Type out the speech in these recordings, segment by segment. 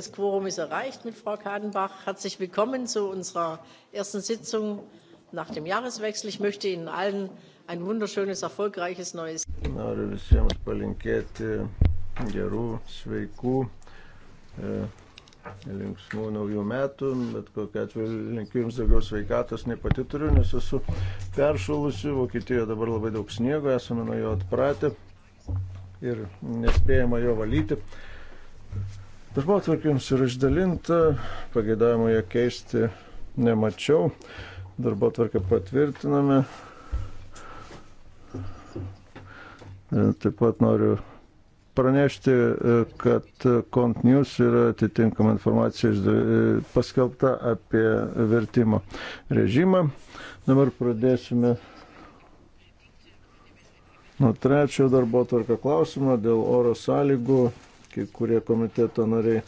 Das Quorum ist erreicht mit Frau Kadenbach. Herzlich willkommen zu unserer ersten Sitzung nach dem Jahreswechsel. Ich möchte Ihnen allen ein wunderschönes, erfolgreiches neues. Noriu visiems palinkėti gerų, sveikų, e, linksmų naujų metų, bet kokiu atveju linkiu Jums daugiau sveikatos, nei pati turiu, nes esu peršalusi. Vokietijoje dabar labai daug sniego, esame nuo jo atpratę ir nespėjama jo valyti. Darbotvarkė jums yra išdalinta, pageidavimo ją keisti nemačiau. Darbotvarkę patvirtiname. E, taip pat noriu pranešti, e, kad Cont News yra atitinkama informacija e, paskelbta apie vertimo režimą. Dabar pradėsime nuo trečiojo darbo tvarka klausimo dėl oro sąlygų kai kurie komiteto nariai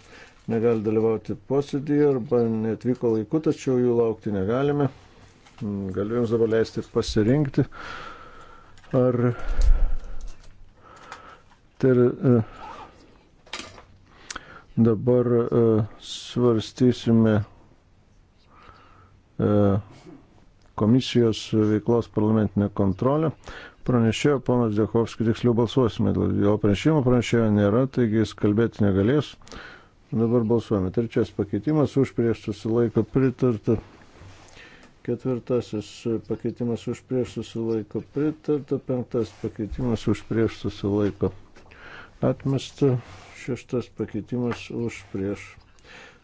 negali dalyvauti posėdėje arba netvyko laiku, tačiau jų laukti negalime. Mm, galiu jums dabar leisti pasirinkti, ar ter, e, dabar e, svarstysime e, komisijos veiklos parlamentinę kontrolę pranešėjo, ponas Dėkovskis, tiksliau balsuosime dėl jo pranešimo, pranešėjo nėra, taigi jis kalbėti negalės. Dabar balsuojame. Trečias pakeitimas už prieš susilaiko pritarta. Ketvirtasis pakeitimas už prieš susilaiko pritarta. Penktas pakeitimas už prieš susilaiko atmesta. Šeštas pakeitimas už prieš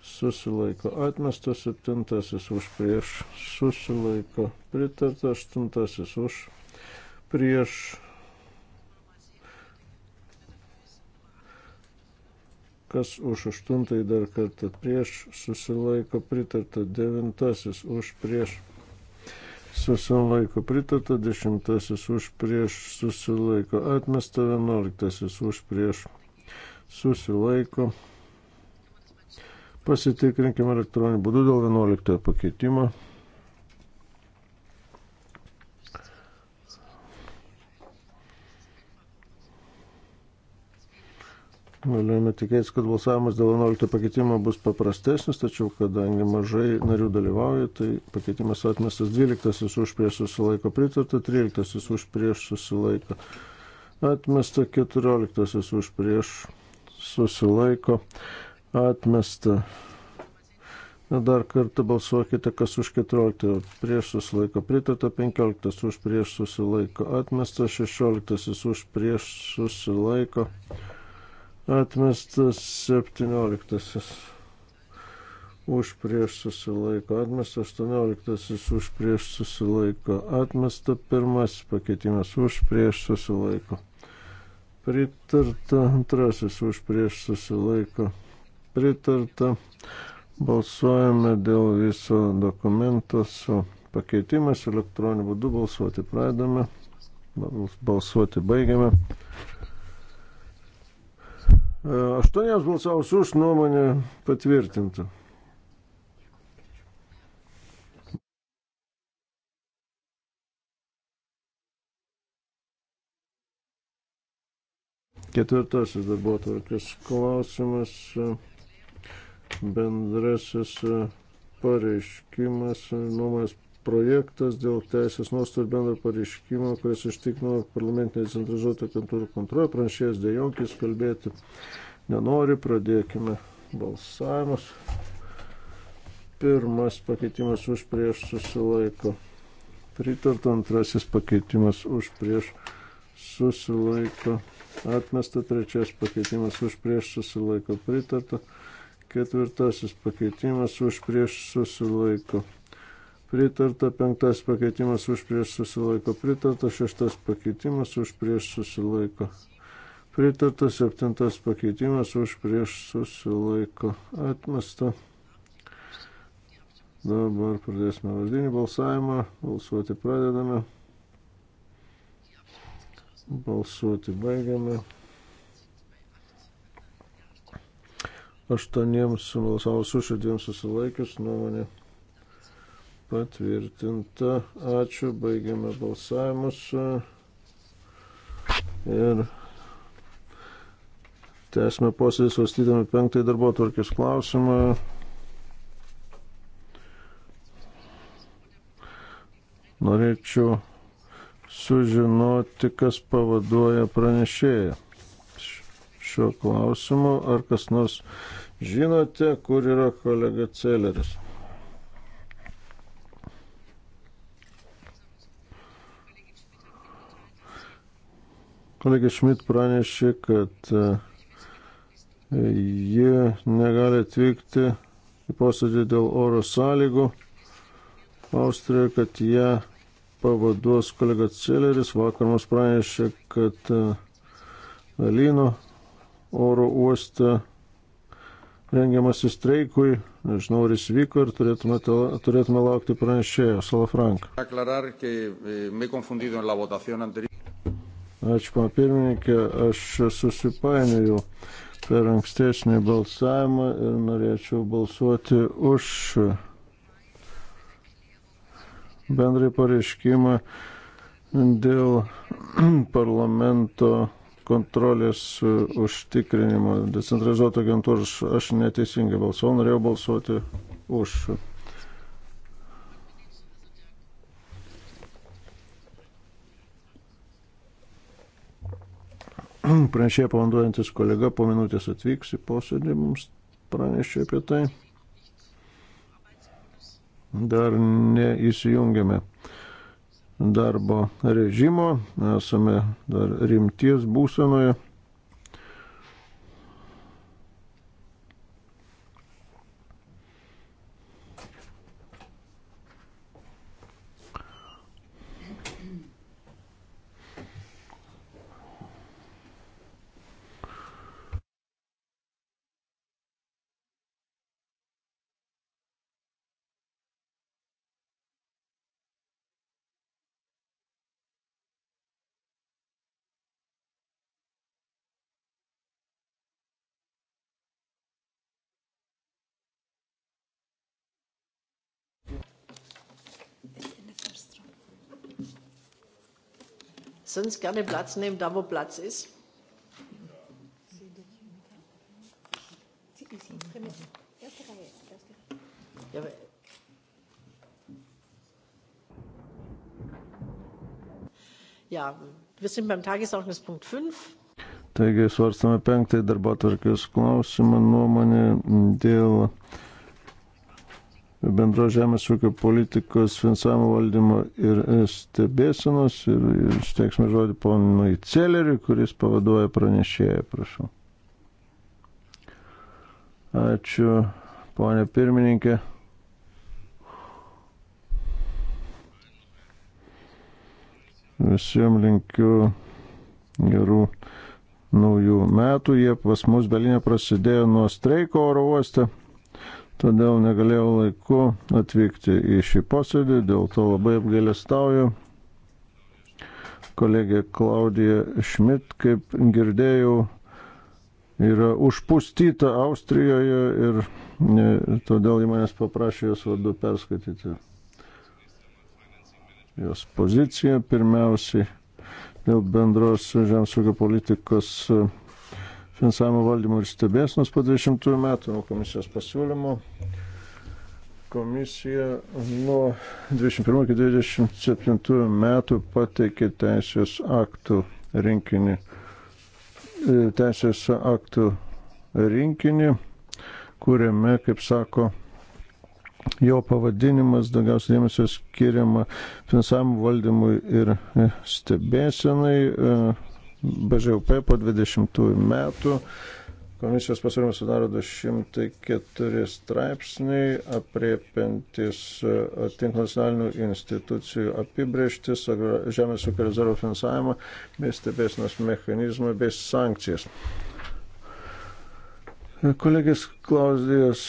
susilaiko. Atmestas septintasis už prieš susilaiko. Pritarta aštuntasis už prieš prieš kas už aštuntąjį dar kartą prieš susilaiko pritarta, devintasis už prieš susilaiko pritarta, dešimtasis už prieš susilaiko atmesta, vienuoliktasis už prieš susilaiko. Pasitikrinkime elektroninį būdų dėl vienuoliktojo pakeitimo. Galime tikėtis, kad balsavimas dėl 11 pakeitimo bus paprastesnis, tačiau kadangi mažai narių dalyvauja, tai pakeitimas atmestas 12 už prieš susilaiko pritarta, 13 už prieš susilaiko atmesta, 14 už prieš susilaiko atmesta. Dar kartą balsuokite, kas už 14 prieš susilaiko pritarta, 15 už prieš susilaiko atmesta, 16 už prieš susilaiko atmesta Atmestas 17. Už prieš susilaiko atmestas 18. Už prieš susilaiko atmesta pirmasis pakeitimas. Už prieš susilaiko. Pritarta antrasis. Už prieš susilaiko. Pritarta. Balsuojame dėl viso dokumento su pakeitimais elektroniniu būdu balsuoti pradame, balsuoti baigiame. E, Aštuoniems balsavus už nuomonę patvirtinta. Ketvirtasis darbo tvarkės klausimas. E, bendrasis e, pareiškimas nuomonės projektas dėl teisės nuostolių bendro pareiškimo, kuris užtikrino parlamentinę centralizuotą kontūrų kontrolę, pranšėjas Dejonkis kalbėti nenori, pradėkime balsavimus. Pirmas pakeitimas už prieš susilaiko. Pritarta antrasis pakeitimas už prieš susilaiko. Atmesta trečias pakeitimas už prieš susilaiko. Pritarta ketvirtasis pakeitimas už prieš susilaiko pritarta, penktas pakeitimas už prieš susilaiko pritarta, šeštas pakeitimas už prieš susilaiko pritarta, septintas pakeitimas už prieš susilaiko atmesta. Dabar pradėsime vardinį balsavimą, balsuoti pradedame, balsuoti baigiame. aštuoniems balsavus už ir dviem susilaikius nuomonė patvirtinta. Ačiū, baigiame balsavimus. Ir tęsime posėdį svarstydami penktąjį darbo tvarkės klausimą. Norėčiau sužinoti, kas pavaduoja pranešėją šiuo klausimu, ar kas nors žinote, kur yra kolega Celeris. Kolegė Šmit pranešė, kad e, ji negali atvykti į posėdį dėl oro sąlygų Austrijoje, kad ją pavaduos kolega Celeris. Vakar mums pranešė, kad Alino e, oro uoste rengiamasi streikui, nežinau, ar jis vyko ir turėtume, turėtume laukti pranešėjo Salafrank. Ačiū, man pirmininkė, aš susipainiojau per ankstesnį balsavimą ir norėčiau balsuoti už bendrai pareiškimą dėl parlamento kontrolės užtikrinimo decentralizuoto agentūros. Aš neteisingai balsavau, norėjau balsuoti už. pranešėjo pavaduojantis kolega po minutės atvyks į posėdį, mums pranešė apie tai. Dar neįsijungiame darbo režimo, esame dar rimties būsenoje. sonst gerne Platz nehmen, da wo Platz ist. Ja, ja, wir sind beim Tagesordnungspunkt 5. Taigi svarstame penktąjį darbo tvarkės klausimą nuomonę dėl uh, bendro žemės ūkio politikos finansavimo valdymo ir e, stebėsenos. Ir, ir steiksime žodį ponui Celeriui, kuris pavaduoja pranešėją, prašau. Ačiū, ponė pirmininkė. Visiems linkiu gerų naujų metų. Jie pas mus Belinė prasidėjo nuo streiko oro uoste todėl negalėjau laiku atvykti į šį posėdį, dėl to labai apgailestauju. Kolegė Klaudija Šmit, kaip girdėjau, yra užpustyta Austrijoje ir ne, todėl į manęs paprašė jos vardu perskaityti jos poziciją pirmiausiai dėl bendros žemės ūkio politikos e, finansavimo valdymo ir stebėsnos po 20 metų nuo komisijos pasiūlymo. Komisija nuo 21 iki 27 metų pateikė teisės aktų rinkinį, e, teisės aktų rinkinį, kuriame, kaip sako, jo pavadinimas daugiausiai dėmesio skiriama finansavimo valdymui ir e, stebėsenai. E, BŽUP po 20 metų. Komisijos pasiūlymas sudaro 204 straipsniai, apriepiantis atink e, nacionalinių institucijų apibrieštis, žemės ūkio rezervo finansavimą, bei stebėsinos mechanizmą, bei sankcijas. Kolegės Klausijos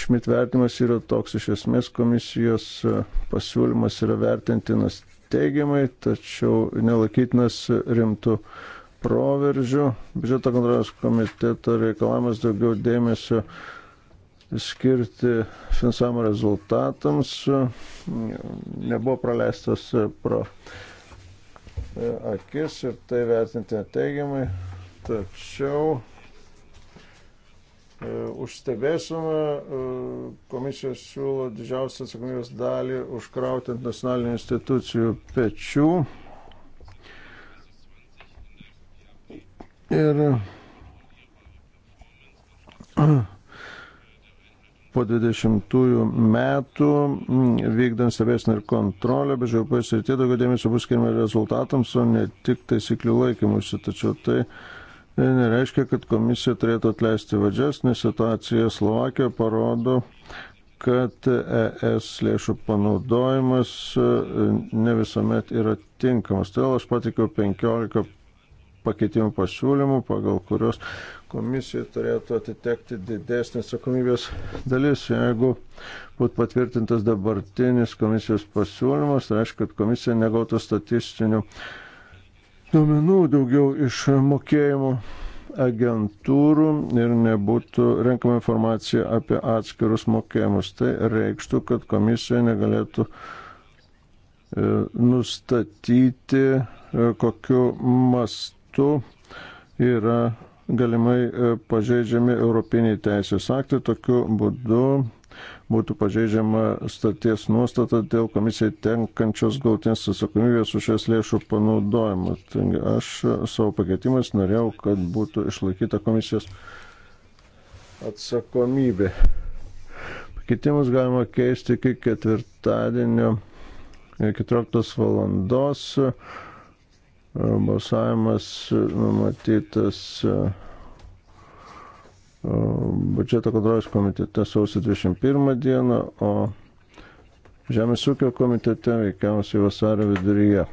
Šmit e, vertimas yra toks iš esmės, komisijos e, pasiūlymas yra vertintinas teigiamai, tačiau nelaikytinas rimtų proveržių. Biudžeto kontrolės komiteto reikalavimas daugiau dėmesio skirti finansavimo rezultatams. Nebuvo praleistas pro akis ir tai vertinti neteigiamai. Tačiau E, už stebėsimą. E, komisija siūlo didžiausią atsakomybės dalį užkrauti ant nacionalinių institucijų pečių. Ir po 20 metų mm, vykdant stebėsiną ir kontrolę, bet žiūrėjau, pasirti daugiau dėmesio bus skirima rezultatams, o ne tik taisyklių laikymusi. Tačiau tai uh, Tai nereiškia, kad komisija turėtų atleisti vadžias, nes situacija Slovakijoje parodo, kad ES lėšų panaudojimas e, ne visuomet yra tinkamas. Todėl aš patikiau 15 pakeitimų pasiūlymų, pagal kurios komisijai turėtų atitekti didesnės atsakomybės dalis. Jeigu būtų patvirtintas dabartinis komisijos pasiūlymas, tai reiškia, kad komisija negautų statistinių duomenų daugiau iš mokėjimų agentūrų ir nebūtų renkama informacija apie atskirus mokėjimus. Tai reikštų, kad komisija negalėtų e, nustatyti, e, kokiu mastu yra galimai e, pažeidžiami europiniai teisės aktai. Tokiu būdu būtų pažeidžiama staties nuostata dėl komisijai tenkančios gautinės atsakomybės už šias lėšų panaudojimą. Taigi aš savo pakeitimais norėjau, kad būtų išlaikyta komisijos atsakomybė. Pakeitimus galima keisti iki ketvirtadienio 14 valandos. Balsavimas numatytas. Uh, biudžeto kontrolės komitete sausio 21 dieną, o Žemės ūkio komitete veikiausiai vasario viduryje.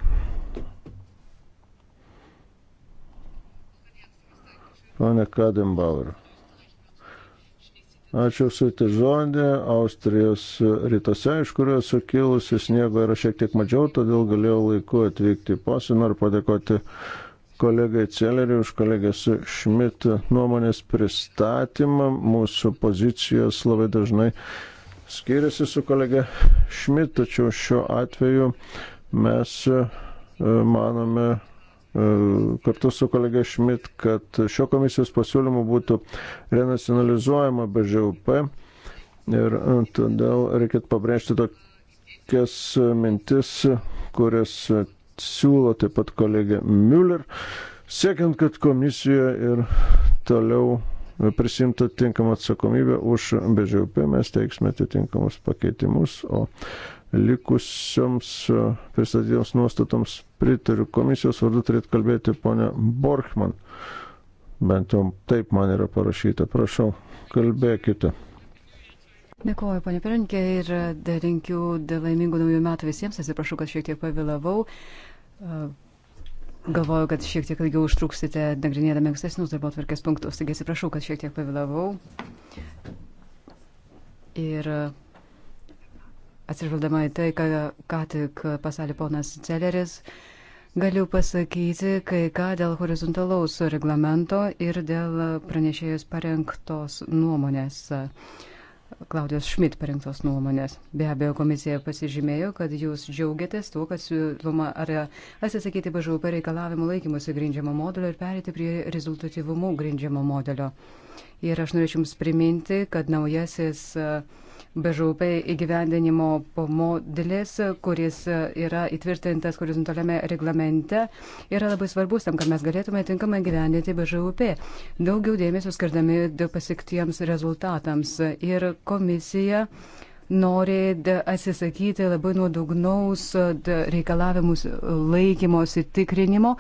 Pane Kadenbauer. Ačiū suti žodį. Austrijos rytuose, iš kurio esu kilusi, sniego yra šiek tiek mažiau, todėl galėjau laiku atvykti į posėdį. Noriu padėkoti kolegai Celeriui, už kolegės Šmit nuomonės pristatymą. Mūsų pozicijos labai dažnai skiriasi su kolegė Šmit, tačiau šiuo atveju mes e, manome e, kartu su kolegė Šmit, kad šio komisijos pasiūlymų būtų renacionalizuojama BŽUP ir e, todėl reikėtų pabrėžti tokias mintis, kurias siūlo taip pat kolegė Müller, siekiant, kad komisija ir toliau prisimtų tinkamą atsakomybę už bežiaupį, mes teiksime atitinkamus pakeitimus, o likusioms e, pristatytoms nuostatoms pritariu. Komisijos vardu turėtų kalbėti ponia Borchman. Bent jau taip man yra parašyta. Prašau, kalbėkite. Dėkuoju, ponė Pirinkė, ir e, linkiu laimingų naujų metų visiems. Atsiprašau, kad šiek tiek pavėlavau. E, galvoju, kad šiek tiek ilgiau užtruksite nagrinėdami ankstesnius darbo atvarkės punktus, taigi atsiprašau, kad šiek tiek pavėlavau. Ir e, atsižvaldama į tai, ką, ką tik pasakė ponas Celeris, galiu pasakyti kai ką dėl horizontalaus reglamento ir dėl pranešėjus parengtos nuomonės. Uh, Klaudijos Šmit parinktos nuomonės. Be abejo, komisija pasižymėjo, kad jūs džiaugiatės tuo, kad siūloma ar atsisakyti BŽUP reikalavimų laikymusi grindžiamo modelio ir perėti prie rezultatyvumų grindžiamo modelio. Ir aš norėčiau Jums priminti, kad naujasis uh, BŽUP įgyvendinimo modelis, kuris yra įtvirtintas horizontaliame reglamente, yra labai svarbus tam, kad mes galėtume tinkamai gyvendinti BŽUP, daugiau dėmesio skirdami pasiektiems rezultatams. Ir komisija uh, nori atsisakyti labai nuodugnaus reikalavimus laikymosi tikrinimo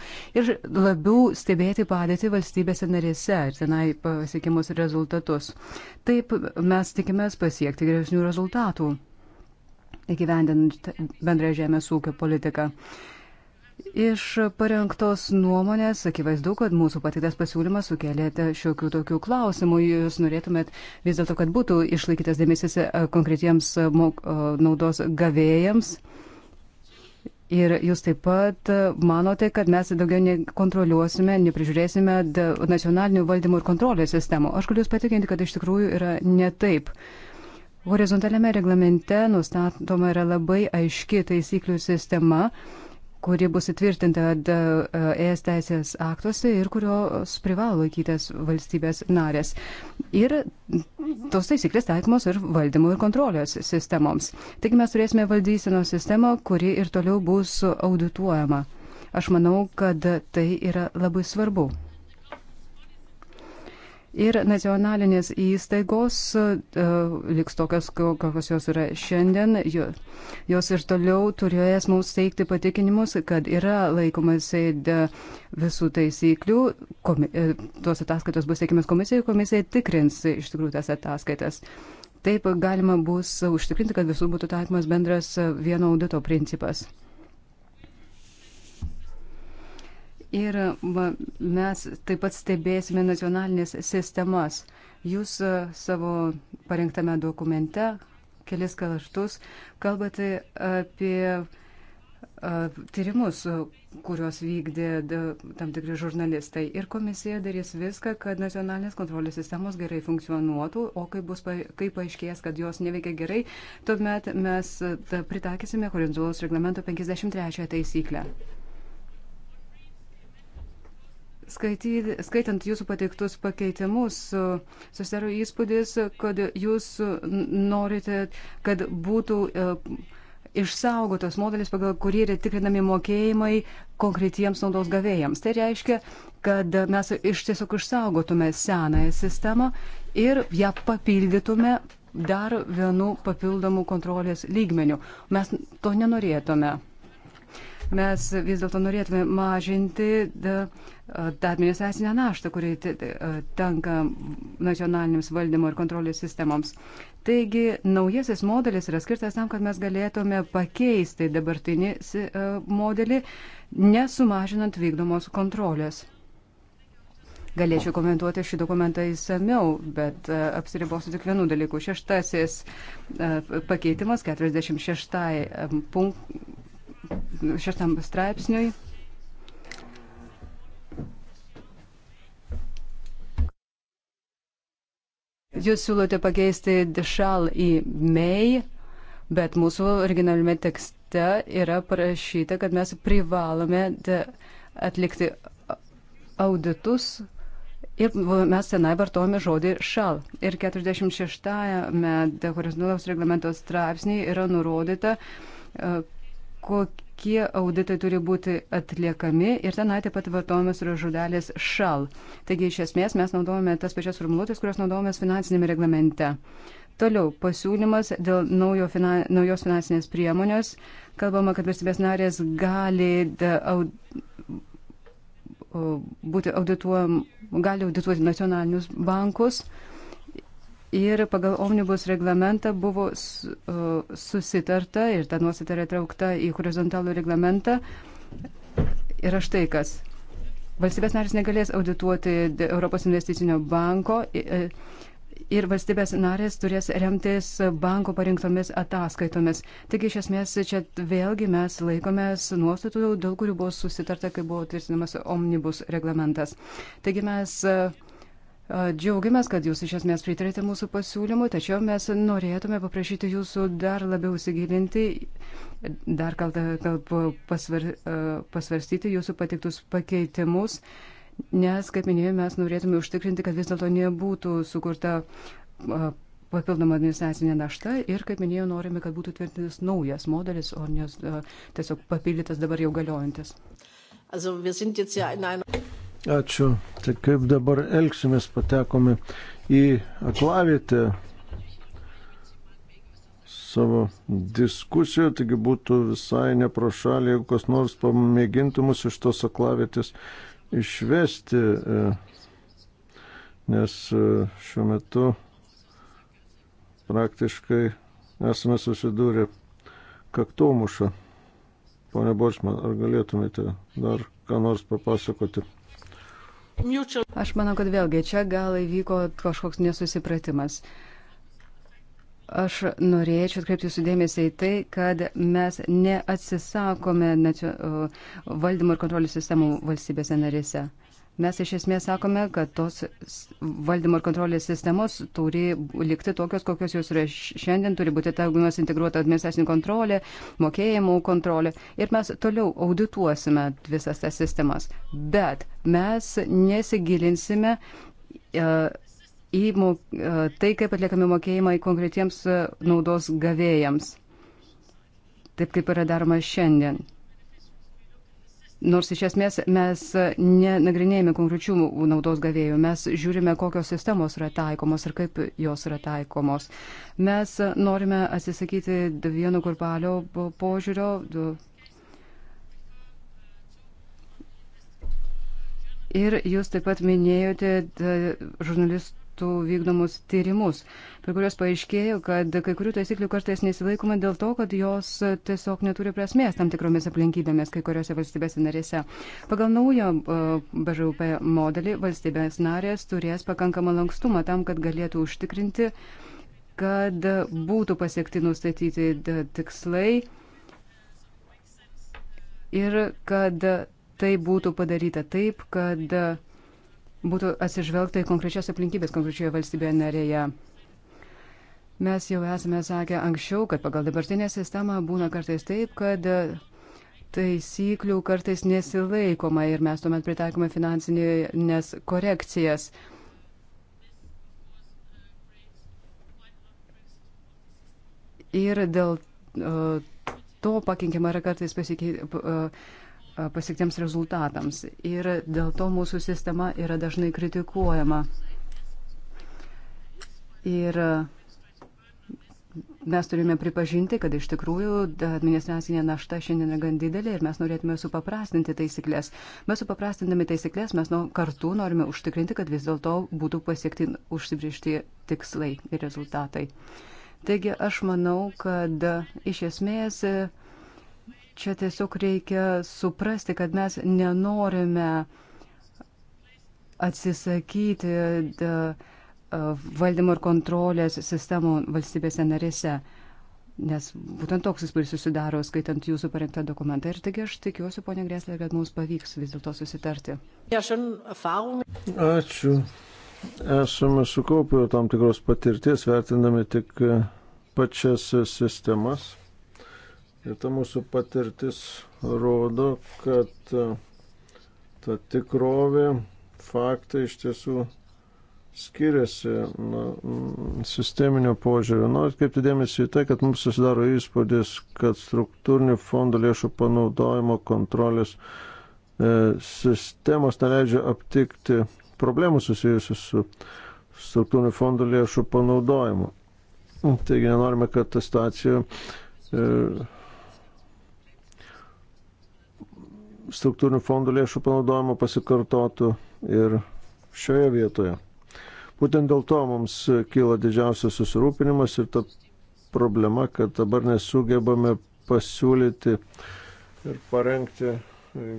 ir labiau stebėti padėtį valstybėse narėse ir tenai pasiekimus rezultatus. Taip mes tikimės pasiekti geresnių rezultatų įgyvendinant bendrą žemės ūkio politiką. Iš parengtos nuomonės akivaizdu, kad mūsų patiktas pasiūlymas sukėlėte šiokių tokių klausimų. Jūs norėtumėt vis dėlto, kad būtų išlaikytas dėmesys e, konkretiems e, e, naudos gavėjams. Ir jūs taip pat manote, kad mes daugiau nekontroliuosime, neprižiūrėsime nacionalinių valdymų ir kontrolės sistemų. Aš galiu jūs patikinti, kad iš tikrųjų yra ne taip. Horizontaliame reglamente nustatoma yra labai aiški taisyklių sistema kuri bus įtvirtinta e, ES teisės aktuose ir kurios privalo laikytis valstybės narės. Ir tos taisyklės taikomos ir valdymo ir kontrolės sistemoms. Taigi mes turėsime valdysenos sistemą, kuri ir toliau bus audituojama. Aš manau, kad tai yra labai svarbu ir nacionalinės įstaigos e, liks tokios, kokios jos yra šiandien. Jos ir toliau turės mums teikti patikinimus, kad yra laikomasi e, visų taisyklių. Komi, e, tos ataskaitos bus teikiamas komisijai, komisija tikrins iš tikrųjų tas ataskaitas. Taip galima bus užtikrinti, kad visų būtų taikomas bendras vieno audito principas. Ir mes taip pat stebėsime nacionalinės sistemas. Jūs e, savo parengtame dokumente kelis kartus kalbate apie e, tyrimus, kuriuos vykdė tam tikri žurnalistai. Ir komisija darys viską, kad nacionalinės kontrolės sistemos gerai funkcionuotų, o kai, bus, kai paaiškės, kad jos neveikia gerai, tuomet mes e, pritakysime Horizontalos reglamento 53 taisyklę. Skaity, skaitant jūsų pateiktus pakeitimus, susidaro įspūdis, kad jūs norite, kad būtų e, išsaugotas modelis, pagal kurį yra tikrinami mokėjimai konkretiems naudos gavėjams. Tai reiškia, kad mes iš tiesiog išsaugotume senąją sistemą ir ją papildytume dar vienu papildomu kontrolės lygmeniu. Mes to nenorėtume mes vis dėlto norėtume mažinti tą administracinę naštą, kuri tenka nacionalinėms valdymo ir kontrolės sistemoms. Taigi naujasis modelis yra skirtas tam, kad mes galėtume pakeisti dabartinį modelį, nesumažinant vykdomos kontrolės. Galėčiau komentuoti šį dokumentą įsameu, bet apsiribosiu tik vienu dalyku. Šeštasis pakeitimas 46 punk šeštam straipsniui. Jūs siūlote pakeisti dešal į mei, bet mūsų originaliame tekste yra parašyta, kad mes privalome atlikti auditus Ir mes tenai vartojame žodį šal. Ir 46-ame horizontalaus reglamento straipsnį yra nurodyta, e, kokie auditai turi būti atliekami ir tenai taip pat vartojamas yra žodelis šal. Taigi iš esmės mes naudojame tas pačias formuluotės, kurios naudojame finansinėme reglamente. Toliau pasiūlymas dėl naujo, finan, naujos finansinės priemonės. Kalbama, kad valstybės narės gali da, au, būti audituojam, gali audituoti nacionalinius bankus. Uh, Ir pagal omnibus reglamentą buvo susitarta ir ta nuostata yra traukta į horizontalų reglamentą. Yra štai kas. Valstybės narės negalės audituoti Europos investicinio banko e, ir valstybės narės turės remtis banko parinktomis ataskaitomis. Taigi iš esmės čia vėlgi mes laikomės nuostatų, dėl kurių buvo susitarta, kai buvo tvirtinamas omnibus reglamentas. Taigi mes uh, Džiaugiamės, kad jūs iš esmės pritarėte mūsų pasiūlymui, tačiau mes norėtume paprašyti jūsų dar labiau įsigilinti, dar kalbą pasvar, pasvarstyti jūsų patiktus pakeitimus, nes, kaip minėjau, mes norėtume užtikrinti, kad vis dėlto nebūtų sukurta papildoma administracinė našta ir, kaip minėjau, norime, kad būtų tvirtinas naujas modelis, o ne tiesiog papildytas dabar jau galiojantis. Also, Ačiū. Tai kaip dabar elgsimės, patekome į aklavietę savo diskusijų, taigi būtų visai nepro šalį, jeigu kas nors pamėgintų mus iš tos aklavietės išvesti, e, nes e, šiuo metu praktiškai esame susidūrę kaktomušą. Pone Bočman, ar galėtumėte dar ką nors papasakoti? Aš manau, kad vėlgi čia gal įvyko kažkoks nesusipratimas. Aš norėčiau atkreipti jūsų dėmesį į tai, kad mes neatsisakome valdymo ir kontrolės sistemų valstybėse narėse. Mes iš esmės sakome, kad tos valdymo ir kontrolės sistemos turi likti tokios, kokios jos yra šiandien, turi būti taigomas integruota administracinė kontrolė, mokėjimų kontrolė ir mes toliau audituosime visas tas sistemas. Bet mes nesigilinsime. Uh, Į e, tai, kaip atliekami mokėjimai konkretiems e, naudos gavėjams, taip kaip yra daroma šiandien. Nors iš esmės mes nenagrinėjame konkrečių naudos gavėjų, mes žiūrime, kokios sistemos yra taikomos ir kaip jos yra taikomos. Mes norime atsisakyti vieno kurpalio požiūrio. Ir jūs taip pat minėjote žurnalist, subjektų vykdomus tyrimus, per kuriuos paaiškėjo, kad kai kurių taisyklių kartais nesilaikoma dėl to, kad jos tiesiog neturi prasmės tam tikromis aplinkybėmis kai kuriuose valstybėse narėse. Pagal naują BŽUP modelį valstybės narės turės pakankamą lankstumą tam, kad galėtų užtikrinti, kad būtų pasiekti nustatyti tikslai ir kad tai būtų padaryta taip, kad būtų atsižvelgta į konkrečias aplinkybės konkrečioje valstybėje narėje. Mes jau esame sakę anksčiau, kad pagal dabartinę sistemą būna kartais taip, kad taisyklių kartais nesilaikoma ir mes tuomet pritaikome finansinės korekcijas. Ir dėl to pakinkima yra kartais pasikei, pasiektiems rezultatams. Ir dėl to mūsų sistema yra dažnai kritikuojama. Ir mes turime pripažinti, kad iš tikrųjų administracinė našta šiandien yra gan didelė ir mes norėtume supaprastinti taisyklės. Mes supaprastindami taisyklės mes nu, kartu norime užtikrinti, kad vis dėlto būtų pasiekti užsibriežti tikslai ir rezultatai. Taigi aš manau, kad iš esmės Čia tiesiog reikia suprasti, kad mes nenorime atsisakyti valdymo ir kontrolės sistemų valstybėse narėse, nes būtent toks įspūdis susidaro, skaitant jūsų parengtą dokumentą. Ir taigi aš tikiuosi, ponė Greslė, kad mums pavyks vis dėlto susitarti. Ačiū. Esame sukaupę tam tikros patirties, vertinami tik pačias sistemas. Ir ta mūsų patirtis rodo, kad e, ta tikrovė, faktai iš tiesų skiriasi na, mm, sisteminio požiūrio. Noriu atkreipti dėmesį į tai, kad mums susidaro įspūdis, kad struktūrinių fondų lėšų panaudojimo kontrolės e, sistemos neleidžia aptikti problemų susijusių su struktūrinių fondų lėšų panaudojimu. Taigi nenorime, kad ta situacija e, struktūrinių fondų lėšų panaudojimo pasikartotų ir šioje vietoje. Būtent dėl to mums kyla didžiausias susirūpinimas ir ta problema, kad dabar nesugebame pasiūlyti ir parengti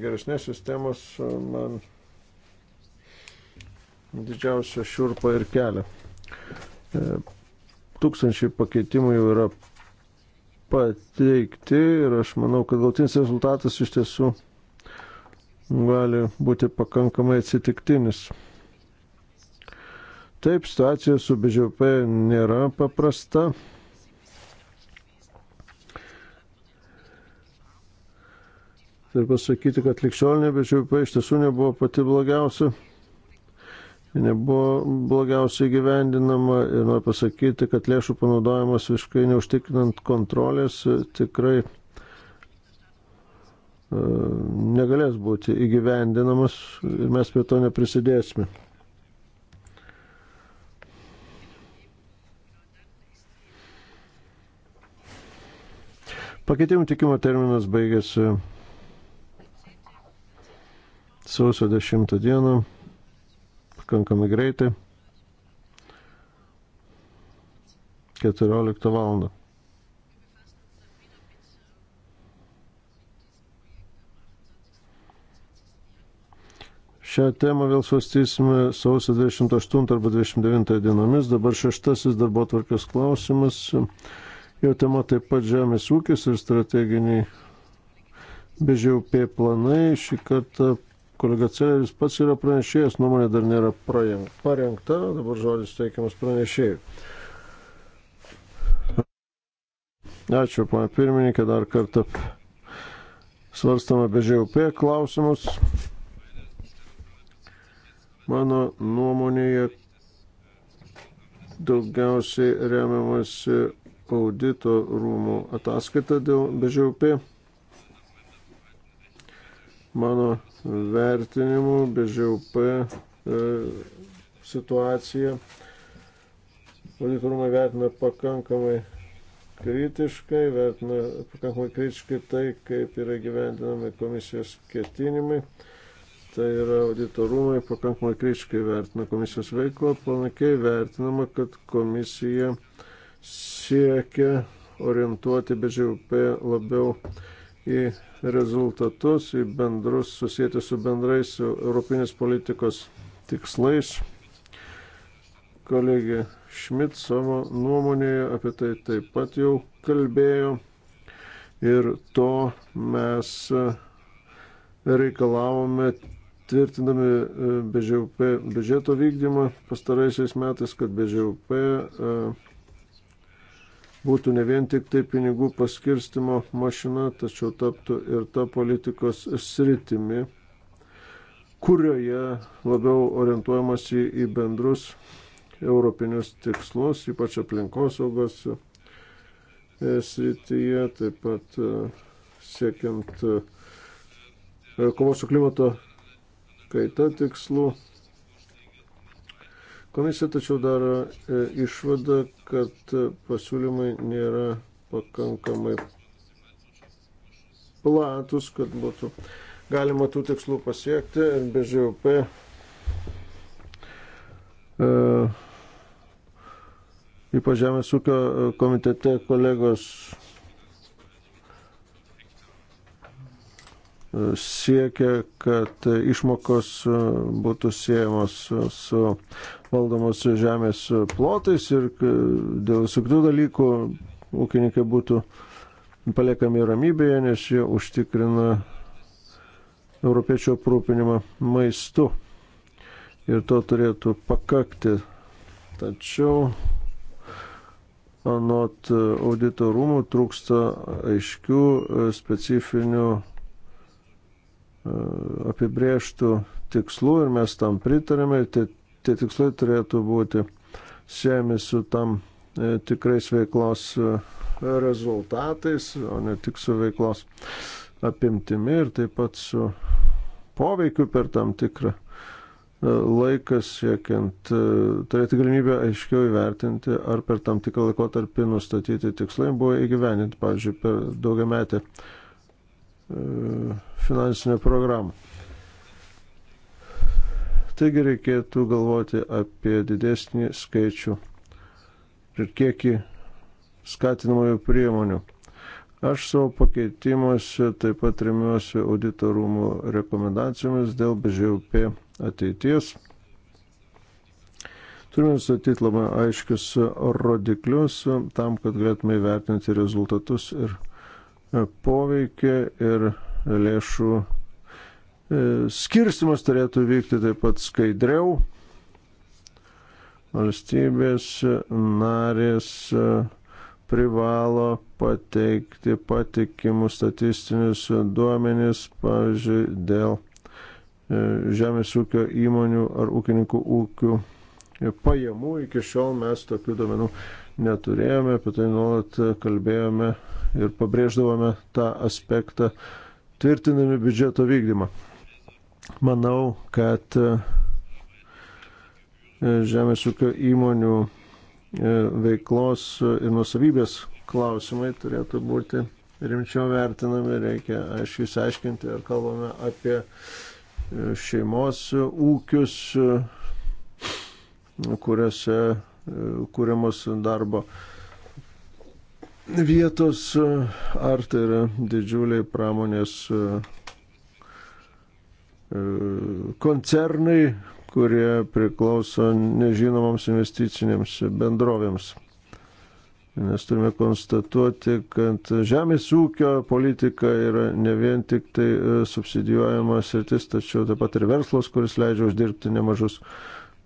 geresnės sistemos, man didžiausia šiurpa ir kelia. E, tūkstančiai pakeitimų jau yra pateikti ir aš manau, kad galtinis rezultatas iš tiesų gali būti pakankamai atsitiktinis. Taip, situacija su BŽP nėra paprasta. Ir pasakyti, kad likščiolinė BŽP iš tiesų nebuvo pati blogiausia nebuvo blogiausiai gyvendinama ir noriu pasakyti, kad lėšų panaudojimas visiškai neužtikrinant kontrolės tikrai negalės būti įgyvendinamas ir mes prie to neprisidėsime. Pakeitimų tikimo terminas baigėsi sausio 10 dieną, pakankamai greitai, 14 valandą. Šią temą vėl svarstysime sausio 28 arba 29 dienomis. Dabar šeštasis darbo tvarkės klausimas. Jo tema taip pat žemės ūkis ir strateginiai BŽUP planai. Šį kartą kolega Celeris pats yra pranešėjas, nuomonė dar nėra parengta, dabar žodis teikiamas pranešėjui. Ačiū, pana pirmininkė, dar kartą svarstama BŽUP klausimus. Mano nuomonėje daugiausiai remiamasi audito rūmų ataskaita dėl BŽUP. Mano vertinimu BŽUP e, situacija audito rūmai vertina pakankamai kritiškai, vertina pakankamai kritiškai tai, kaip yra gyvendinami komisijos ketinimai. E, Tai yra auditorumai pakankamai kritiškai vertina komisijos veiklą, planakiai vertinama, kad komisija siekia orientuoti BŽUP labiau į rezultatus, į bendrus, susijęti su bendrais europinės politikos tikslais. Kolegė Šmit savo nuomonėje apie tai taip pat jau kalbėjo ir to mes reikalavome tvirtindami e, BŽUP biudžeto vykdymą pastaraisiais metais, kad BŽUP e, būtų ne vien tik tai pinigų paskirstimo mašina, tačiau taptų ir ta politikos sritimi, kurioje labiau orientuojamasi į bendrus europinius tikslus, ypač aplinkosaugos e, srityje, taip pat siekiant kovos su klimato kaita tikslų. Komisija tačiau daro e, išvadą, kad pasiūlymai nėra pakankamai platus, kad būtų galima tų tikslų pasiekti ir be ŽUP ypač Žemės ūkio komitete kolegos siekia, kad išmokos e, būtų siejamos su valdomos žemės plotais ir dėl visų kitų dalykų ūkininkai būtų paliekami ramybėje, nes jie užtikrina europiečių aprūpinimą maistu. Ir to turėtų pakakti. Tačiau anot audito rūmų trūksta aiškių specifinių apibrieštų tikslų ir mes tam pritarėme, tie, tie tikslai turėtų būti siejami su tam e, tikrais veiklos e, rezultatais, o ne tik su veiklos apimtimi ir taip pat su poveikiu per tam tikrą e, laikas siekiant turėti galimybę aiškiau įvertinti, ar per tam tikrą laikotarpį nustatyti tikslai buvo įgyveninti, pavyzdžiui, per daugiametę metę finansinę programą. Taigi reikėtų galvoti apie didesnį skaičių ir kiekį skatinamųjų priemonių. Aš savo pakeitimuose taip pat remiuosi auditorumų rekomendacijomis dėl BŽUP ateities. Turime nustatyti labai aiškius rodiklius tam, kad galėtume įvertinti rezultatus ir poveikį ir lėšų e, skirstimas turėtų vykti taip pat skaidriau. Valstybės narės e, privalo pateikti patikimus statistinius duomenis, pavyzdžiui, dėl e, žemės ūkio įmonių ar ūkininkų ūkių pajamų. Iki šiol mes tokių duomenų neturėjome, apie tai nuolat kalbėjome ir pabrėždavome tą aspektą, tvirtinami biudžeto vykdymą. Manau, kad e, žemės ūkio įmonių e, veiklos ir nusavybės klausimai turėtų būti rimčiau vertinami, reikia aiškiai išsiaiškinti, ar kalbame apie e, šeimos ūkius, kuriuose kūriamos darbo vietos, e, ar tai yra didžiuliai pramonės e, e, koncernai, kurie priklauso nežinomoms investicinėms bendrovėms. Nes turime konstatuoti, kad žemės ūkio politika yra ne vien tik tai subsidijuojama sritis, tačiau taip pat ir verslas, kuris leidžia uždirbti nemažus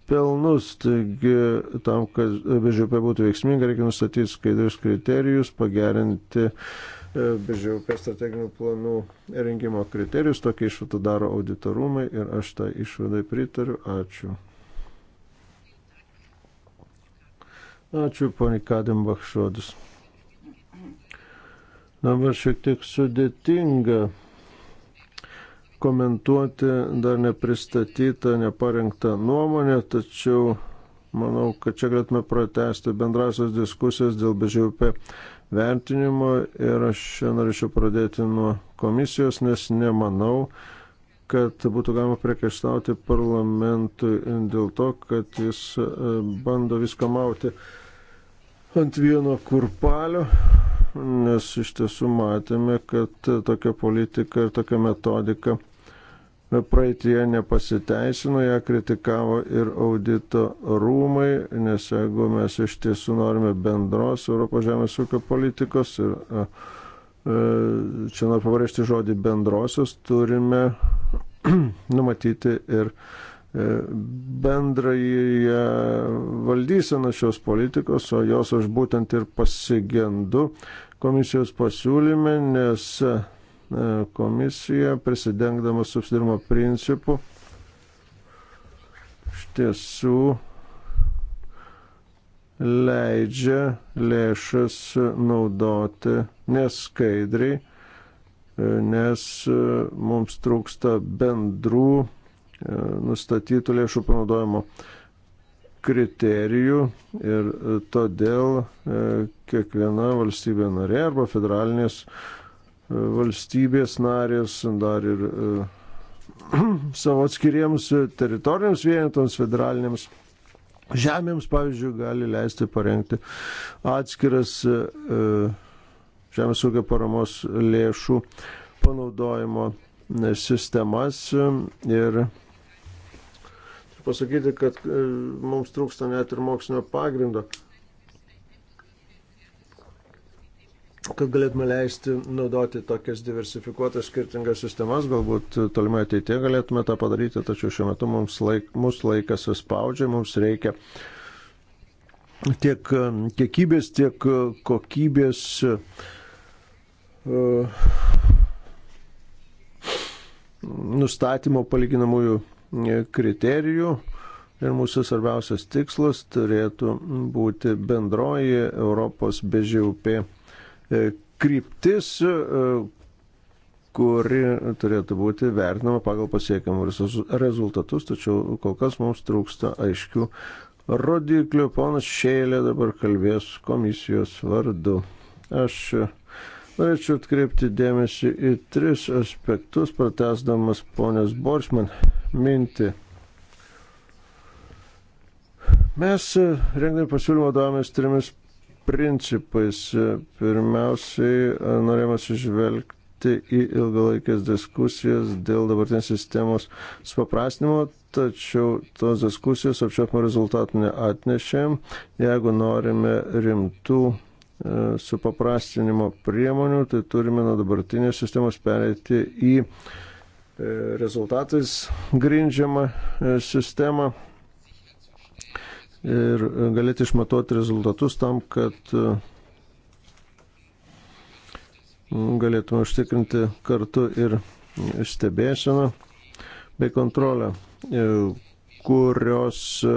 pelnus. Taigi, tam, kad BŽP būtų veiksminga, reikia nustatyti skaidrius kriterijus, pagerinti e, BŽP strateginių planų rengimo kriterijus. Tokia išvada daro auditorumai ir aš tą tai išvadą pritariu. Ačiū. Ačiū, poni Kadimbach, žodis. Dabar šiek tiek sudėtinga komentuoti dar nepristatytą, neparengtą nuomonę, tačiau manau, kad čia galėtume pratesti bendrasios diskusijas dėl BŽUP vertinimo ir aš norėčiau pradėti nuo komisijos, nes nemanau, kad būtų galima priekaištauti parlamentui dėl to, kad jis e, bando viską mauti ant vieno kurpalio, nes iš tiesų matėme, kad tokia politika ir tokia metodika praeitie nepasiteisino, ją kritikavo ir audito rūmai, nes jeigu mes iš tiesų norime bendros Europos žemės ūkio politikos ir e, čia noriu pabrėžti žodį bendrosios, turime numatyti ir e, bendrąją valdyseną šios politikos, o jos aš būtent ir pasigendu komisijos pasiūlyme, nes E, komisija, prisidengdama subsidirimo principu, iš tiesų leidžia lėšas naudoti neskaidriai, e, nes e, mums trūksta bendrų nustatytų lėšų panaudojimo kriterijų ir todėl kiekviena valstybė narė arba federalinės valstybės narės dar ir e, savo atskiriems teritoriniams vienetams, federaliniams žemėms, pavyzdžiui, gali leisti parengti atskiras e, žemės ūkio paramos lėšų panaudojimo e, sistemas ir pasakyti, kad mums trūksta net ir mokslinio pagrindo kad galėtume leisti naudoti tokias diversifikuotas skirtingas sistemas, galbūt tolimai ateitie galėtume tą padaryti, tačiau šiuo metu mums laik, mūsų laikas spaudžia, mums reikia tiek kiekybės, tiek kokybės uh, nustatymo palyginamųjų kriterijų. Ir mūsų svarbiausias tikslas turėtų būti bendroji Europos BŽUP E, kryptis, e, kuri turėtų būti vertinama pagal pasiekiamus rezultatus, tačiau kol kas mums trūksta aiškių rodiklių. Ponas Šėlė dabar kalbės komisijos vardu. Aš norėčiau atkreipti dėmesį į tris aspektus, pratesdamas ponės Borsman mintį. Mes rengdami pasiūlymą davomės trimis principais. Pirmiausiai e, norėjome sužvelgti į ilgalaikės diskusijas dėl dabartinės sistemos supaprastinimo, tačiau tos diskusijos apčiopimo rezultatų neatnešė. Jeigu norime rimtų e, supaprastinimo priemonių, tai turime nuo dabartinės sistemos pereiti į e, rezultatais grindžiamą sistemą ir galėti išmatuoti rezultatus tam, kad e, galėtume užtikrinti kartu ir stebėseną bei kontrolę, e, kurios e,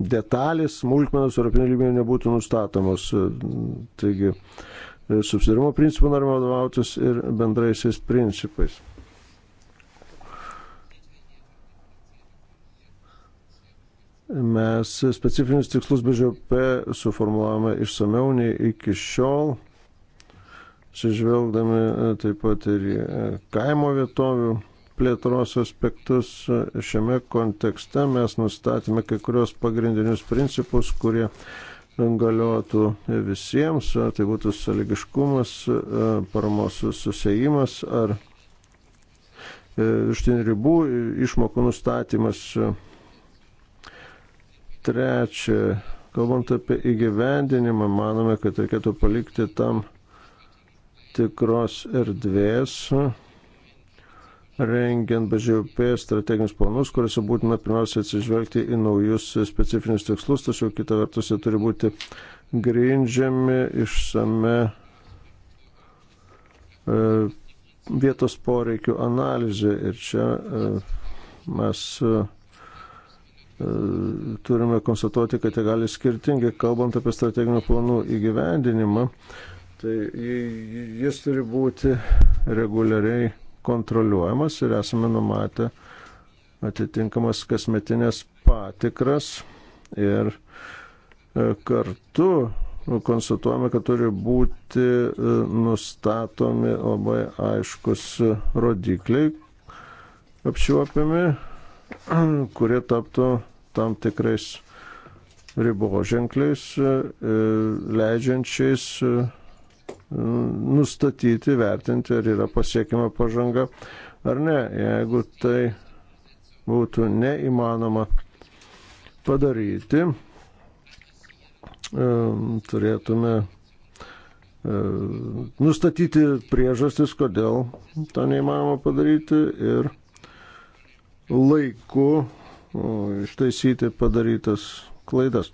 detalės, smulkmenos Europinio lygmenio nebūtų nustatomos. Taigi, subsidarimo principų norime vadovautis ir bendraisiais principais. Mes specifinius tikslus BŽP suformuojame išsameu nei iki šiol, sižvelgdami e, taip pat ir į e, kaimo vietovių plėtros aspektus. Šiame kontekste mes nustatėme kai kurios pagrindinius principus, kurie galiotų visiems, ar e, tai būtų saligiškumas, paramos susijimas ar iš ten ribų išmokų nustatymas Trečia, kalbant apie įgyvendinimą, manome, kad reikėtų palikti tam tikros erdvės, rengiant BŽUP strateginius planus, kuriuose būtina pirmiausia atsižvelgti į naujus specifinius tikslus, tačiau kita vertus jie turi būti grindžiami išsame e, vietos poreikių analizė. Ir čia e, mes e, E, turime konstatuoti, kad jie gali skirtingai, kalbant apie strateginių planų įgyvendinimą, tai jis turi būti reguliariai kontroliuojamas ir esame numatę atitinkamas kasmetinės patikras ir e, kartu konstatuojame, kad turi būti e, nustatomi labai aiškus rodikliai apčiuopiami, kurie taptų tam tikrais riboženkliais, e, e, leidžiančiais e, nustatyti, vertinti, ar yra pasiekima pažanga ar ne. Jeigu tai būtų neįmanoma padaryti, turėtume nustatyti priežastis, kodėl to neįmanoma padaryti ir laiku ištaisyti padarytas klaidas.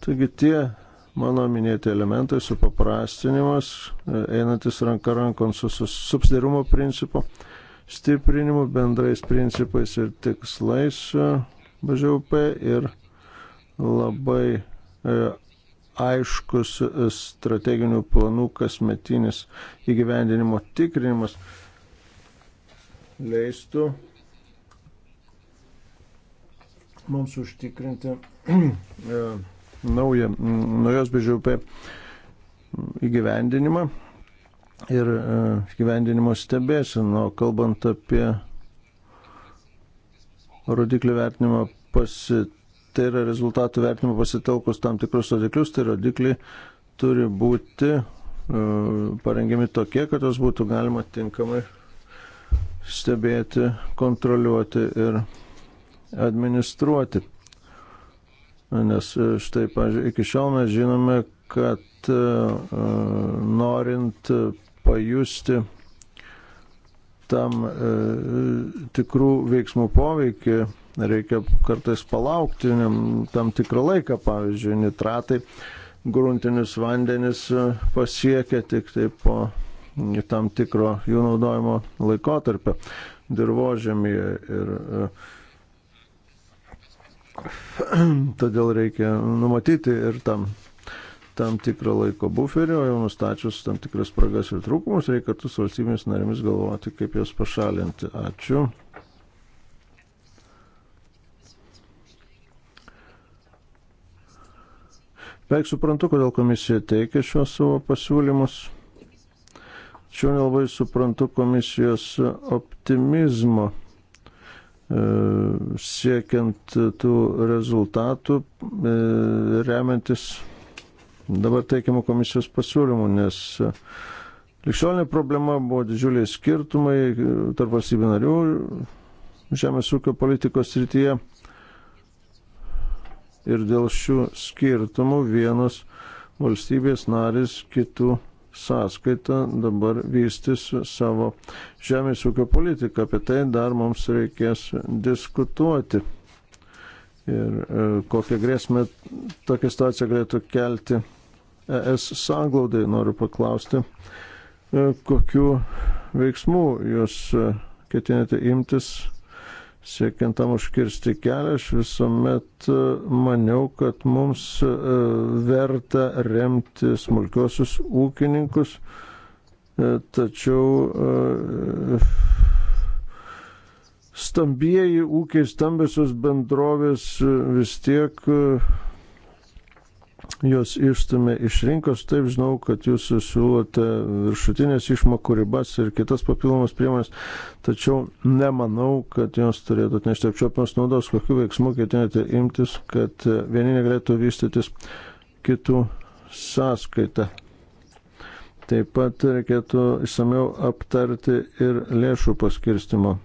Taigi tie mano minėti elementai supaprastinimas, e, einantis ranka rankon su subsidarumo principu, stiprinimu, bendrais principais ir tikslais e, BŽUP ir labai e, aiškus strateginių planų kasmetinis įgyvendinimo tikrinimas leistų mums užtikrinti e, naują, naujos BŽP įgyvendinimą ir e, įgyvendinimo stebėsino, kalbant apie rodiklių vertinimo pasitikrinimą tai yra rezultatų vertinimo pasitelkus tam tikrus rodiklius, tai rodikliai turi būti e, parengiami tokie, kad juos būtų galima tinkamai stebėti, kontroliuoti ir administruoti. Nes e, štai, pažiūrėjau, iki šiol mes žinome, kad e, e, norint pajusti tam tikrų veiksmų poveikį, reikia kartais palaukti tam tikrą laiką, pavyzdžiui, nitratai gruntinius vandenis pasiekia tik tai po tam tikro jų naudojimo laikotarpio dirbožemėje. Ir, uh, Todėl reikia numatyti ir tam, tam tikrą laiko buferį, o jau nustačius tam tikras spragas ir trūkumus, reikia kartu su valstybėmis narėmis galvoti, kaip jas pašalinti. Ačiū. Beveik suprantu, kodėl komisija teikia šios savo pasiūlymus. Čia nelabai suprantu komisijos optimizmo E, siekiant tų rezultatų, e, remiantis dabar teikiamų komisijos pasiūlymų, nes e, likščiolinė problema buvo didžiuliai skirtumai tarp valstybių narių žemės ūkio politikos srityje. Ir dėl šių skirtumų vienos valstybės narys kitų sąskaitą dabar vystys savo žemės ūkio politiką. Apie tai dar mums reikės diskutuoti. Ir e, kokią grėsmę tokia situacija galėtų kelti ES sanglaudai, noriu paklausti, e, kokiu veiksmu jūs e, ketinate imtis siekiant tam užkirsti kelią, aš visuomet e, maniau, kad mums e, verta remti smulkiosius ūkininkus, e, tačiau stambieji ūkiai, stambiosios bendrovės vis tiek juos išstumė iš rinkos. Taip žinau, kad jūs siūlote viršutinės išmokų ribas ir kitas papildomas priemonės, tačiau nemanau, kad jos turėtų atnešti apčiopiamas naudos, kokiu veiksmu ketinate imtis, kad vieni negalėtų vystytis kitų sąskaitą. Taip pat reikėtų išsameu aptarti ir lėšų paskirstimo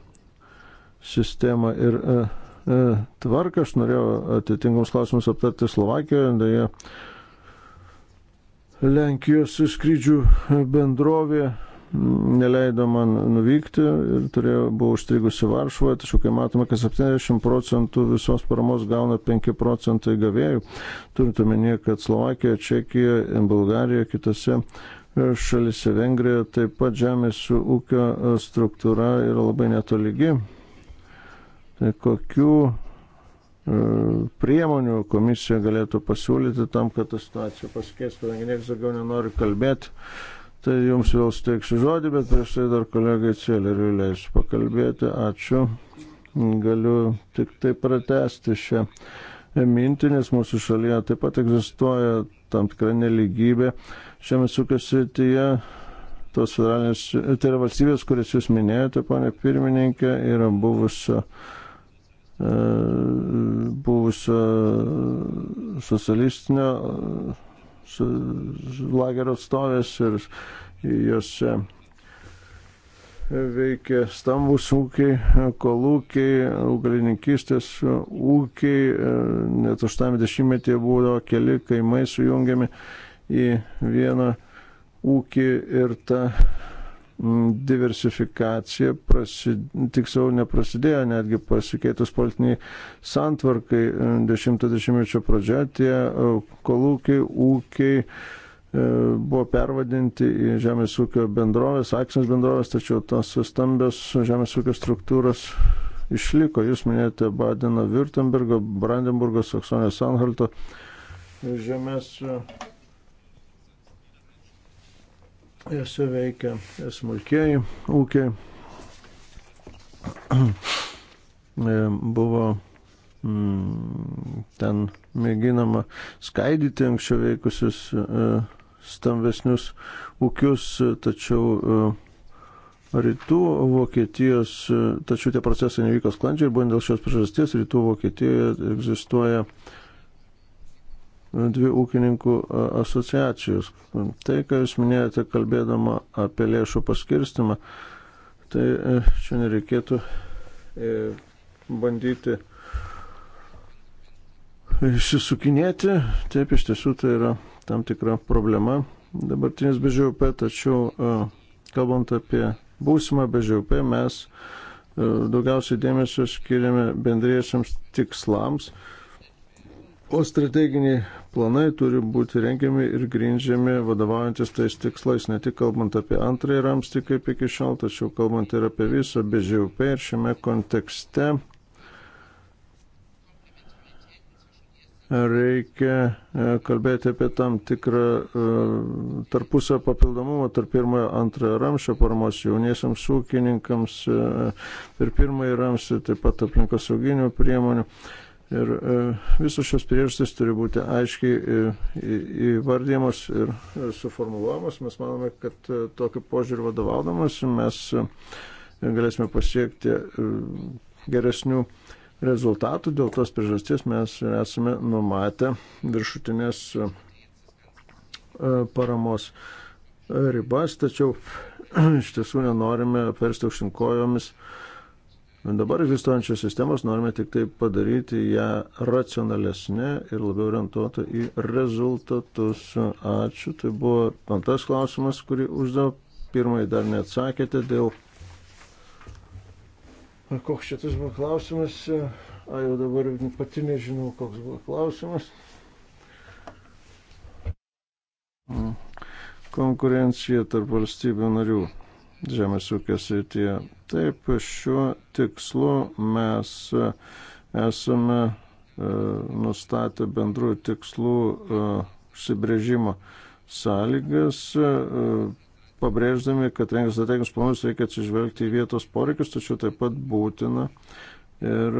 sistemą ir uh, E, tvarką. Aš norėjau atitinkamus klausimus aptarti Slovakijoje, dėja Lenkijos skrydžių bendrovė neleido man nuvykti ir turėjau, buvau užstrigusi Varšuvoje, tačiau kai matome, kad 70 procentų visos paramos gauna 5 procentai gavėjų, turint omenyje, kad Slovakija, Čekija, Bulgarija, kitose šalise Vengrija taip pat žemės ūkio struktūra yra labai netolygi kokių e, priemonių komisija galėtų pasiūlyti tam, kad ta situacija pasikeistų, kadangi niekas daugiau nenori kalbėti, tai jums vėl steiksiu žodį, bet prieš tai dar kolegai Celeriui leisiu pakalbėti. Ačiū. Galiu tik tai pratesti šią mintį, nes mūsų šalyje taip pat egzistuoja tam tikra neligybė šiame sukės srityje. Tos federalinės, tai yra valstybės, kurias jūs minėjote, ponė pirmininkė, yra buvusio uh, E, buvusio socialistinio e, lagerio atstovės ir jose veikia stambus ūkiai, kolūkiai, augalininkistės ūkiai, e, net 80-metėje būdavo keli kaimai sujungiami į vieną ūkį ir ta Mm, diversifikacija prasid, tiksliau neprasidėjo netgi pasikeitus politiniai santvarkai 10-mečio mm, pradžioje tie e, kolūkiai, ūkiai e, buvo pervadinti į žemės ūkio bendrovės, akcinės bendrovės, tačiau tos stambios žemės ūkio struktūros išliko. Jūs minėjote Badeno, Württembergo, Brandenburgo, Saksonijos, Anhalto žemės Jose veikia smulkiai ūkiai. E, buvo mm, ten mėginama skaidyti anksčiau veikusius e, stambesnius ūkius, tačiau e, rytų Vokietijos, tačiau tie procesai nevyko sklandžiai ir būtent dėl šios priežasties rytų Vokietijoje egzistuoja uh, dvi ūkininkų asociacijos. Tai, ką Jūs minėjote, kalbėdama apie lėšų paskirstimą, tai šiandien e, reikėtų e, bandyti išsisukinėti. Taip, iš tiesų tai yra tam tikra problema dabartinis BŽUP, tačiau kalbant apie būsimą BŽUP, mes e, daugiausiai dėmesio skiriame bendriesiams tikslams O strateginiai planai turi būti rengiami ir grindžiami vadovaujantis tais tikslais, ne tik kalbant apie antrąjį ramstį kaip iki šiol, tačiau kalbant ir apie visą BŽUP ir šiame kontekste reikia e, kalbėti apie tam tikrą e, tarpusio papildomumą tarp pirmojo ir antrojo ramščio paramos jauniesiams ūkininkams e, ir pirmąjį ramstį, taip pat aplinkosauginių priemonių Ir e, visos šios priežastys turi būti aiškiai e, įvardyjamos ir e, suformuluojamos. Mes manome, kad tokiu požiūriu vadovaudamas mes galėsime pasiekti geresnių rezultatų. Dėl tos priežasties mes esame numatę viršutinės paramos ribas, tačiau iš tiesų nenorime persti aukštinkojomis Dabar egzistuojančios sistemos norime tik tai padaryti ją racionalesnė ir labiau orientuota į rezultatus. Ačiū. Tai buvo antras klausimas, kurį uždavau. Pirmąjį dar neatsakėte dėl. Koks šitas buvo klausimas? A, jau dabar pati nežinau, koks buvo klausimas. Mm. Konkurencija tarp valstybių narių žemės ūkio srityje. Taip, šiuo tikslu mes esame e, nustatę bendrų tikslų e, užsibrėžimo sąlygas, e, pabrėždami, kad rengiant strateginius planus reikia atsižvelgti į vietos poreikius, tačiau taip pat būtina ir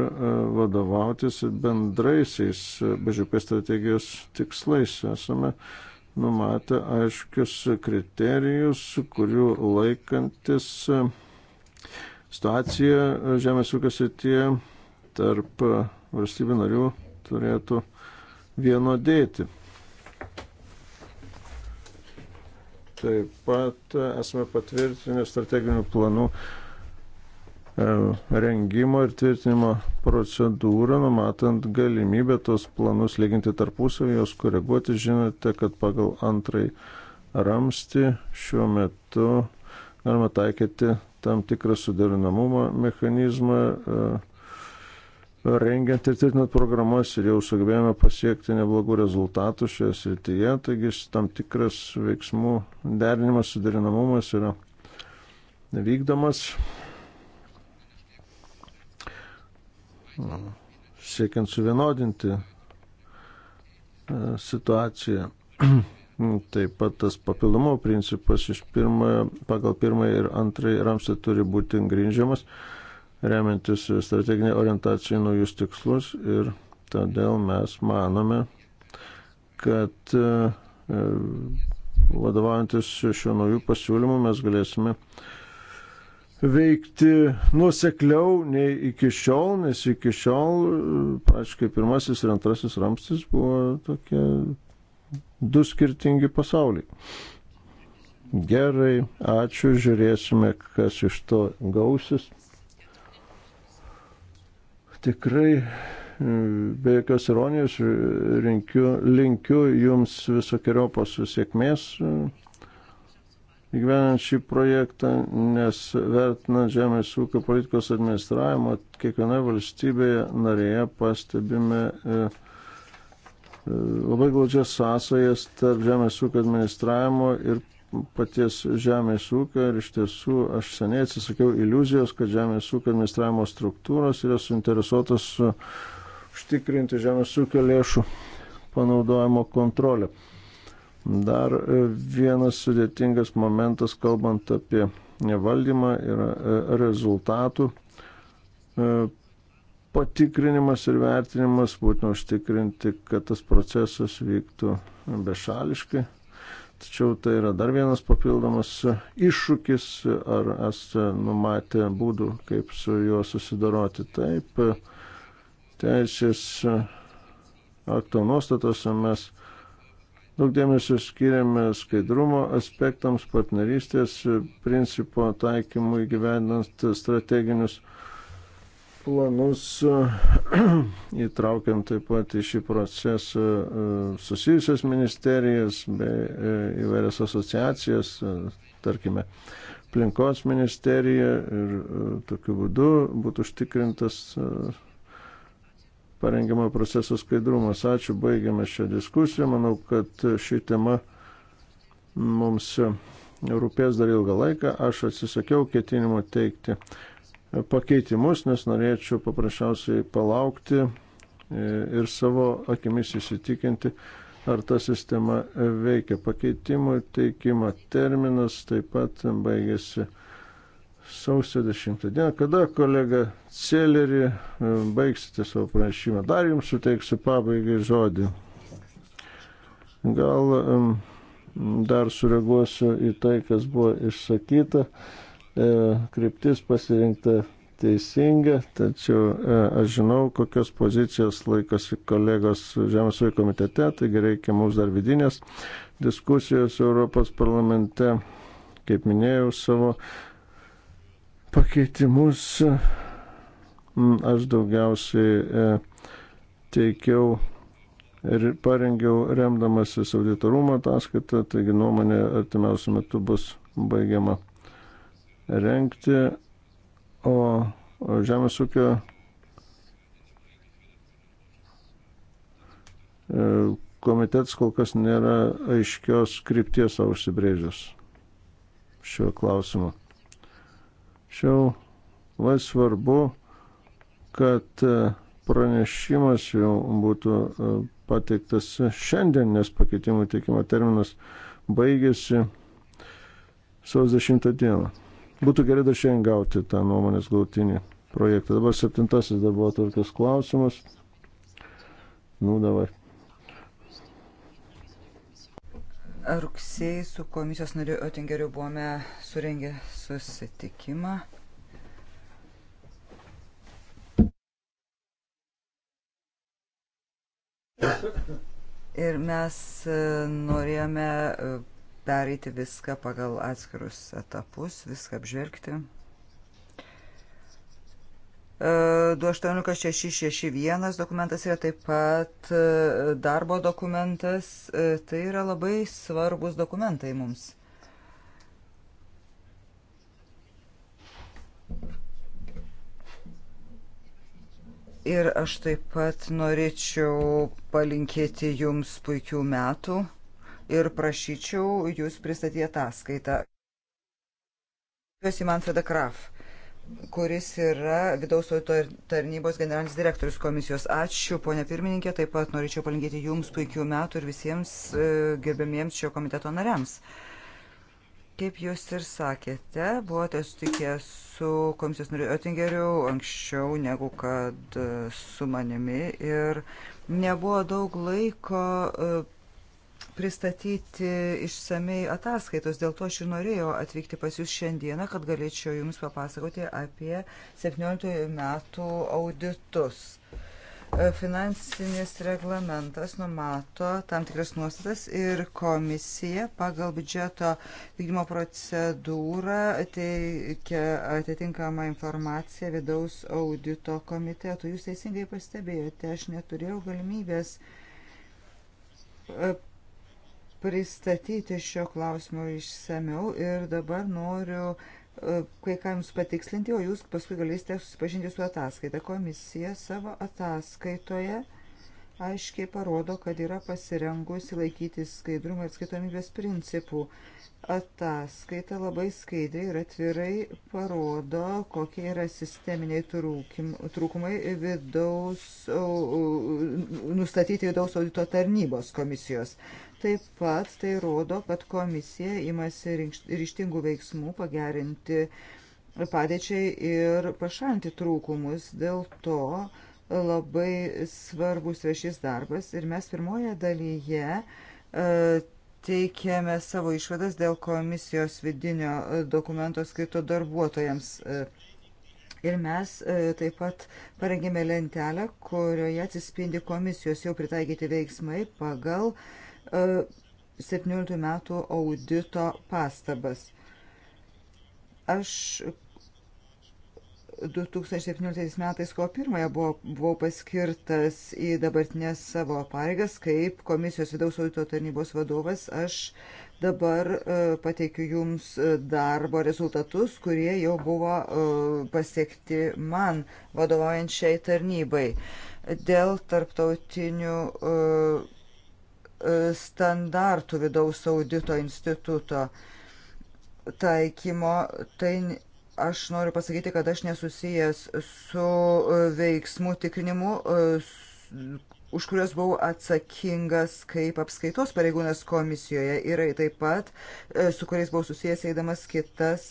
vadovautis bendraisiais BŽP strategijos tikslais. Esame uh, numatę aiškius kriterijus, kurių laikantis e, situacija e, žemės ūkio srityje tarp e, valstybių narių turėtų vienodėti. Taip pat esame patvirtinę strateginių planų E, rengimo ir tvirtinimo procedūrą, numatant galimybę tos planus lyginti tarpusavį, jos koreguoti. Žinote, kad pagal antrąjį ramsti šiuo metu galima taikyti tam tikrą suderinamumo mechanizmą, e, rengiant ir tvirtinant programas ir jau sugebėjome pasiekti neblogų rezultatų šioje srityje, taigi tam tikras veiksmų derinimas, suderinamumas yra vykdomas. siekiant suvienodinti e, situaciją. Taip pat tas papildomo principas iš pirmojo, pagal pirmąjį ir antrąjį ramstą turi būti grindžiamas, remiantis strateginė orientacija į naujus tikslus ir todėl mes manome, kad e, e, vadovaujantis šiuo naujų pasiūlymu mes galėsime uh, veikti nusekliau nei iki šiol, nes iki šiol, aiškiai, pirmasis ir antrasis ramstis buvo tokie du skirtingi pasauliai. Gerai, ačiū, žiūrėsime, kas iš to gausis. Tikrai, be jokios ironijos, rinkiu, linkiu jums visokiojopos sėkmės įgyvenant šį projektą, nes vertinant žemės ūkio politikos administravimą, kiekvienoje valstybėje narėje pastebime e, e, labai glaudžias sąsajas tarp žemės ūkio administravimo ir paties žemės ūkio ir iš tiesų aš seniai atsisakiau iliuzijos, kad žemės ūkio administravimo struktūros yra suinteresuotos užtikrinti žemės ūkio lėšų panaudojimo kontrolę. Dar e, vienas sudėtingas momentas, kalbant apie valdymą, yra e, rezultatų e, patikrinimas ir vertinimas, būtina užtikrinti, kad tas procesas vyktų bešališkai. Tačiau tai yra dar vienas papildomas iššūkis, ar esate numatę būdų, kaip su juo susidoroti. Taip, teisės akto nuostatose mes Daug dėmesio skiriame skaidrumo aspektams, partnerystės principo taikymui gyvenant strateginius planus, įtraukiant taip pat į šį procesą e, susijusias ministerijas bei e, įvairias asociacijas, e, tarkime, aplinkos ministerija ir tokiu būdu būtų užtikrintas parengiamojo proceso skaidrumas. Ačiū, baigiame šią diskusiją. Manau, kad ši tema mums rūpės dar ilgą laiką. Aš atsisakiau ketinimo teikti pakeitimus, nes norėčiau paprasčiausiai palaukti ir savo akimis įsitikinti, ar ta sistema veikia. Pakeitimų teikimo terminas taip pat baigėsi sausio 10 dieną. Kada kolega Celerį e, baigsite savo pranešimą? Dar jums suteiksiu pabaigai žodį. Gal um, dar sureaguosiu į tai, kas buvo išsakyta. E, kryptis pasirinkta teisinga, tačiau e, aš žinau, kokios pozicijos laikosi kolegos Žemės ūkio komitete, taigi reikia mums dar vidinės diskusijos Europos parlamente. Kaip minėjau savo pakeitimus mm, aš daugiausiai e, teikiau ir parengiau remdamasis auditorumo ataskaitą, taigi nuomonė artimiausiu metu bus baigiama renkti, o, o žemės ūkio e, komitetas kol kas nėra aiškios krypties savo užsibrėžęs šiuo klausimu. Šiau labai svarbu, kad e, pranešimas jau būtų e, pateiktas šiandien, nes pakeitimų teikimo terminas baigėsi sausio 10 dieną. Būtų gerai dar šiandien gauti tą nuomonės galutinį projektą. Dabar septintasis darbo atvarkės klausimas. Nu, davai. Rugsėjai su komisijos nariu Otingeriu buvome surengę susitikimą. Ir mes e, norėjome e, pereiti viską pagal atskirus etapus, viską apžvelgti. 28661 dokumentas yra taip pat e, darbo dokumentas. E, tai yra labai svarbus dokumentai mums. Ir aš taip pat norėčiau palinkėti Jums puikių metų ir prašyčiau Jūs pristatyti ataskaitą. Jūs į Manfredą Kraf kuris yra vidaus audito tarnybos generalinis direktorius komisijos. Ačiū, ponė pirmininkė, taip pat norėčiau palinkėti Jums puikių metų ir visiems e, gerbėmiems šio komiteto nariams. Kaip Jūs ir sakėte, buvote sutikę su komisijos nariu Oettingeriu anksčiau negu kad e, su manimi ir nebuvo daug laiko. E, pristatyti išsamei ataskaitos. Dėl to aš ir norėjau atvykti pas Jūs šiandieną, kad galėčiau Jums papasakoti apie 17 metų auditus. E, finansinis reglamentas numato tam tikras nuostatas ir komisija pagal biudžeto vykdymo procedūrą teikia atitinkamą informaciją vidaus audito komitetų. Jūs teisingai pastebėjote, aš neturėjau galimybės e, pristatyti šio klausimo išsameu ir dabar noriu e, kai ką jums patikslinti, o jūs paskui galėsite susipažinti su ataskaita. Komisija savo ataskaitoje aiškiai parodo, kad yra pasirengusi laikytis skaidrumo ir skaitomybės principų. Ataskaita labai skaidriai ir atvirai parodo, kokie yra sisteminiai trūkumai vidaus, nustatyti vidaus audito tarnybos komisijos. Taip pat tai rodo, kad komisija imasi ryštingų veiksmų pagerinti padėčiai ir pašalinti trūkumus. Dėl to labai svarbus yra šis darbas ir mes pirmoje dalyje e, teikėme savo išvadas dėl komisijos vidinio dokumento skirto darbuotojams. E, ir mes e, taip pat parengėme lentelę, kurioje atsispindi komisijos jau pritaikyti veiksmai pagal uh, 17 e, metų audito pastabas. Aš 2017 metais kovo pirmąją buvau, buvau paskirtas į dabartinės savo pareigas kaip komisijos vidaus audito tarnybos vadovas. Aš dabar uh, pateikiu jums darbo rezultatus, kurie jau buvo uh, pasiekti man vadovaujant šiai tarnybai. Dėl tarptautinių uh, standartų vidaus audito instituto taikymo. Tai aš noriu pasakyti, kad aš nesusijęs su e, veiksmų tikrinimu, e, už kuriuos buvau atsakingas kaip apskaitos pareigūnas komisijoje ir taip pat e, su kuriais buvau susijęs eidamas kitas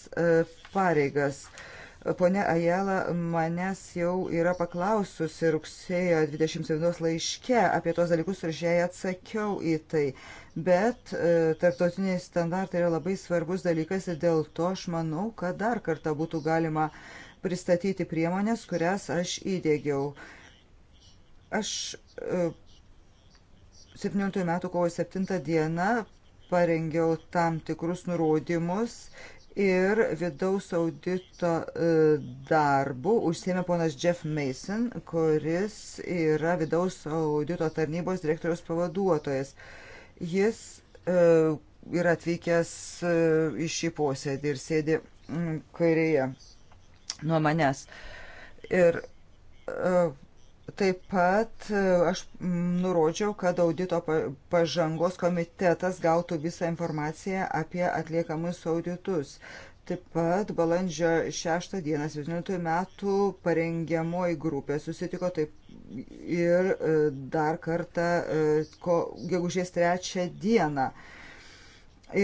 pareigas. Uh, Pone Ajela manęs jau yra paklaususi rugsėjo 27 laiške apie tos dalykus ir žiai atsakiau į tai. Bet e, tarptautiniai standartai yra labai svarbus dalykas ir dėl to aš manau, kad dar kartą būtų galima pristatyti priemonės, kurias aš įdėgiau. Aš e, 17 metų kovo 7 dieną parengiau tam tikrus nurodymus ir vidaus audito e, darbų užsėmė ponas Jeff Mason, kuris yra vidaus audito tarnybos direktoriaus pavaduotojas. Jis e, yra atvykęs e, į šį posėdį ir sėdi kairėje nuo manęs. Ir Taip pat e, aš nurodžiau, kad audito pažangos komitetas gautų visą informaciją apie atliekamus auditus. Taip pat balandžio 6 dieną 17 metų parengiamoji grupė susitiko taip ir e, dar kartą e, gegužės 3 dieną.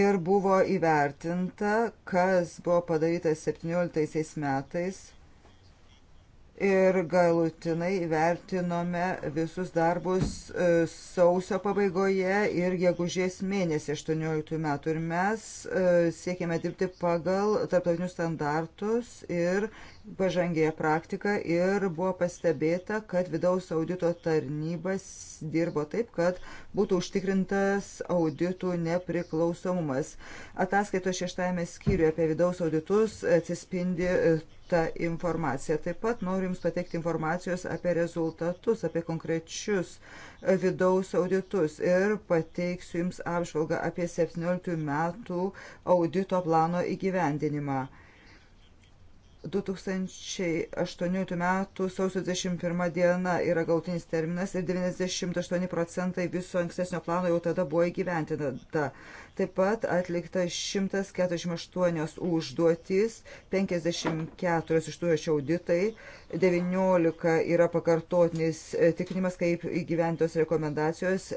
Ir buvo įvertinta, kas buvo padaryta 17 metais ir galutinai vertinome visus darbus e, sausio pabaigoje ir gegužės mėnesį 18 metų. Ir mes e, siekėme dirbti pagal tarptautinius standartus ir pažangėję praktiką ir buvo pastebėta, kad vidaus audito tarnybas dirbo taip, kad būtų užtikrintas auditų nepriklausomumas. Ataskaito šeštame skyriuje apie vidaus auditus atsispindi tą informaciją. Taip pat noriu Jums pateikti informacijos apie rezultatus, apie konkrečius e, vidaus auditus ir pateiksiu Jums apžvalgą apie 17 metų audito plano įgyvendinimą. 2018 m. sausio 21 diena yra gautinis terminas ir 98 procentai viso ankstesnio plano jau tada buvo įgyventinta. Taip pat atlikta 148 užduotys, 54 iš tų yra auditai, 19 yra pakartotinis e, tikrinimas, kaip įgyventos rekomendacijos,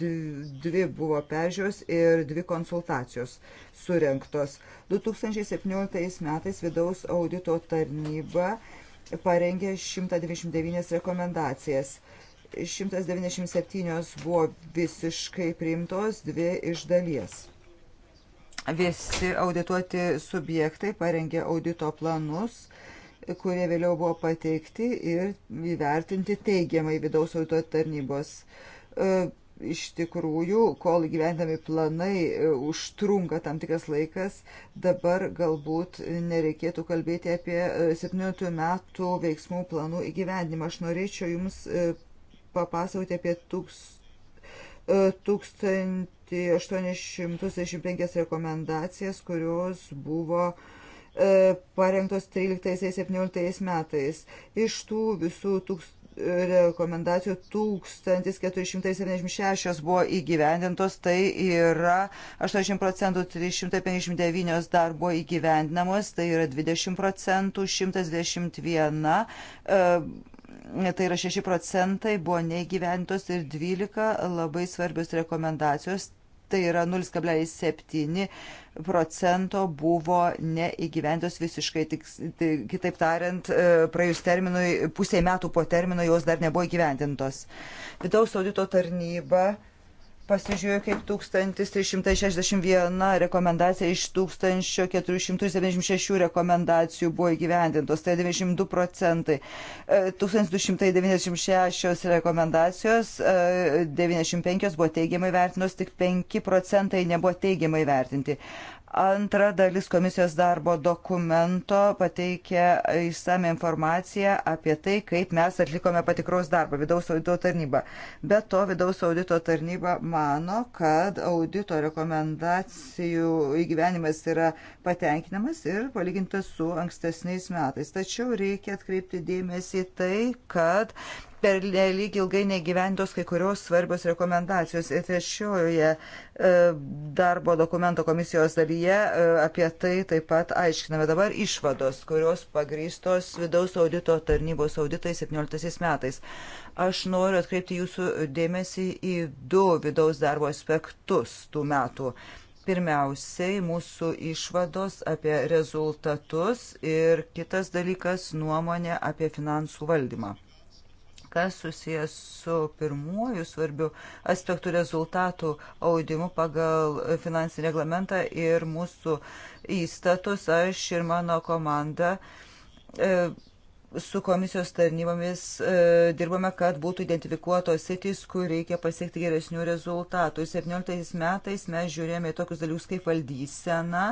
2 e, buvo pežios ir 2 konsultacijos surenktos. 2017 metais vidaus audito tarnyba parengė 199 rekomendacijas. 197 buvo visiškai priimtos, dvi iš dalies. Visi audituoti subjektai parengė audito planus, kurie vėliau buvo pateikti ir įvertinti teigiamai vidaus audito tarnybos e, iš tikrųjų, kol gyvendami planai e, užtrunka tam tikras laikas, dabar galbūt nereikėtų kalbėti apie 17 e, metų veiksmų planų įgyvendimą. Aš norėčiau Jums e, papasakoti apie 1865 rekomendacijas, kurios buvo parengtos 13-17 metais. Iš tų visų 1000 rekomendacijų 1476 buvo įgyvendintos, tai yra 80 procentų 359 dar buvo įgyvendinamos, tai yra 20 procentų 121. E, tai yra 6 procentai buvo neįgyventos ir 12 labai svarbios rekomendacijos tai yra 0,7 procento buvo neįgyventos visiškai. Tik, tai, kitaip tariant, e, praėjus terminui, pusiai metų po termino jos dar nebuvo įgyvendintos. Vidaus audito tarnyba pasižiūrėjau, kaip 1361 rekomendacija iš 1476 rekomendacijų buvo įgyvendintos, tai 92 procentai. 1296 e, rekomendacijos, 95 e, buvo teigiamai vertinos, tik 5 procentai nebuvo teigiamai vertinti. Antra dalis komisijos darbo dokumento pateikia išsame informaciją apie tai, kaip mes atlikome patikros darbą vidaus audito tarnybą. Be to, vidaus audito tarnyba mano, kad audito rekomendacijų įgyvenimas yra patenkinamas ir palygintas su ankstesniais metais. Tačiau reikia atkreipti dėmesį tai, kad per nelik ilgai negyventos kai kurios svarbios rekomendacijos. Ir trečiojoje e, darbo dokumento komisijos dalyje e, apie tai taip pat aiškiname dabar išvados, kurios pagrystos vidaus audito tarnybos auditai 17 metais. Aš noriu atkreipti jūsų dėmesį į du vidaus darbo aspektus tų metų. Pirmiausiai mūsų išvados apie rezultatus ir kitas dalykas nuomonė apie finansų valdymą kas susijęs su pirmuoju svarbiu aspektu rezultatų audimu pagal finansinį reglamentą ir mūsų įstatus. Aš ir mano komanda e, su komisijos tarnybomis e, dirbame, kad būtų identifikuotos sitys, kur reikia pasiekti geresnių rezultatų. 17 metais mes žiūrėjome į tokius dalykus kaip valdysena,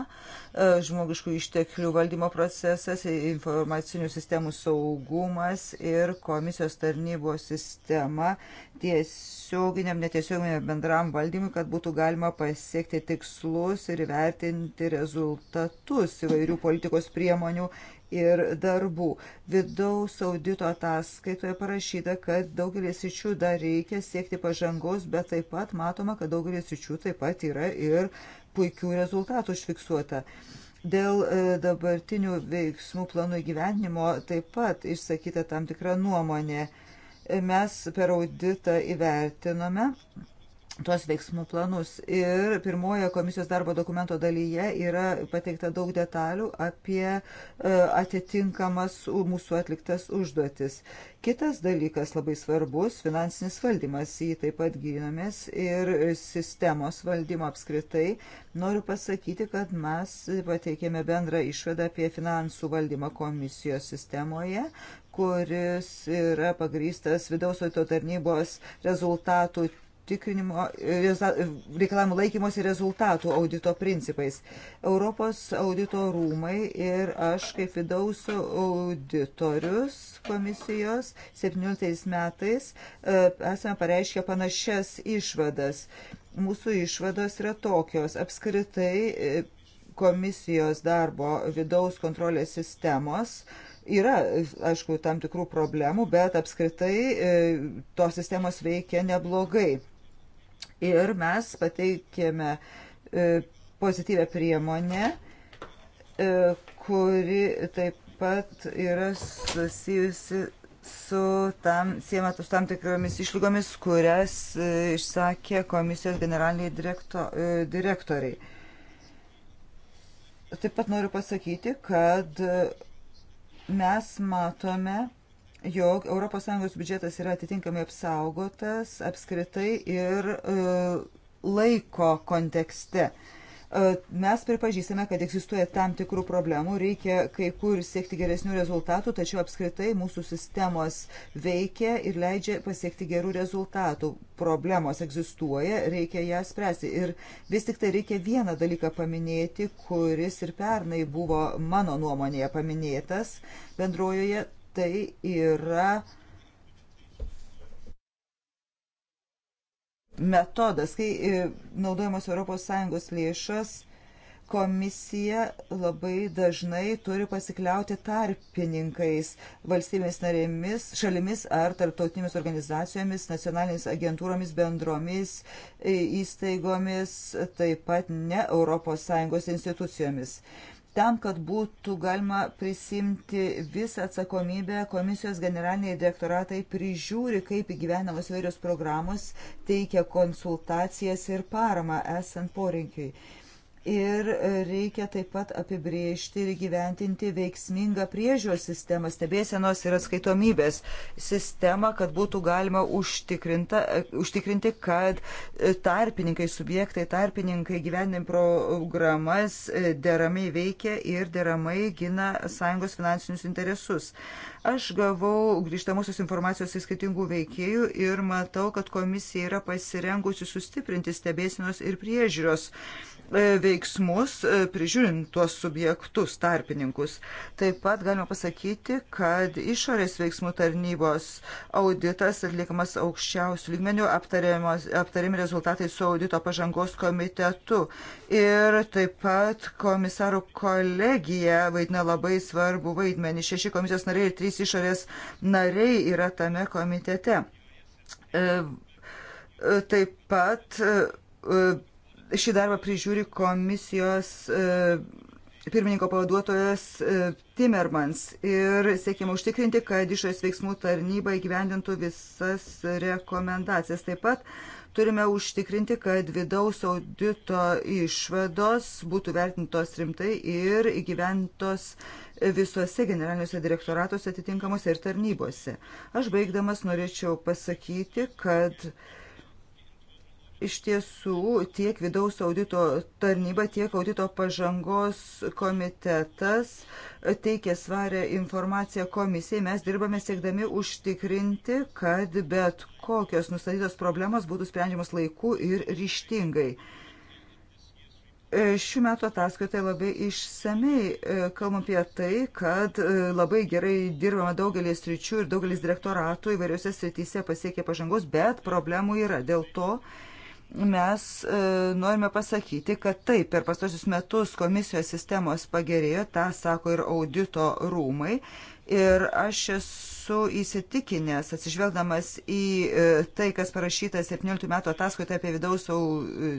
e, žmogiškų išteklių valdymo procesas, informacinių sistemų saugumas ir komisijos tarnybos sistema tiesioginiam, netiesioginiam bendram valdymui, kad būtų galima pasiekti tikslus ir įvertinti rezultatus įvairių politikos priemonių ir darbų. Vidaus audito ataskaitoje parašyta, kad daugelis ryčių dar reikia siekti pažangos, bet taip pat matoma, kad daugelis ryčių taip pat yra ir puikių rezultatų užfiksuota. Dėl e, dabartinių veiksmų planų įgyvenimo taip pat išsakyta tam tikra nuomonė. Mes per auditą įvertinome tuos veiksmų planus. Ir pirmoje komisijos darbo dokumento dalyje yra pateikta daug detalių apie e, atitinkamas mūsų atliktas užduotis. Kitas dalykas labai svarbus - finansinis valdymas. Jį taip pat gynomės ir sistemos valdymo apskritai. Noriu pasakyti, kad mes pateikėme bendrą išvadą apie finansų valdymą komisijos sistemoje kuris yra pagrystas vidaus audito tarnybos rezultatų užtikrinimo e, e, reikalavimų laikymosi rezultatų audito principais. Europos audito rūmai ir aš kaip vidaus auditorius komisijos 17 metais e, esame pareiškę panašias išvadas. Mūsų išvados yra tokios. Apskritai komisijos darbo vidaus kontrolės sistemos yra, aišku, tam tikrų problemų, bet apskritai tos sistemos veikia neblogai ir mes pateikėme e, pozityvę priemonę, e, kuri taip pat yra susijusi su tam, siema su tam tikromis išlygomis, kurias e, išsakė komisijos generaliniai direkto, direktoriai. Taip pat noriu pasakyti, kad mes matome jog ES biudžetas yra atitinkamai apsaugotas apskritai ir e, laiko kontekste. E, mes pripažįstame, kad egzistuoja tam tikrų problemų, reikia kai kur siekti geresnių rezultatų, tačiau apskritai mūsų sistemos veikia ir leidžia pasiekti gerų rezultatų. Problemos egzistuoja, reikia ją spręsti. Ir vis tik tai reikia vieną dalyką paminėti, kuris ir pernai buvo mano nuomonėje paminėtas bendrojoje tai yra metodas, kai e, naudojamos ES lėšas, komisija labai dažnai turi pasikliauti tarpininkais, valstybės narėmis, šalimis ar tarptautinėmis organizacijomis, nacionalinėmis agentūromis, bendromis e, įstaigomis, taip pat ne ES institucijomis tam, kad būtų galima prisimti visą atsakomybę, komisijos generaliniai direktoratai prižiūri, kaip įgyvenamos vairios programos teikia konsultacijas ir paramą esant poreikiai. Ir e, reikia taip pat apibriežti ir gyventinti veiksmingą priežiūros sistemą, stebėsenos ir atskaitomybės sistemą, kad būtų galima e, užtikrinti, kad e, tarpininkai, subjektai, tarpininkai gyvenim programas deramai veikia ir deramai gina sąjungos finansinius interesus. Aš gavau grįžtamosios informacijos iš skirtingų veikėjų ir matau, kad komisija yra pasirengusi sustiprinti stebėsenos ir priežiūros priežiūros E, veiksmus, e, prižiūrint tuos subjektus, tarpininkus. Taip pat galima pasakyti, kad išorės veiksmų tarnybos auditas atliekamas aukščiausių lygmenių, aptariami rezultatai su audito pažangos komitetu. Ir taip pat komisarų kolegija vaidina labai svarbu vaidmenį. Šeši komisijos nariai ir trys išorės nariai yra tame komitete. E, taip pat Šį darbą prižiūri komisijos e, pirmininko pavaduotojas e, Timmermans ir siekiama užtikrinti, kad išorės veiksmų tarnyba įgyvendintų visas rekomendacijas. Taip pat turime užtikrinti, kad vidaus audito išvados būtų vertintos rimtai ir įgyventos visuose generaliniuose direktoratuose atitinkamuose ir tarnybose. Aš baigdamas norėčiau pasakyti, kad uh, Iš tiesų, tiek vidaus audito tarnyba, tiek audito pažangos komitetas teikia svarę informaciją komisijai. Mes dirbame siekdami užtikrinti, kad bet kokios nustatytos problemos būtų sprendžiamas laiku ir ryštingai. Šių metų ataskaitoje labai išsamei e, kalbam apie tai, kad e, labai gerai dirbama daugelis sričių ir daugelis direktoratų įvairiose srityse pasiekė pažangos, bet problemų yra. Dėl to mes e, norime pasakyti, kad taip, per pastosius metus komisijos sistemos pagerėjo, tą sako ir audito rūmai. Ir aš esu įsitikinęs, atsižvelgdamas į e, tai, kas parašyta 17 metų ataskaitoje apie vidaus auditą,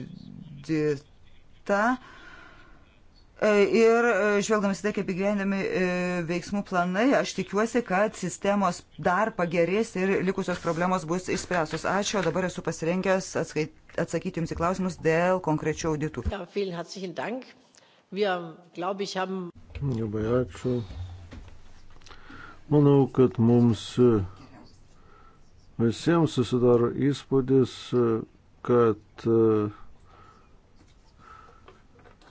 E, ir e, žvelgdamas į tai, kaip įgyvenami e, veiksmų planai, aš tikiuosi, kad sistemos dar pagerės ir likusios problemos bus išspręstos. Ačiū, o dabar esu pasirengęs atskait, atsakyti Jums į klausimus dėl konkrečių auditų. Labai ačiū. Manau, kad mums visiems susidaro įspūdis, kad uh,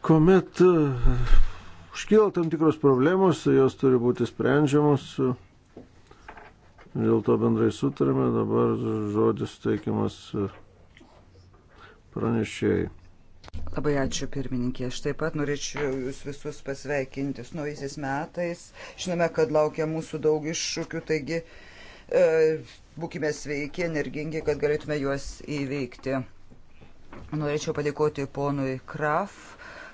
kuomet uh, užkyla tam tikros problemos, tai jos turi būti sprendžiamos. Dėl to bendrai sutarėme, dabar žodis teikiamas uh, pranešėjai. Labai ačiū pirmininkė. Aš taip pat norėčiau jūs visus pasveikinti su naujaisiais metais. Žinome, kad laukia mūsų daug iššūkių, taigi e, būkime sveiki, energingi, kad galėtume juos įveikti. Norėčiau padėkoti ponui Kraf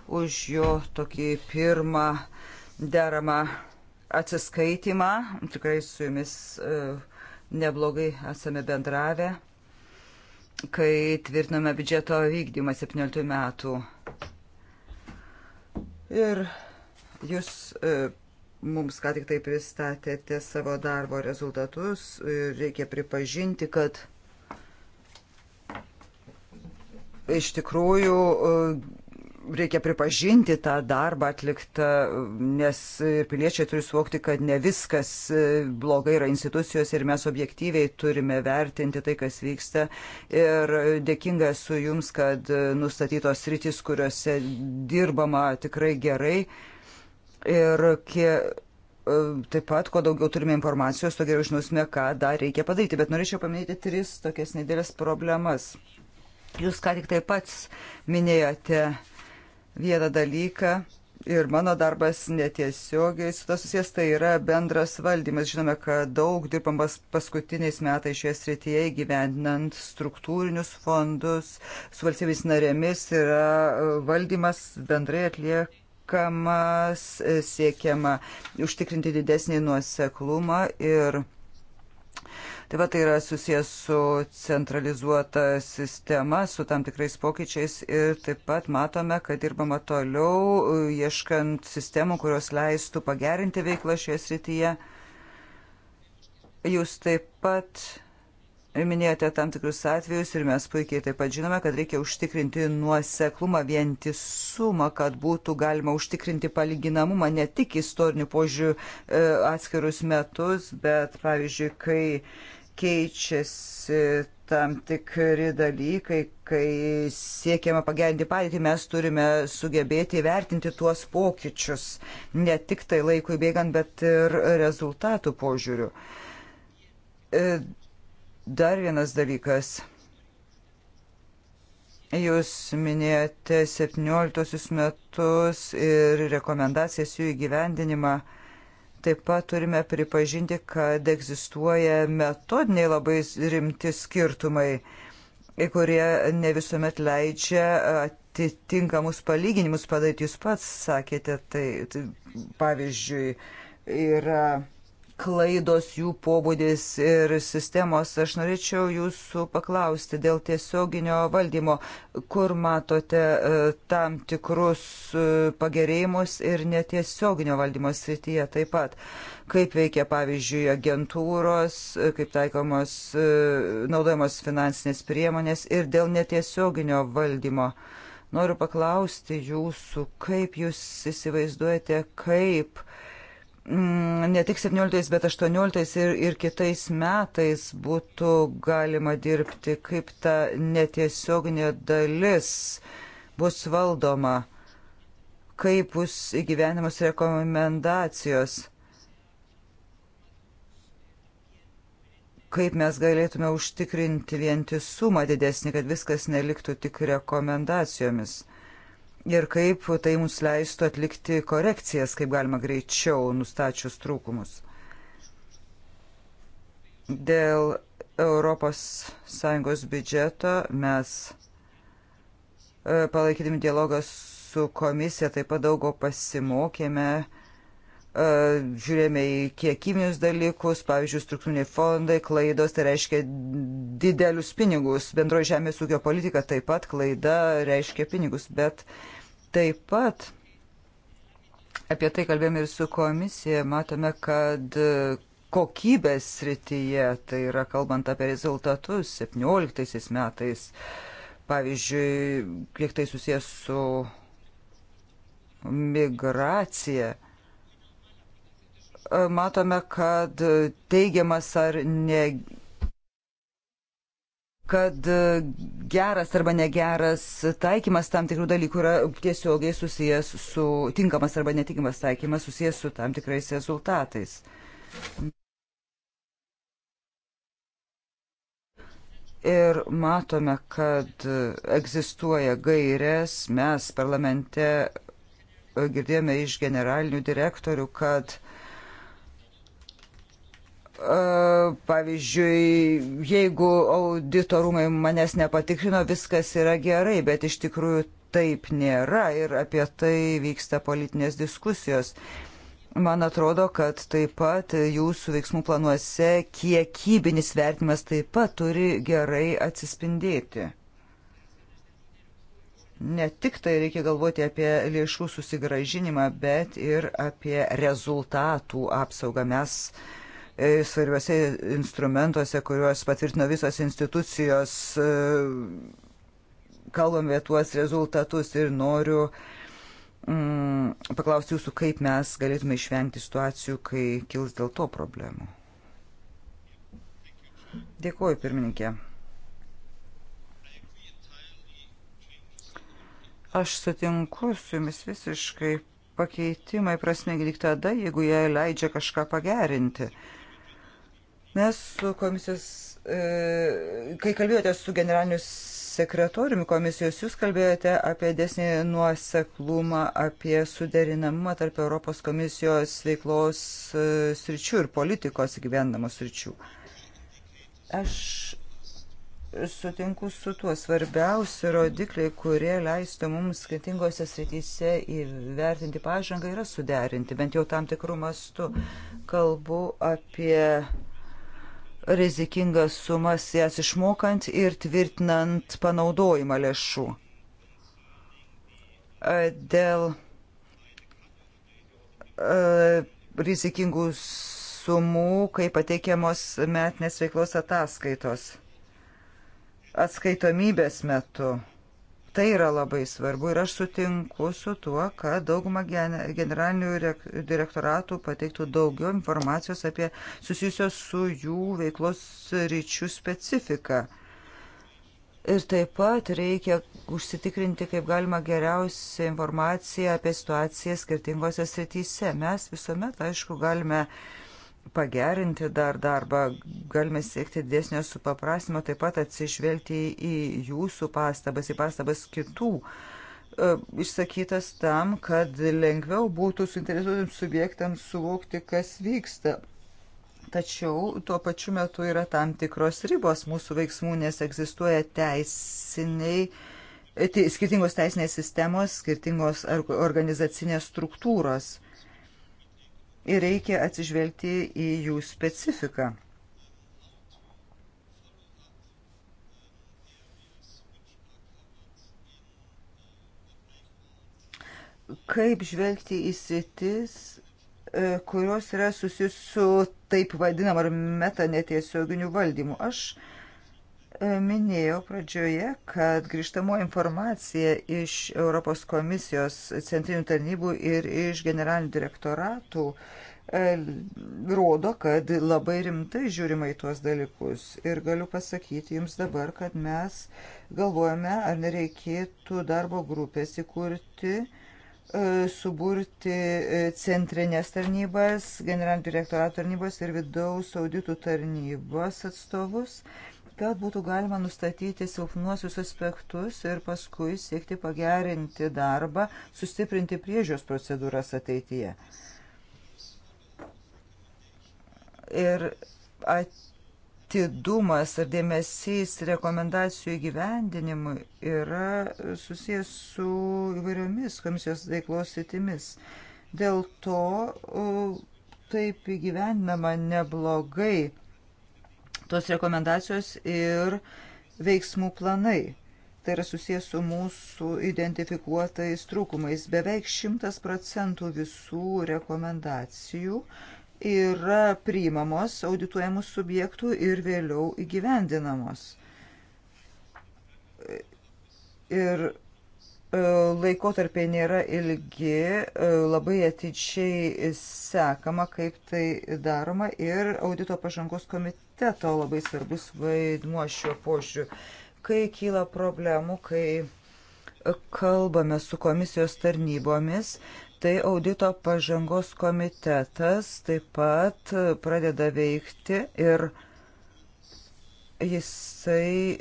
už jo tokį pirmą deramą atsiskaitimą. Tikrai su jumis e, neblogai esame bendravę, kai tvirtinome biudžeto vykdymą 17 metų. Ir jūs e, mums ką tik tai pristatėte savo darbo rezultatus ir reikia pripažinti, kad iš tikrųjų e, reikia pripažinti tą darbą atliktą, nes piliečiai turi suvokti, kad ne viskas e, blogai yra institucijos ir mes objektyviai turime vertinti tai, kas vyksta. Ir dėkinga esu Jums, kad nustatytos rytis, kuriuose dirbama tikrai gerai. Ir kiek e, taip pat, kuo daugiau turime informacijos, tuo geriau žinosime, ką dar reikia padaryti. Bet norėčiau paminėti tris tokias nedėlės problemas. Jūs ką tik taip pats minėjote vieną dalyką ir mano darbas netiesiogiai su tas susijęs, tai yra bendras valdymas. Žinome, kad daug dirbam paskutiniais metais šioje srityje įgyvendinant struktūrinius fondus su valstybės narėmis yra e, valdymas bendrai atliekamas, e, siekiama užtikrinti didesnį nuoseklumą ir Taip pat tai yra susijęs su centralizuota sistema, su tam tikrais pokyčiais ir taip pat matome, kad dirbama toliau, ieškant sistemų, kurios leistų pagerinti veiklą šioje srityje. Jūs taip pat Minėjote tam tikrus atvejus ir mes puikiai taip pat žinome, kad reikia užtikrinti nuoseklumą, vientisumą, kad būtų galima užtikrinti palyginamumą ne tik istorinių požiūrių e, atskirus metus, bet pavyzdžiui, kai keičiasi tam tikri dalykai, kai siekiama pagerinti padėtį, mes turime sugebėti įvertinti tuos pokyčius, ne tik tai laikui bėgant, bet ir rezultatų požiūriu e, Dar vienas dalykas. Jūs minėjote 17 metus ir rekomendacijas jų įgyvendinimą. Taip pat turime pripažinti, kad egzistuoja metodiniai labai rimti skirtumai, kurie ne visuomet leidžia atitinkamus palyginimus padaryti. Jūs pats sakėte, tai, tai pavyzdžiui, yra. Ir klaidos, jų pobūdis ir sistemos. Aš norėčiau jūsų paklausti dėl tiesioginio valdymo, kur matote e, tam tikrus e, pagerėjimus ir netiesioginio valdymo srityje taip pat. Kaip veikia, pavyzdžiui, agentūros, e, kaip taikomos naudojamos finansinės priemonės ir dėl netiesioginio valdymo. Noriu paklausti jūsų, kaip jūs įsivaizduojate, kaip uh, Mm, ne tik 17, bet 18 ir, ir kitais metais būtų galima dirbti, kaip ta netiesioginė dalis bus valdoma, kaip bus įgyvenimas rekomendacijos, kaip mes galėtume užtikrinti vientisumą didesnį, kad viskas neliktų tik rekomendacijomis ir kaip tai mums leistų atlikti korekcijas, kaip galima greičiau nustačius trūkumus. Dėl ES biudžeto mes e, palaikydami dialogą su komisija taip pat daug ko pasimokėme, e, žiūrėjome į kiekybinius dalykus, pavyzdžiui, struktūriniai fondai, klaidos, tai reiškia didelius pinigus, bendroji žemės ūkio politika taip pat klaida reiškia pinigus, bet uh, Taip pat apie tai kalbėjome ir su komisija, matome, kad kokybės srityje, tai yra kalbant apie rezultatus 17 metais, pavyzdžiui, kiek tai susijęs su migracija, matome, kad teigiamas ar ne kad e, geras arba negeras taikymas tam tikrų dalykų yra tiesiogiai susijęs su tinkamas arba netinkamas taikymas susijęs su tam tikrais rezultatais. Ir matome, kad egzistuoja gairės, mes parlamente girdėjome iš generalinių direktorių, kad pavyzdžiui, jeigu auditorumai manęs nepatikrino, viskas yra gerai, bet iš tikrųjų taip nėra ir apie tai vyksta politinės diskusijos. Man atrodo, kad taip pat jūsų veiksmų planuose kiekybinis vertimas taip pat turi gerai atsispindėti. Ne tik tai reikia galvoti apie lėšų susigražinimą, bet ir apie rezultatų apsaugą. Mes uh, E, svarbiuose instrumentuose, kuriuos patvirtino visos institucijos, e, kalbame tuos rezultatus ir noriu mm, paklausti jūsų, kaip mes galėtume išvengti situacijų, kai kils dėl to problemų. Dėkuoju, pirmininkė. Aš sutinku su jumis visiškai. Pakeitimai prasmingi tik tada, jeigu jie leidžia kažką pagerinti. Uh, Mes su komisijos, e, kai kalbėjote su generaliniu sekretoriumi komisijos, jūs kalbėjote apie desnį nuoseklumą, apie suderinamumą tarp Europos komisijos veiklos e, sričių ir politikos gyvendamos sričių. Aš sutinku su tuo svarbiausi rodikliai, kurie leistų mums skirtingose srityse įvertinti pažangą, yra suderinti, bent jau tam tikrų mastų. Kalbu apie rizikingas sumas jas išmokant ir tvirtinant panaudojimą lėšų. Dėl rizikingų sumų, kai pateikiamos metinės veiklos ataskaitos atskaitomybės metu Tai yra labai svarbu ir aš sutinku su tuo, kad dauguma generalinių direktoratų pateiktų daugiau informacijos apie susijusios su jų veiklos ryčių specifiką. Ir taip pat reikia užsitikrinti, kaip galima geriausią informaciją apie situaciją skirtingose srityse. Mes visuomet, aišku, galime uh, pagerinti dar darbą, galime siekti didesnio supaprasimo, taip pat atsižvelgti į jūsų pastabas, į pastabas kitų e, išsakytas tam, kad lengviau būtų suinteresuotams subjektams suvokti, kas vyksta. Tačiau tuo pačiu metu yra tam tikros ribos mūsų veiksmų, nes egzistuoja teisiniai, e, skirtingos teisinės sistemos, skirtingos organizacinės struktūros ir reikia atsižvelgti į jų specifiką. Kaip žvelgti į sritis, e, kurios yra susijusios su taip vadinam ar meta netiesioginiu valdymu? Aš uh, E, minėjau pradžioje, kad grįžtamo informacija iš Europos komisijos centrinių tarnybų ir iš generalinių direktoratų e, rodo, kad labai rimtai žiūrima į tuos dalykus. Ir galiu pasakyti jums dabar, kad mes galvojame, ar nereikėtų darbo grupės įkurti, e, suburti centrinės tarnybas, generalinių direktoratų tarnybos ir vidaus auditų tarnybos atstovus Gal būtų galima nustatyti silpnuosius aspektus ir paskui siekti pagerinti darbą, sustiprinti priežios procedūras ateityje. Ir atidumas ir dėmesys rekomendacijų įgyvendinimui yra susijęs su įvairiomis komisijos veiklos sėtimis. Dėl to taip įgyvendinama neblogai tos rekomendacijos ir veiksmų planai. Tai yra susijęs su mūsų identifikuotais trūkumais. Beveik 100 procentų visų rekomendacijų yra priimamos audituojamų subjektų ir vėliau įgyvendinamos. Ir e, laikotarpiai nėra ilgi, e, labai atidžiai sekama, kaip tai daroma ir audito pažangos komitetas komiteto labai svarbus vaidmuo šiuo požiūriu. Kai kyla problemų, kai kalbame su komisijos tarnybomis, tai audito pažangos komitetas taip pat pradeda veikti ir jisai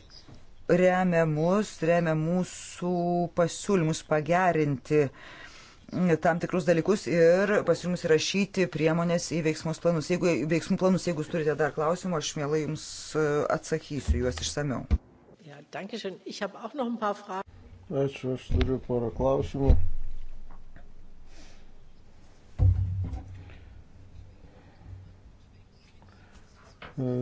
remia mus, remia mūsų pasiūlymus pagerinti uh, tam tikrus dalykus ir pasiūlymus įrašyti priemonės į veiksmus planus. Jeigu veiksmų planus, jeigu jūs turite dar klausimų, aš mielai jums e, atsakysiu juos išsameu. Ja, Ačiū, aš turiu porą klausimų. E,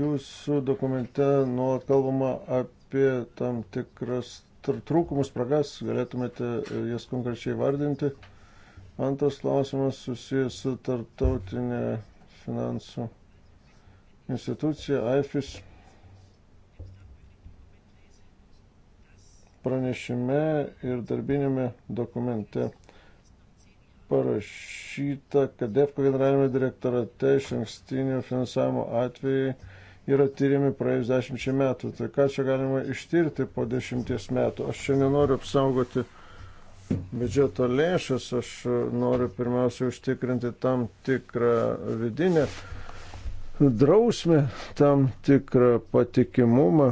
jūsų dokumente nuolat kalbama apie tam tikras trūkumus, spragas, galėtumėte e, jas konkrečiai vardinti. Antras klausimas susijęs su tarptautinė finansų institucija AIFIS. Pranešime ir darbinėme dokumente parašyta, kad DEFCO generalinėme direktorate iš ankstinio finansavimo atvejai yra tyriami praėjus dešimčiai metų. Tai ką čia galima ištirti po dešimties metų? Aš čia nenoriu apsaugoti biudžeto lėšas, aš noriu pirmiausia užtikrinti tam tikrą vidinę drausmę, tam tikrą patikimumą.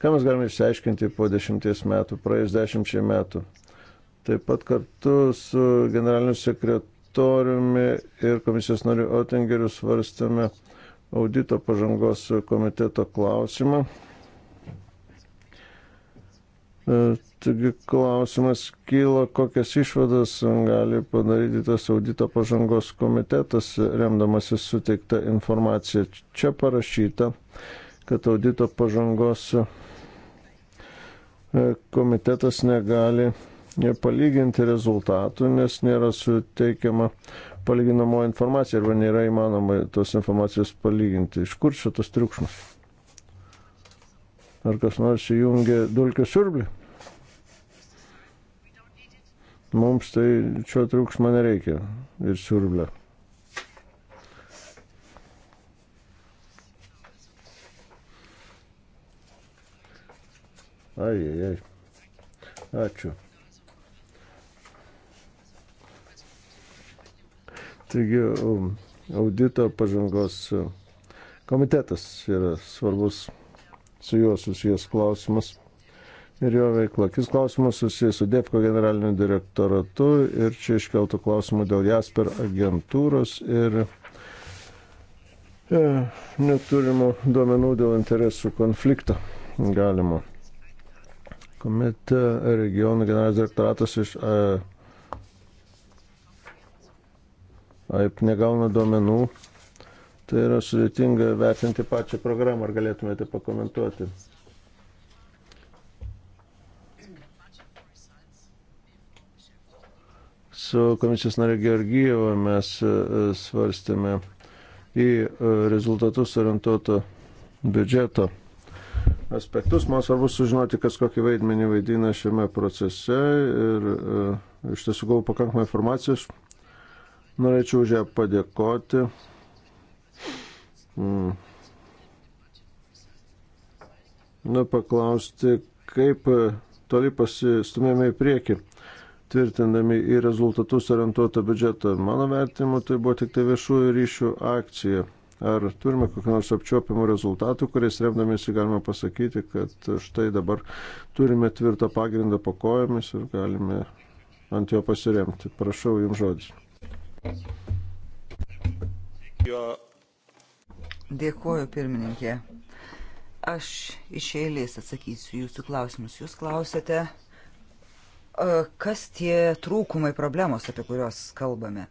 Ką mes galime išsiaiškinti po dešimties metų, praėjus dešimčiai metų? Taip pat kartu su generaliniu sekretoriumi ir komisijos nariu Otingeriu svarstame audito pažangos komiteto klausimą. E, taigi klausimas kyla, kokias išvadas gali padaryti tas audito pažangos komitetas, remdamasis suteikta informacija. Čia parašyta, kad audito pažangos e, komitetas negali palyginti rezultatų, nes nėra suteikiama palyginamoji informacija arba nėra įmanoma tos informacijos palyginti. Iš kur čia tas triukšmas? Ar kas nors įjungia dulkių siurblį? Mums tai čia triukšmo nereikia ir siurblio. Ai, ai, ai. Ačiū. Taigi um, audito pažangos uh, komitetas yra svarbus su juo susijęs klausimas ir jo veikla. Kis klausimas susijęs su DEFCO generaliniu direktoratu ir čia iškeltų klausimų dėl Jasper agentūros ir e, neturimų duomenų dėl interesų konflikto galimo. Komite regionų generalinis direktoratas iš e, AIP negauna duomenų, tai yra sudėtinga vertinti pačią programą. Ar galėtumėte pakomentuoti? Su komisijos nare Georgijevo mes e, svarstėme į e, rezultatus orientuoto biudžeto aspektus. Man svarbu sužinoti, kas kokį vaidmenį vaidina šiame procese ir e, iš tiesų gavau pakankamai informacijos. Norėčiau už ją padėkoti. Mm. Na, paklausti, kaip toli pasistumėme į priekį, tvirtindami į rezultatus orientuotą biudžetą. Mano vertimu, tai buvo tik tai viešųjų ryšių akcija. Ar turime kokių nors apčiopiamų rezultatų, kuriais remdamėsi galime pasakyti, kad štai dabar turime tvirtą pagrindą po kojomis ir galime ant jo pasiremti. Prašau, jums žodis. Dėkuoju, pirmininkė. Aš iš eilės atsakysiu jūsų klausimus. Jūs klausėte, e, kas tie trūkumai problemos, apie kuriuos kalbame.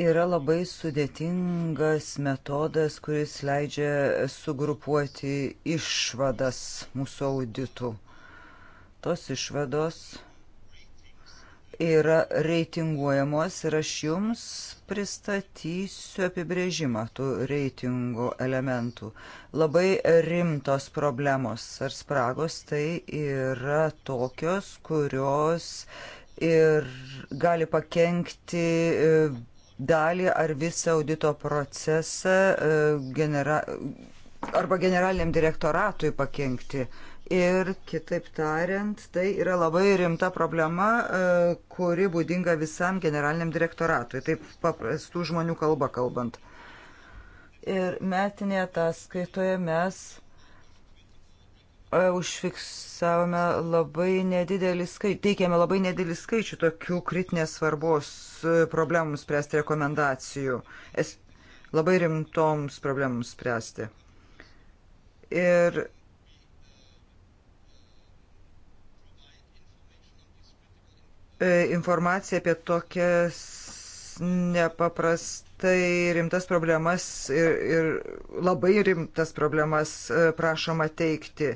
yra labai sudėtingas metodas, kuris leidžia sugrupuoti išvadas mūsų auditų tos išvados yra reitinguojamos ir aš jums pristatysiu apibrėžimą tų reitingų elementų. Labai rimtos problemos ar spragos tai yra tokios, kurios ir gali pakenkti e, dalį ar visą audito procesą e, genera arba generaliniam direktoratui pakenkti. Uh, Ir kitaip tariant, tai yra labai rimta problema, e, kuri būdinga visam generaliniam direktoratui, taip paprastų žmonių kalba kalbant. Ir metinėje ataskaitoje mes e, užfiksavome labai nedidelį skaičių, teikėme labai nedidelį skaičių tokių kritinės svarbos e, problemų spręsti rekomendacijų, es, labai rimtoms problemams spręsti. Ir E, informaciją apie tokias nepaprastai rimtas problemas ir, ir labai rimtas problemas e, prašoma teikti.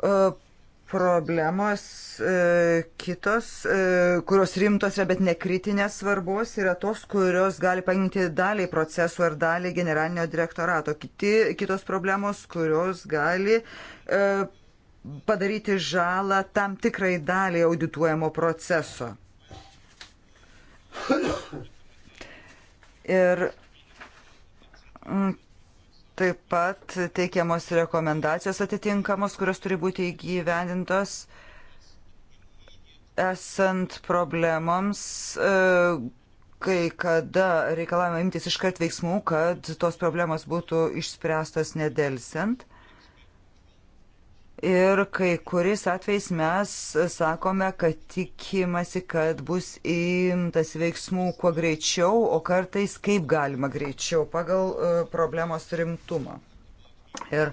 E, problemos kitos, kurios rimtos yra, bet nekritinės svarbos, yra tos, kurios gali paimti daliai procesų ar daliai generalinio direktorato. Kiti, kitos problemos, kurios gali padaryti žalą tam tikrai daliai audituojamo proceso. Ir mm, taip pat teikiamos rekomendacijos atitinkamos, kurios turi būti įgyvendintos esant problemoms, e, kai kada reikalavimą imtis iškart veiksmų, kad tos problemos būtų išspręstos nedelsiant ir kai kuris atvejais mes sakome, kad tikimasi, kad bus imtas veiksmų kuo greičiau, o kartais kaip galima greičiau pagal e, problemos rimtumą. Ir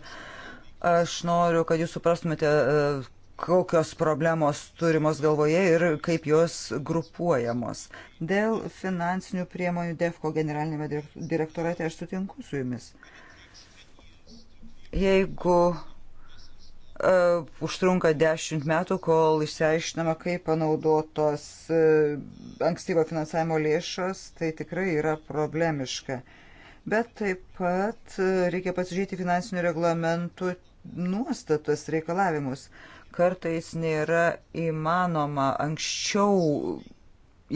aš noriu, kad jūs suprastumėte, e, kokios problemos turimos galvoje ir kaip jos grupuojamos. Dėl finansinių priemonių DEFCO generalinėme direktorate aš sutinku su jumis. Jeigu uh, užtrunka dešimt metų, kol išsiaiškinama, kaip panaudotos uh, ankstyvo finansavimo lėšos, tai tikrai yra problemiška. Bet taip pat uh, reikia pasižiūrėti finansinių reglamentų nuostatas reikalavimus. Kartais nėra įmanoma anksčiau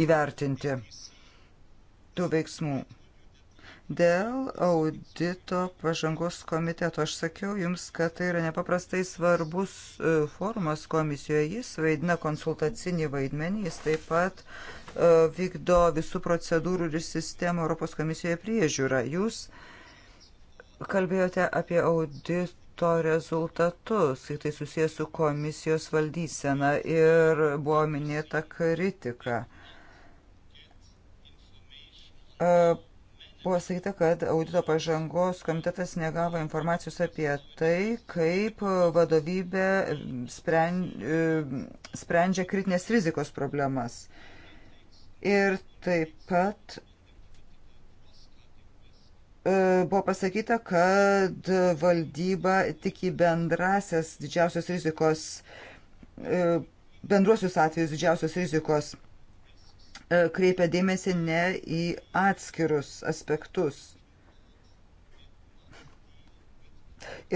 įvertinti tų veiksmų. Dėl audito pažangos komiteto aš sakiau jums, kad tai yra nepaprastai svarbus e, formas komisijoje. Jis vaidina konsultacinį vaidmenį, jis taip pat e, vykdo visų procedūrų ir sistemų Europos komisijoje priežiūrą. Jūs kalbėjote apie audito rezultatus, kai tai susijęs su komisijos valdysena ir buvo minėta kritika. E, Buvo sakyta, kad audito pažangos komitetas negavo informacijos apie tai, kaip vadovybė e, sprendžia kritinės rizikos problemas. Ir taip pat e, buvo pasakyta, kad valdyba tik į bendrasias didžiausios rizikos, e, bendruosius atvejus didžiausios rizikos E, kreipia dėmesį ne į atskirus aspektus.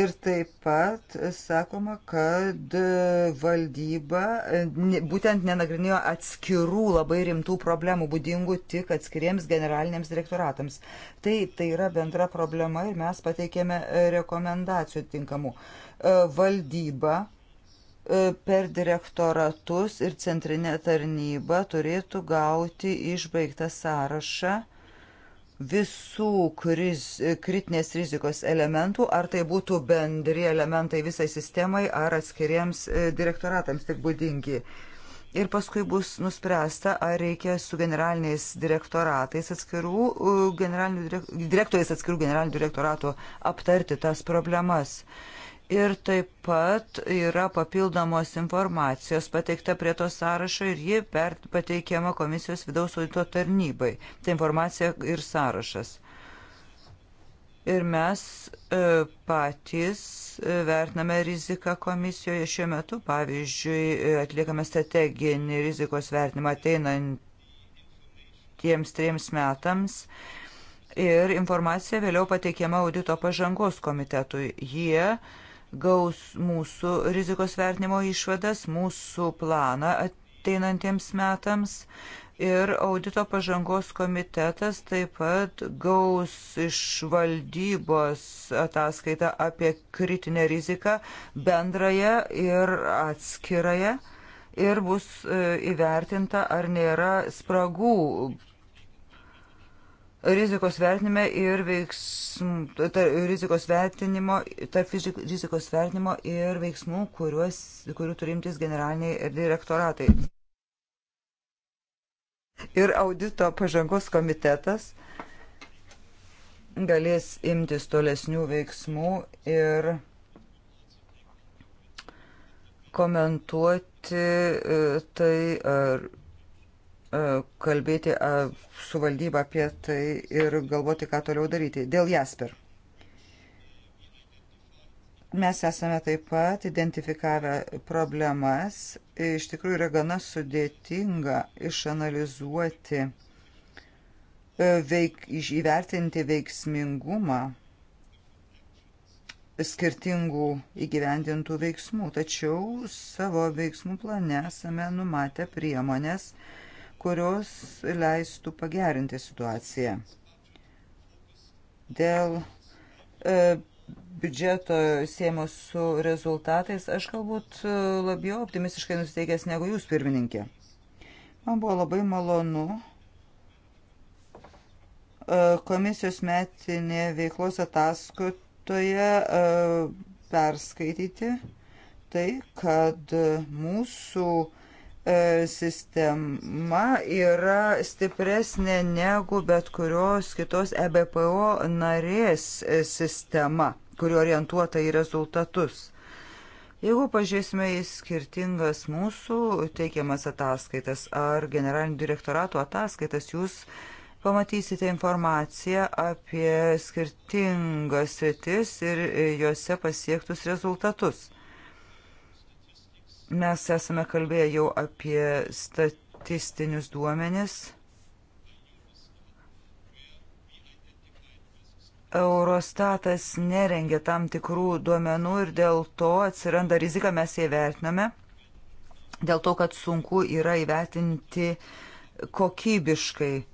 Ir taip pat sakoma, kad valdyba būtent nenagrinėjo atskirų labai rimtų problemų, būdingų tik atskiriems generaliniams direktoratams. Taip, tai yra bendra problema ir mes pateikėme rekomendacijų tinkamų. E, valdyba E, per direktoratus ir centrinę tarnybą turėtų gauti išbaigtą sąrašą visų kriz, kritinės rizikos elementų, ar tai būtų bendri elementai visai sistemai ar atskiriems e, direktoratams tik būdingi. Ir paskui bus nuspręsta, ar reikia su generaliniais direktoratais atskirų, e, generalinių, direktoriais atskirų generalinių direktoratų aptarti tas problemas. Uh, Ir taip pat yra papildomos informacijos pateikta prie to sąrašo ir ji pateikiama komisijos vidaus audito tarnybai. Tai informacija ir sąrašas. Ir mes e, patys e, vertiname riziką komisijoje šiuo metu. Pavyzdžiui, e, atliekame strateginį rizikos vertinimą ateinantiems triems metams ir informacija vėliau pateikiama audito pažangos komitetui. Jie gaus mūsų rizikos vertinimo išvadas, mūsų planą ateinantiems metams ir audito pažangos komitetas taip pat gaus iš valdybos ataskaitą apie kritinę riziką bendrąją ir atskirąją ir bus e, įvertinta, ar nėra spragų rizikos vertinime ir veiksmų, tar, rizikos vertinimo, tarp rizikos vertinimo ir veiksmų, kuriuos, kurių turimtis generaliniai direktoratai. Ir audito pažangos komitetas galės imtis tolesnių veiksmų ir komentuoti e, tai, ar E, kalbėti su valdyba apie tai ir galvoti, ką toliau daryti. Dėl Jasper. Mes esame taip pat identifikavę problemas. Iš tikrųjų yra gana sudėtinga išanalizuoti, e, veik, įvertinti veiksmingumą skirtingų įgyvendintų veiksmų. Tačiau savo veiksmų plane esame numatę priemonės, uh, kurios leistų pagerinti situaciją. Dėl e, biudžeto siemo su rezultatais aš galbūt e, labiau optimistiškai nusteikęs negu jūs, pirmininkė. Man buvo labai malonu e, komisijos metinė veiklos ataskaitoje e, perskaityti tai, kad mūsų uh, E, sistema yra stipresnė negu bet kurios kitos EBPO narės e, sistema, kuri orientuota į rezultatus. Jeigu pažiūrėsime į skirtingas mūsų teikiamas ataskaitas ar generalinių direktoratų ataskaitas, jūs pamatysite informaciją apie skirtingas sritis ir juose pasiektus rezultatus. Mes esame kalbėję jau apie statistinius duomenis. Eurostatas nerengia tam tikrų duomenų ir dėl to atsiranda rizika, mes jie vertiname, dėl to, kad sunku yra įvertinti kokybiškai e,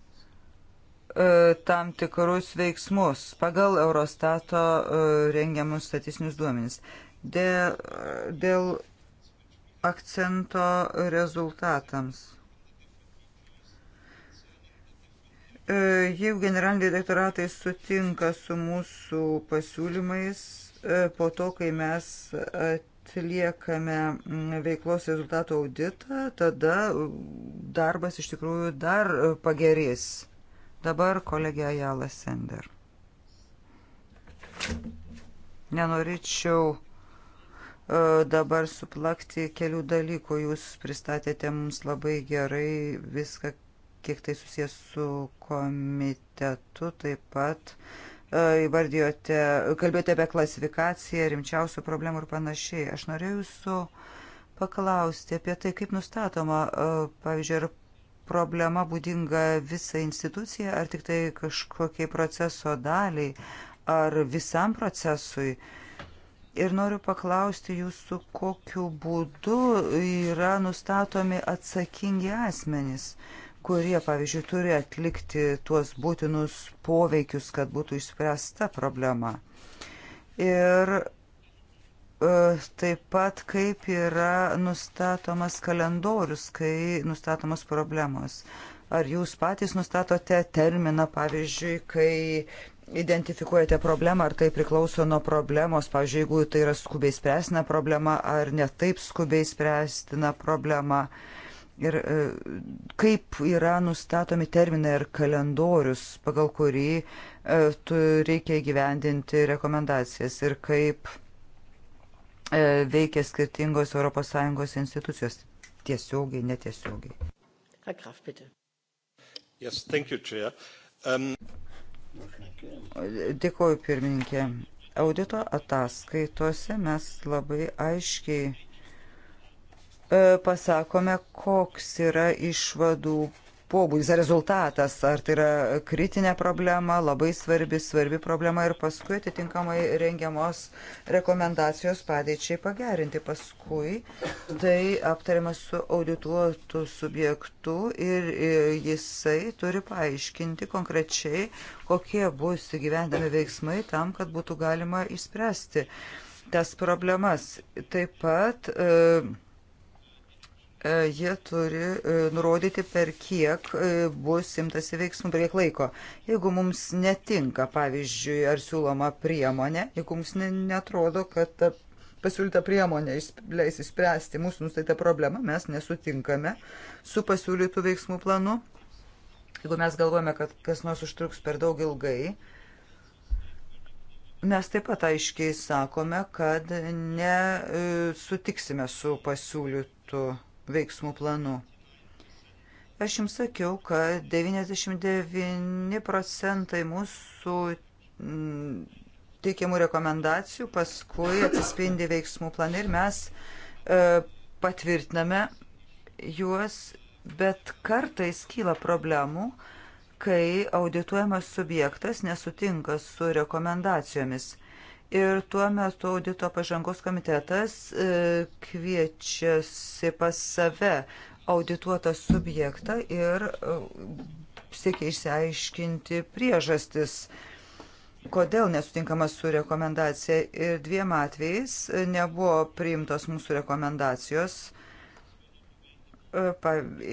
tam tikrus veiksmus pagal Eurostato e, rengiamus statistinius duomenys. Dėl, dėl akcento rezultatams. E, jeigu generaliniai direktoratai sutinka su mūsų pasiūlymais, e, po to, kai mes atliekame veiklos rezultato auditą, tada darbas iš tikrųjų dar pagerės. Dabar kolegė Ajala Sender. Nenorėčiau E, dabar suplakti kelių dalykų. Jūs pristatėte mums labai gerai viską, kiek tai susijęs su komitetu, taip pat e, įvardijote, kalbėjote apie klasifikaciją, rimčiausių problemų ir panašiai. Aš norėjau jūsų paklausti apie tai, kaip nustatoma, e, pavyzdžiui, ar problema būdinga visai institucijai, ar tik tai kažkokiai proceso daliai, ar visam procesui. Uh, Ir noriu paklausti jūsų, kokiu būdu yra nustatomi atsakingi asmenys, kurie, pavyzdžiui, turi atlikti tuos būtinus poveikius, kad būtų išspręsta problema. Ir e, taip pat kaip yra nustatomas kalendorius, kai nustatomos problemos. Ar jūs patys nustatote terminą, pavyzdžiui, kai identifikuojate problemą, ar tai priklauso nuo problemos, pavyzdžiui, jeigu tai yra skubiai spręstina problema ar netaip skubiai spręstina problema. Ir e, kaip yra nustatomi terminai ir kalendorius, pagal kurį e, reikia įgyvendinti rekomendacijas ir kaip e, veikia skirtingos ES institucijos tiesiogiai, netiesiogiai. Herr Graf, bitte. Yes, thank you, Chair. Um... Okay. Dėkoju, pirmininkė. Audito ataskaitose mes labai aiškiai e, pasakome, koks yra išvadų pobūdis, rezultatas, ar tai yra kritinė problema, labai svarbi, svarbi problema ir paskui atitinkamai rengiamos rekomendacijos padėčiai pagerinti. Paskui tai aptariama su audituotu subjektu ir e, jisai turi paaiškinti konkrečiai, kokie bus įgyvendami veiksmai tam, kad būtų galima išspręsti tas problemas. Taip pat e, E, jie turi e, nurodyti, per kiek e, bus imtasi veiksmų, per kiek laiko. Jeigu mums netinka, pavyzdžiui, ar siūloma priemonė, jeigu mums netrodo, kad ta pasiūlyta priemonė leis išspręsti mūsų nustatytą problemą, mes nesutinkame su pasiūlytų veiksmų planu. Jeigu mes galvojame, kad kas nors užtruks per daug ilgai, mes taip pat aiškiai sakome, kad nesutiksime su pasiūlytu veiksmų planu. Aš jums sakiau, kad 99 procentai mūsų mm, teikiamų rekomendacijų paskui atsispindi veiksmų plane ir mes e, patvirtiname juos, bet kartais kyla problemų, kai audituojamas subjektas nesutinka su rekomendacijomis. Ir tuo metu audito pažangos komitetas e, kviečiasi pas save audituotą subjektą ir e, siekia išsiaiškinti priežastis, kodėl nesutinkama su rekomendacija. Ir dviem atvejais e, nebuvo priimtos mūsų rekomendacijos E,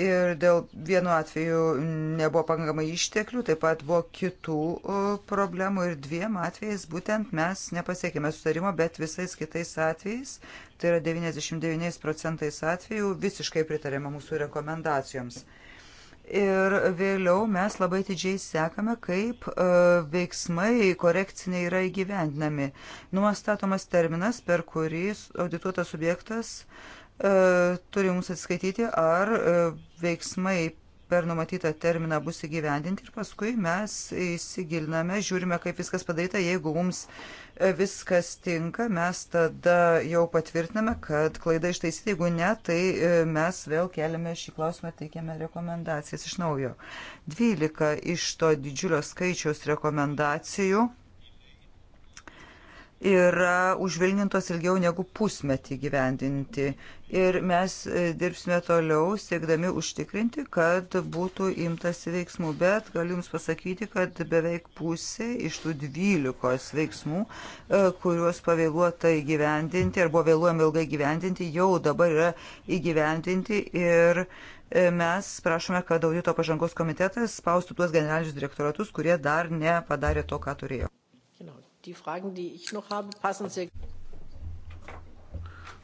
ir dėl vienu atveju nebuvo pangamai išteklių, taip pat buvo kitų e, problemų ir dviem atvejais būtent mes nepasiekėme sutarimo, bet visais kitais atvejais, tai yra 99 procentais atvejų, visiškai pritarėme mūsų rekomendacijoms. Ir vėliau mes labai didžiai sekame, kaip e, veiksmai korekciniai yra įgyvendinami. Nuostatomas terminas, per kurį audituotas subjektas e, E, turi mums atskaityti, ar e, veiksmai per numatytą terminą bus įgyvendinti ir paskui mes įsigiliname, žiūrime, kaip viskas padaryta. Jeigu mums e, viskas tinka, mes tada jau patvirtiname, kad klaida ištaisyti. Jeigu ne, tai mes vėl keliame šį klausimą, teikiame rekomendacijas iš naujo. 12 iš to didžiulio skaičiaus rekomendacijų yra užvilnintos ilgiau negu pusmetį gyvendinti. Ir mes e, dirbsime toliau, siekdami užtikrinti, kad būtų imtasi veiksmų. Bet galiu Jums pasakyti, kad beveik pusė iš tų dvylikos veiksmų, e, kuriuos pavėluota įgyvendinti ar buvo vėluojama ilgai gyvendinti, jau dabar yra įgyvendinti. Ir e, mes prašome, kad audito pažangos komitetas spaustų tuos generalinius direktoratus, kurie dar nepadarė to, ką turėjo die Fragen, die ich noch habe, passen sehr.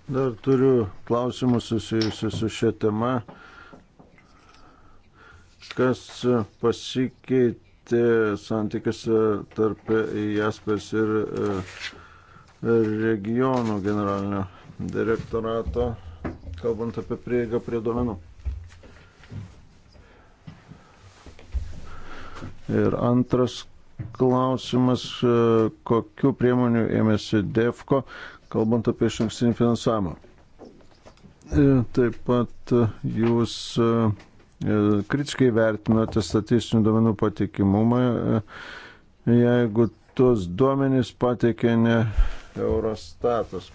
Dar turiu klausimus susijusius su šia tema. Kas pasikeitė santykiuose tarp Jaspers ir e, regionų generalinio direktorato, kalbant apie prieigą prie duomenų? Ir antras klausimas, e, kokiu priemoniu ėmėsi DEFCO, kalbant apie išankstinį finansavimą. E, taip pat e, jūs kritiškai vertinote statistinių duomenų patikimumą, jeigu tuos duomenys pateikė ne Eurostatas.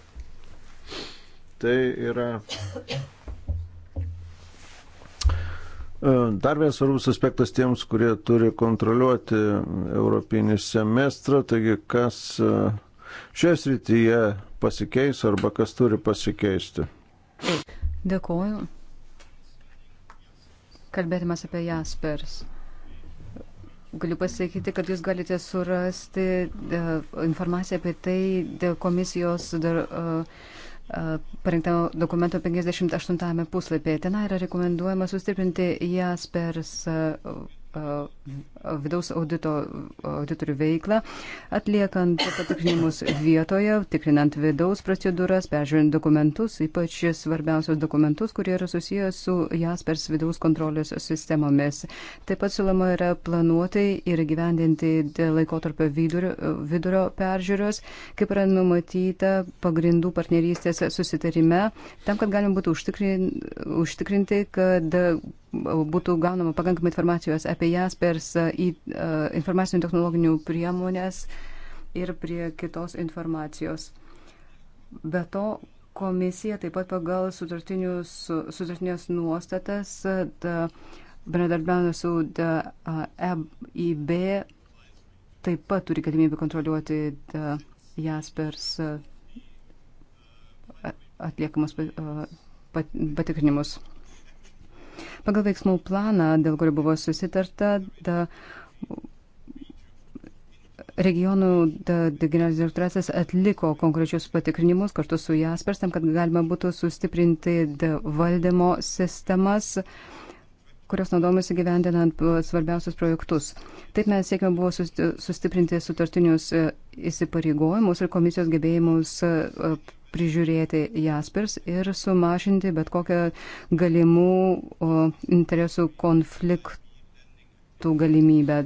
Tai yra E, dar vienas svarbus aspektas tiems, kurie turi kontroliuoti Europinį semestrą, taigi kas e, šioje srityje pasikeis arba kas turi pasikeisti. Dėkuoju. Kalbėdamas apie Jaspers. Galiu pasakyti, kad jūs galite surasti uh, informaciją apie tai dėl komisijos dar, uh, parengtą dokumento 58 puslapį. Ten yra rekomenduojama sustiprinti jas per vidaus audito, auditorių veiklą, atliekant patikrinimus vietoje, tikrinant vidaus procedūras, peržiūrint dokumentus, ypač svarbiausios dokumentus, kurie yra susijęs su JASPERS vidaus kontrolės sistemomis. Taip pat siūloma yra planuoti ir gyvendinti laikotarpio vidurio, vidurio peržiūros, kaip yra numatyta pagrindų partnerystės susitarime, tam, kad galima būtų užtikrinti, kad būtų gaunama pakankamai informacijos apie jas per e, informacinių technologinių priemonės ir prie kitos informacijos. Be to, komisija taip pat pagal sutartinės nuostatas e, bendradarbiavimą su EIB taip pat turi galimybę kontroliuoti Jaspers e, atliekamus patikrinimus. Pat, pat, Pagal veiksmų planą, dėl kurio buvo susitarta, da, regionų generalinis direktoracijas atliko konkrečius patikrinimus kartu su Jaspers, tam, kad galima būtų sustiprinti valdymo sistemas kurios naudomasi gyvendinant e, svarbiausius projektus. Taip mes siekime buvo sustiprinti sutartinius e, įsipareigojimus ir komisijos gebėjimus e, prižiūrėti Jaspers ir sumažinti bet kokią galimų interesų konfliktų galimybę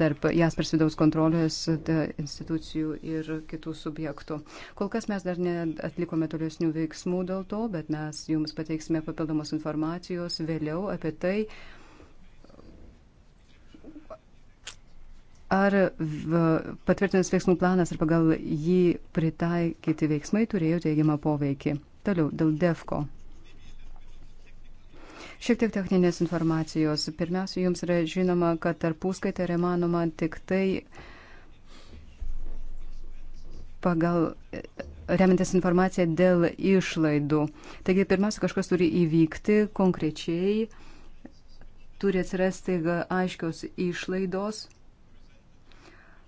tarp Jaspers vidaus kontrolės institucijų ir kitų subjektų. Kol kas mes dar neatlikome tolesnių veiksmų dėl to, bet mes jums pateiksime papildomos informacijos vėliau apie tai, Ar patvirtintas veiksmų planas ir pagal jį pritaikyti veiksmai turėjo teigiamą poveikį? Toliau, dėl DEFCO. Šiek tiek techninės informacijos. Pirmiausia, jums yra žinoma, kad tarpuskaita yra manoma tik tai pagal remintis informaciją dėl išlaidų. Taigi, pirmiausia, kažkas turi įvykti konkrečiai, turi atsirasti aiškios išlaidos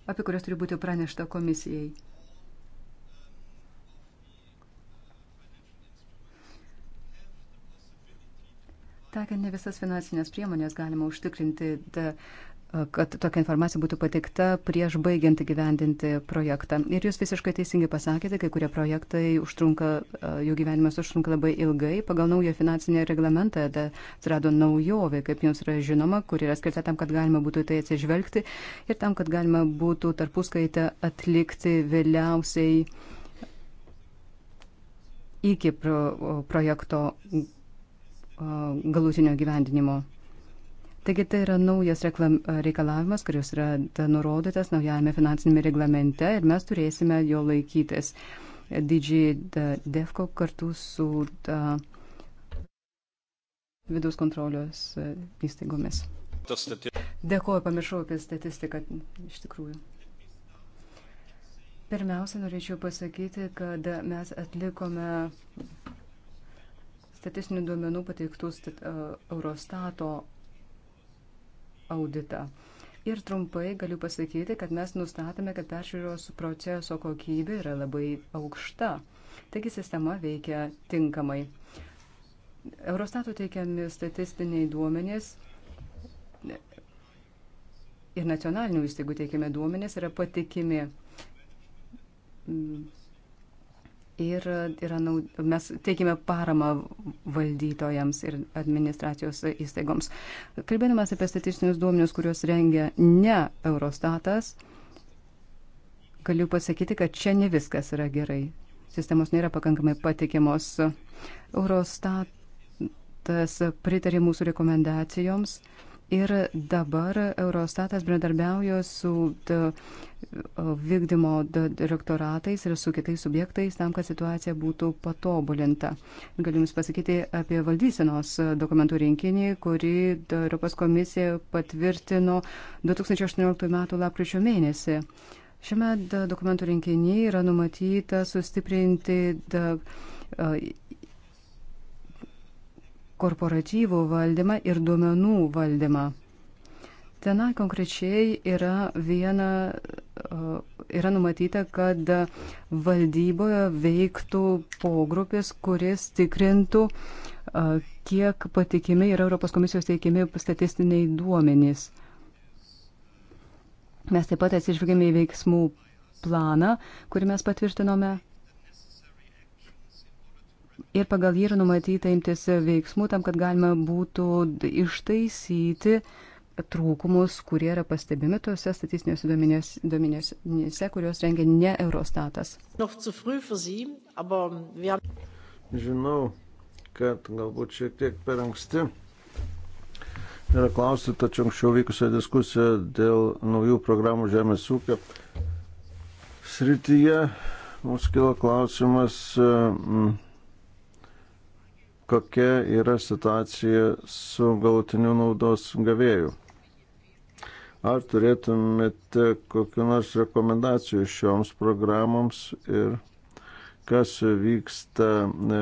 apie kurias turi būti pranešta komisijai. Takiant ne visas finansinės priemonės galima užtikrinti E, kad tokia informacija būtų pateikta prieš baigiant gyvendinti projektą. Ir jūs visiškai teisingai pasakėte, kai kurie projektai užtrunka, e, jų gyvenimas užtrunka labai ilgai. Pagal naują finansinį reglamentą atsirado naujovė, kaip jums yra žinoma, kur yra skirta tam, kad galima būtų tai atsižvelgti ir tam, kad galima būtų tarpuskaitę atlikti vėliausiai iki pro, projekto galutinio gyvendinimo. Taigi tai yra naujas reklam, reikalavimas, kuris yra nurodytas naujajame finansinėme reglamente ir mes turėsime jo laikytis. Didžiai DEFCO kartu su da, vidaus kontrolios e, įstaigomis. Dėkuoju, pamiršau apie statistiką iš tikrųjų. Pirmiausia, norėčiau pasakyti, kad mes atlikome statistinių duomenų pateiktų stat, e, uh, Eurostato auditą. Ir trumpai galiu pasakyti, kad mes nustatome, kad peržiūros proceso kokybė yra labai aukšta. Taigi sistema veikia tinkamai. Eurostato teikiami statistiniai duomenys ir nacionalinių įstaigų teikiami duomenys yra patikimi ir e, yra naud... mes teikime paramą valdytojams ir administracijos įstaigoms. Kalbėdamas apie statistinius duomenius, kuriuos rengia ne Eurostatas, galiu pasakyti, kad čia ne viskas yra gerai. Sistemos nėra pakankamai patikimos. Eurostatas pritarė mūsų rekomendacijoms Ir dabar Eurostatas bendradarbiauja su vykdymo direktoratais ir su kitais subjektais tam, kad situacija būtų patobulinta. Galiu Jums pasakyti apie valdysenos dokumentų rinkinį, kurį Europos komisija patvirtino 2018 m. lapkričio mėnesį. Šiame dokumentų rinkinyje yra numatyta sustiprinti korporatyvų valdymą ir duomenų valdymą. Tenai konkrečiai yra viena, e, yra numatyta, kad valdyboje veiktų pogrupis, kuris tikrintų, e, kiek patikimi yra Europos komisijos teikiami statistiniai duomenys. Mes taip pat atsižvelgėme į veiksmų planą, kurį mes patvirtinome ir pagal jį yra numatyta imtis veiksmų tam, kad galima būtų ištaisyti trūkumus, kurie yra pastebimi tuose statistiniuose duomenėse, kuriuos rengia ne Eurostatas. Žinau, kad galbūt šiek tiek per anksti yra klausti, tačiau anksčiau vykusią diskusiją dėl naujų programų žemės ūkio srityje mums kilo klausimas. Mm, kokia yra situacija su galutiniu naudos gavėju. Ar turėtumėte kokiu nors rekomendacijų šioms programoms ir kas vyksta e,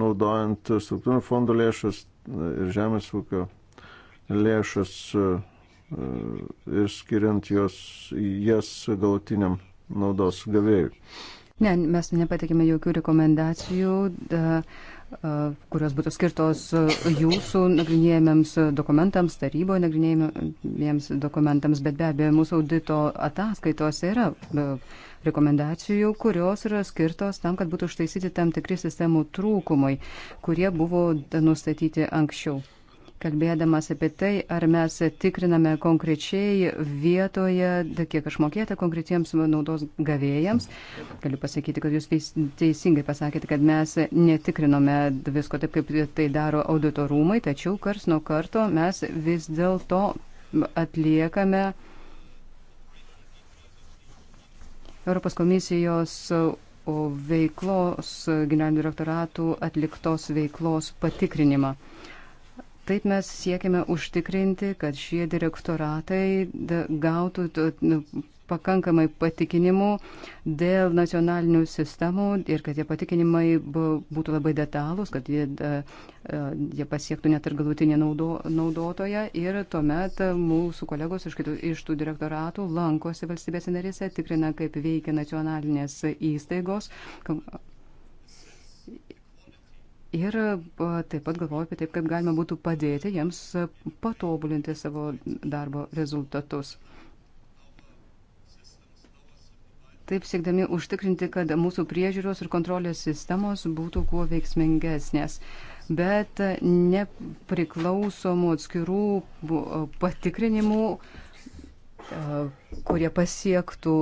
naudojant struktūrinių fondų lėšas ir žemės ūkio lėšas e, ir skiriant jos, jas galutiniam naudos gavėjui. Ne, mes nepatikime jokių rekomendacijų. Da, E, kurios būtų skirtos jūsų nagrinėjamiams dokumentams, taryboje nagrinėjamiams dokumentams, bet be abejo mūsų audito ataskaitose yra e, rekomendacijų, kurios yra skirtos tam, kad būtų užtaisyti tam tikri sistemų trūkumai, kurie buvo nustatyti anksčiau kalbėdamas apie tai, ar mes tikriname konkrečiai vietoje, kiek aš mokėta konkretiems naudos gavėjams. Galiu pasakyti, kad jūs teisingai pasakėte, kad mes netikrinome visko taip, kaip tai daro auditorumai, tačiau kars nuo karto mes vis dėlto atliekame Europos komisijos veiklos, generalinio direktoratų atliktos veiklos patikrinimą. Taip mes siekime užtikrinti, kad šie direktoratai gautų nu, pakankamai patikinimų dėl nacionalinių sistemų ir kad tie patikinimai būtų labai detalūs, kad jie, jie pasiektų net ir galutinį naudo, naudotoją. Ir tuomet mūsų kolegos iš, kitų, iš tų direktoratų lankosi valstybės narėse, tikrina, kaip veikia nacionalinės įstaigos, Ir taip pat galvoju apie taip, kaip galima būtų padėti jiems patobulinti savo darbo rezultatus. Taip siekdami užtikrinti, kad mūsų priežiūros ir kontrolės sistemos būtų kuo veiksmingesnės. Bet nepriklausomų atskirų patikrinimų kurie pasiektų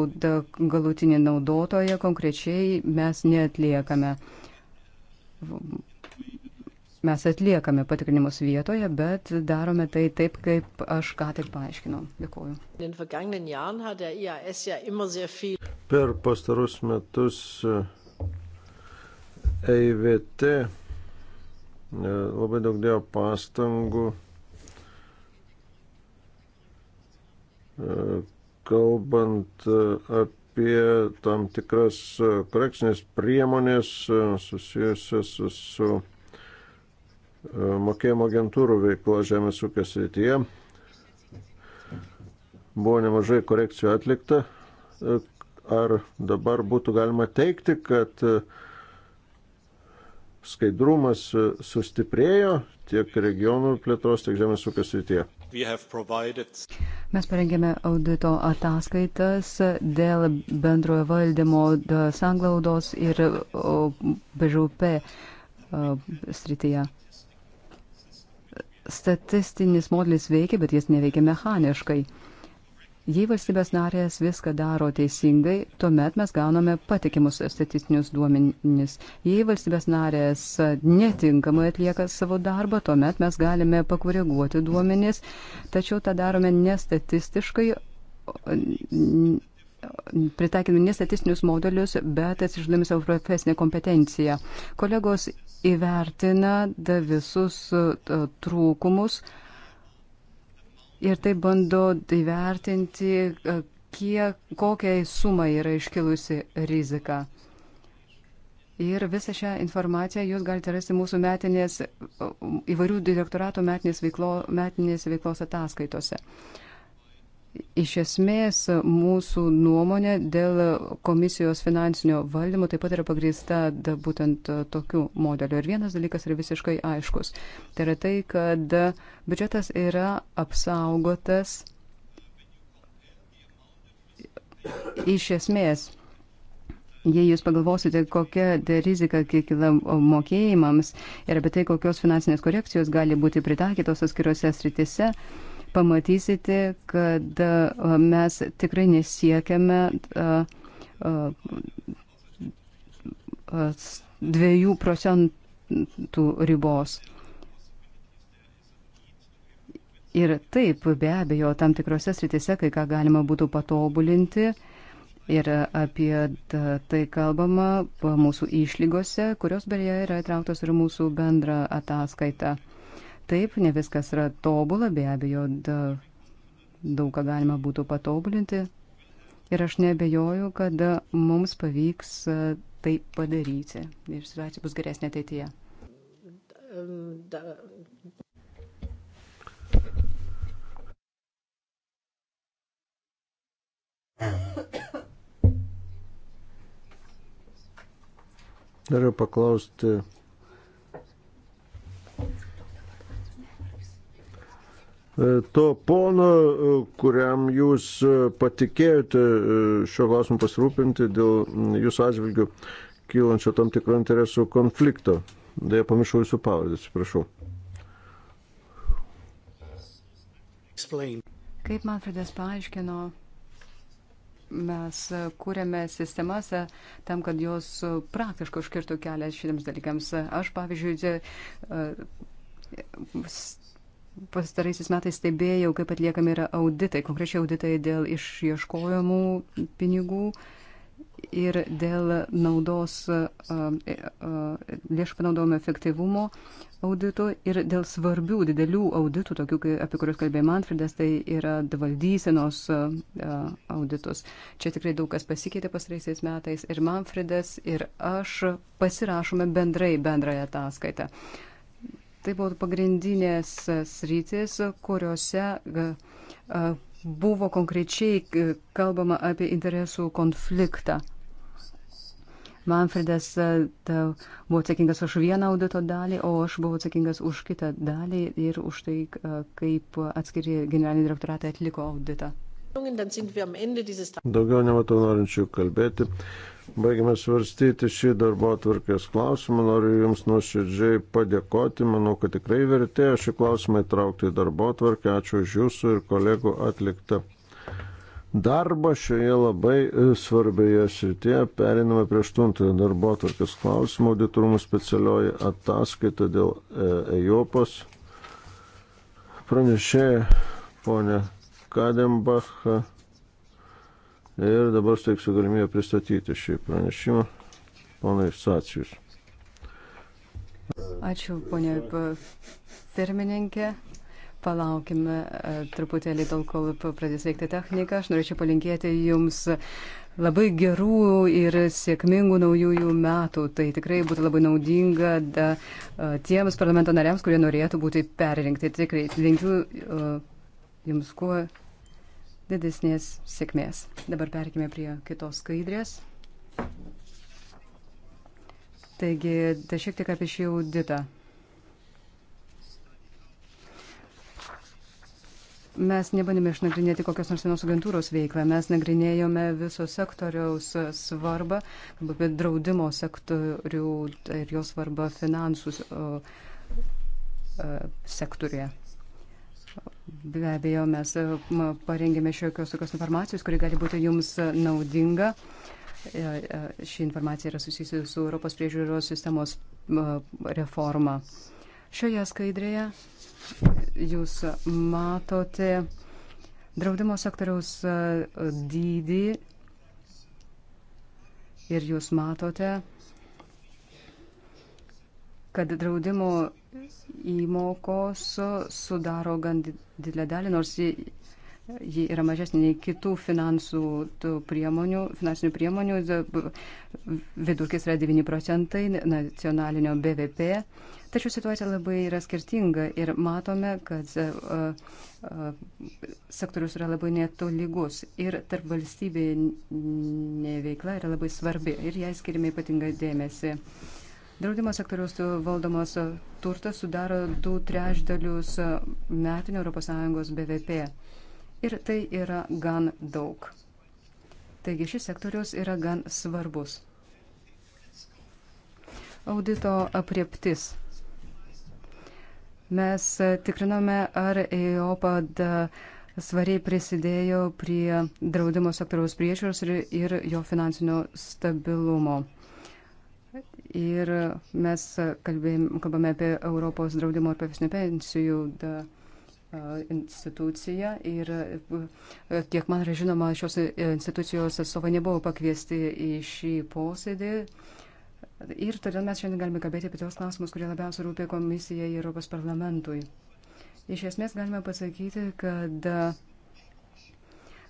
galutinį naudotoją, konkrečiai mes netliekame. Mes atliekame patikrinimus vietoje, bet darome tai taip, kaip aš ką tik paaiškinau. Dėkuoju. Per pastarus metus EIVT eh, e eh, labai daug dėjo pastangų, eh, kalbant apie apie tam tikras korekcinės priemonės susijusias su E, mokėjimo agentūrų veikla žemės ūkio srityje. Buvo nemažai korekcijų atlikta. E, ar dabar būtų galima teikti, kad e, skaidrumas sustiprėjo tiek regionų plėtros, tiek žemės ūkio srityje? Mes parengėme audito ataskaitas dėl bendrojo valdymo sanglaudos ir BŽP srityje statistinis modelis veikia, bet jis neveikia mechaniškai. Jei valstybės narės viską daro teisingai, tuomet mes gauname patikimus statistinius duomenys. Jei valstybės narės netinkamai atlieka savo darbą, tuomet mes galime pakoreguoti duomenys, tačiau tą darome nestatistiškai, pritaikydami ne statistinius modelius, bet atsiždami savo profesinę kompetenciją. Kolegos įvertina da visus e, trūkumus ir tai bando įvertinti, e, kiek, kokiai sumai yra iškilusi rizika. Ir visą šią informaciją jūs galite rasti mūsų metinės, e, įvairių direktorato metinės, veiklo, metinės veiklos ataskaitose. Uh, Iš esmės, mūsų nuomonė dėl komisijos finansinio valdymo taip pat yra pagrįsta būtent tokiu modeliu. Ir vienas dalykas yra visiškai aiškus. Tai yra tai, kad biudžetas yra apsaugotas iš esmės. Jei jūs pagalvosite, kokia rizika kyla mokėjimams ir apie tai, kokios finansinės korekcijos gali būti pritaikytos atskiriuose sritise, uh, pamatysite, kad mes tikrai nesiekiame dviejų procentų ribos. Ir taip, be abejo, tam tikrose sritise kai ką galima būtų patobulinti. Ir apie tai kalbama mūsų išlygose, kurios beje yra įtrauktos ir mūsų bendra ataskaita. Taip, ne viskas yra tobula, be abejo, da, daug ką galima būtų patobulinti. Ir aš nebejoju, kad da, mums pavyks tai padaryti. Ir situacija bus geresnė ateityje. Noriu paklausti E, to pono, e, kuriam jūs e, patikėjote šio klausimu pasirūpinti dėl jūsų atžvilgių kylančio tam tikro interesų konflikto. Dėja, pamiršau jūsų pavardę, atsiprašau. Kaip Manfredas paaiškino, mes kūrėme sistemas tam, kad jos praktiškai užkirtų kelią šitiems dalykams. Aš, pavyzdžiui, pastaraisiais metais stebėjau, kaip atliekami yra auditai, konkrečiai auditai dėl išieškojamų pinigų ir dėl naudos lėšų panaudojimo efektyvumo auditų ir dėl svarbių didelių auditų, tokių, apie kuriuos kalbėjo Manfredas, tai yra valdysenos auditus. Čia tikrai daug kas pasikeitė pastaraisiais metais ir Manfredas ir aš pasirašome bendrai bendrąją ataskaitą. Uh, Tai buvo pagrindinės sritis, kuriuose e, e, buvo konkrečiai e, kalbama apie interesų konfliktą. Manfredas buvo atsakingas už vieną audito dalį, o aš buvau atsakingas už kitą dalį ir už tai, kaip atskiri generaliniai direktoratai atliko auditą. Daugiau nematau norinčių kalbėti. Baigime svarstyti šį darbo atvarkės klausimą. Noriu Jums nuoširdžiai padėkoti. Manau, kad tikrai vertėjo šį klausimą įtraukti į darbo atvarkę. Ačiū už Jūsų ir kolegų atliktą darbą šioje labai e, svarbioje srityje. Periname prie aštuntąją darbo atvarkės klausimą. Auditorumų specialioji ataskaita dėl e, EJOPOS. Pranešėja ponė Kadembach Ir dabar steiksiu galimybę pristatyti šį pranešimą ponai Sacijus. Ačiū, ponė pirmininkė. Palaukime e, truputėlį tol, kol pradės veikti technika. Aš norėčiau palinkėti jums labai gerų ir sėkmingų naujųjų metų. Tai tikrai būtų labai naudinga da, e, tiems parlamento nariams, kurie norėtų būti perrinkti. Tikrai linkiu e, jums kuo didesnės sėkmės. Dabar perkime prie kitos skaidrės. Taigi, tai šiek tiek apie šį auditą. Mes nebandėme išnagrinėti kokios nors vienos agentūros veiklą, mes nagrinėjome viso sektoriaus svarbą, apie draudimo sektorių ir jo svarbą finansų e, sektoriuje. Be abejo, mes e, parengėme šiokios tokios informacijos, kuri gali būti jums e, naudinga. E, ši informacija yra susijusi su Europos priežiūros sistemos reforma. Šioje skaidrėje jūs matote draudimo sektoriaus dydį ir jūs matote kad draudimo įmokos sudaro gan didelę dalį, nors ji, ji yra mažesnė nei kitų finansų priemonių, finansinių priemonių. Vidurkis yra 9 procentai nacionalinio BVP. Tačiau situacija labai yra skirtinga ir matome, kad e, e, e, sektorius yra labai netolygus ir tarp valstybė veikla yra labai svarbi ir jai skirime ypatingą dėmesį. Draudimo sektoriaus valdomas turtas sudaro du trešdalius metinio ES BVP. Ir tai yra gan daug. Taigi šis sektorius yra gan svarbus. Audito apriptis. Mes tikrinome, ar EOPA svariai prisidėjo prie draudimo sektoriaus priežiūros ir, ir jo finansinio stabilumo. Ir mes kalbėjom, kalbame apie Europos draudimo ir profesinių pensijų da, instituciją. Ir e, kiek man yra žinoma, šios institucijos atstovai nebuvo pakviesti į šį posėdį. Ir todėl mes šiandien galime kalbėti apie tos klausimus, kurie labiausiai rūpė komisijai ir Europos parlamentui. Iš esmės galime pasakyti, kad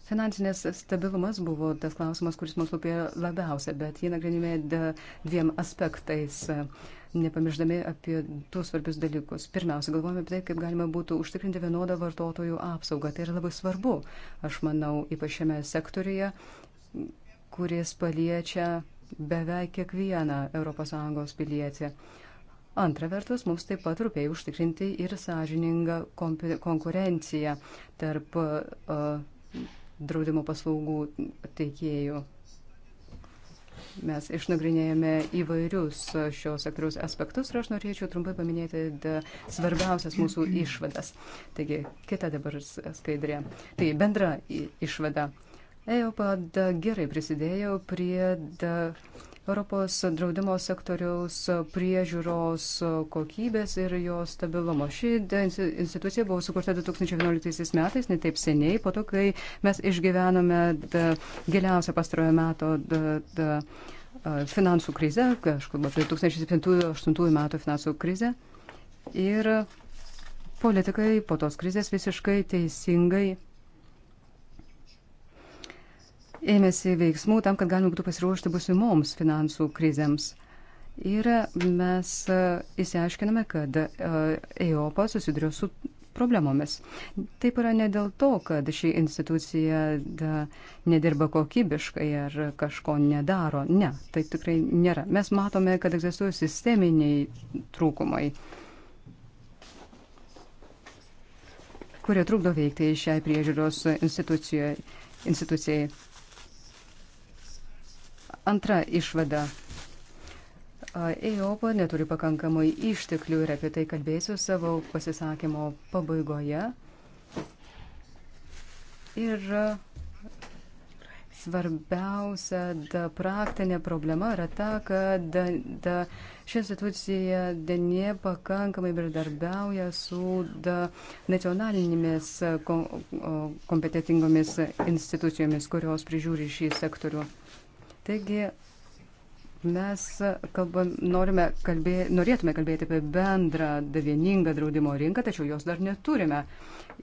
Finansinės stabilumas buvo tas klausimas, kuris mums rūpėjo labiausia, bet jį nagrinėjome dviem aspektais, nepamirždami apie tuos svarbius dalykus. Pirmiausia, galvojame apie tai, kaip galima būtų užtikrinti vienodą vartotojų apsaugą. Tai yra labai svarbu, aš manau, ypač šiame sektoriuje, kuris paliečia beveik kiekvieną ES pilietį. Antra vertus, mums taip pat rūpėjo užtikrinti ir sąžiningą konkurenciją tarp uh, draudimo paslaugų teikėjų. Mes išnagrinėjame įvairius šios sektoriaus aspektus ir aš norėčiau trumpai paminėti svarbiausias mūsų išvadas. Taigi, kita dabar skaidrė. Tai bendra išvada. EOPA gerai prisidėjo prie. Da, Europos draudimo sektoriaus priežiūros kokybės ir jo stabilumo. Ši institucija buvo sukurta 2011 metais, netaip seniai, po to, kai mes išgyvenome giliausią pastarojo meto. Da, da, finansų krizę, aš kalbu apie 2007-2008 metų finansų krizę. Ir politikai po tos krizės visiškai teisingai ėmėsi veiksmų tam, kad galima būtų pasiruošti busimoms finansų krizėms. Ir mes įsiaiškiname, e, kad e, EOPA susiduria su problemomis. Taip yra ne dėl to, kad ši institucija da, nedirba kokybiškai ar kažko nedaro. Ne, taip tikrai nėra. Mes matome, kad egzistuoja sisteminiai trūkumai, kurie trukdo veikti šiai priežiūros institucijai. Antra išvada. EIOPA neturi pakankamai išteklių ir apie tai kalbėsiu savo pasisakymo pabaigoje. Ir svarbiausia da, praktinė problema yra ta, kad da, da, ši institucija nepakankamai bendarbiauja su da, nacionalinėmis kom, kompetitingomis institucijomis, kurios prižiūri šį sektorių. Taigi mes kalbam, norime kalbė, norėtume kalbėti apie bendrą, vieningą draudimo rinką, tačiau jos dar neturime.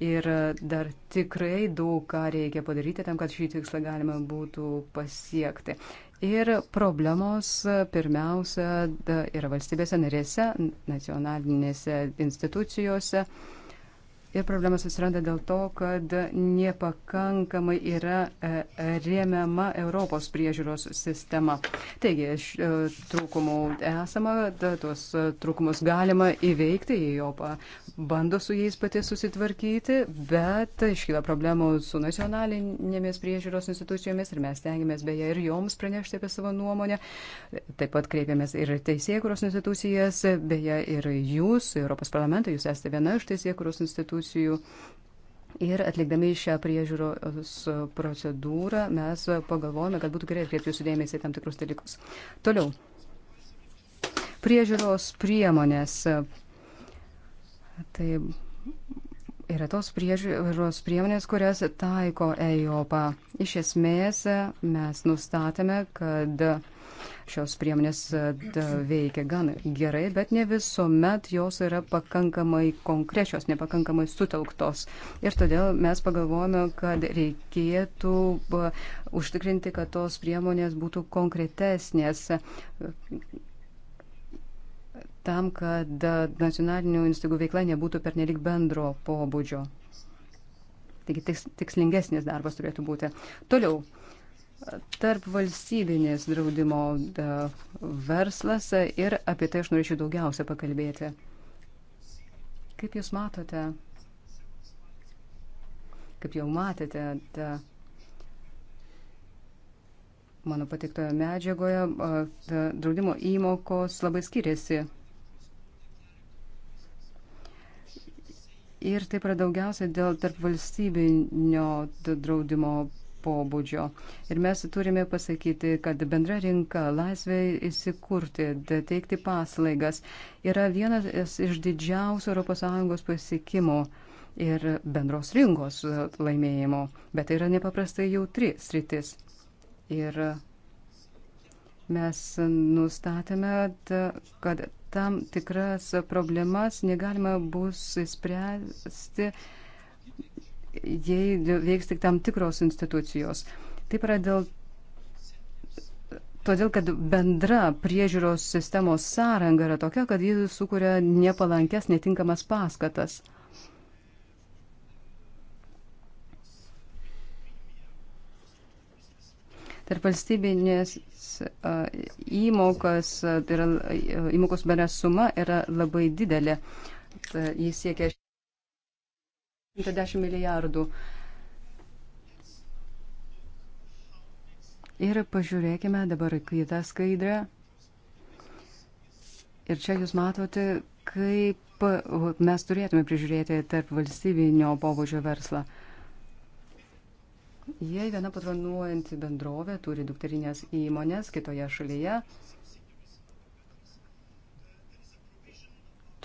Ir dar tikrai daug ką reikia padaryti tam, kad šį tikslą galima būtų pasiekti. Ir problemos pirmiausia yra valstybėse narėse, nacionalinėse institucijose. Uh, Ir problemas atsiranda dėl to, kad nepakankamai yra e, remiama Europos priežiūros sistema. Taigi, e, trūkumų esama, tuos e, trūkumus galima įveikti, jei jo bando su jais pati susitvarkyti, bet iškyla problemų su nacionalinėmis priežiūros institucijomis ir mes tengiamės beje ir joms pranešti apie savo nuomonę. Taip pat kreipiamės ir teisėkuros institucijas, beje ir jūs, Europos parlamentai, jūs esate viena iš teisėkuros institucijų institucijų. Ir atlikdami šią priežiūros procedūrą mes pagalvojame, kad būtų gerai atkreipti jūsų dėmesį į tam tikrus dalykus. Toliau. Priežiūros priemonės. Tai yra tos priežiūros priemonės, kurias taiko EIOPA. Iš esmės mes nustatėme, kad Šios priemonės e, veikia gan gerai, bet ne visuomet jos yra pakankamai konkrečios, nepakankamai sutelktos. Ir todėl mes pagalvojame, kad reikėtų e, užtikrinti, kad tos priemonės būtų konkretesnės e, tam, kad nacionalinių įstaigų veikla nebūtų pernelik bendro pobūdžio. Taigi tikslingesnis darbas turėtų būti. Toliau, tarp valstybinės draudimo e, verslas ir apie tai aš norėčiau daugiausia pakalbėti. Kaip Jūs matote, kaip jau matėte, ta, mano patiktoje medžiagoje e, ta, draudimo įmokos labai skiriasi. Ir taip yra daugiausia dėl tarp valstybinio draudimo pobūdžio. Ir mes turime pasakyti, kad bendra rinka, laisvė įsikurti, teikti paslaigas yra vienas iš didžiausių ES pasiekimų ir bendros rinkos laimėjimo, bet tai yra nepaprastai jautri sritis. Ir mes nustatėme, kad tam tikras problemas negalima bus spręsti jei veiks tik tam tikros institucijos. Taip yra dėl. Todėl, kad bendra priežiūros sistemos sąranga yra tokia, kad ji sukuria nepalankes, netinkamas paskatas. tarp valstybinės įmokas, tai yra, įmokos bendra suma yra labai didelė. Jis siekia 110 milijardų. Ir pažiūrėkime dabar kitą skaidrę. Ir čia jūs matote, kaip mes turėtume prižiūrėti tarp valstybinio pobūdžio verslą. Jei viena patronuojanti bendrovė turi dukterinės įmonės kitoje šalyje,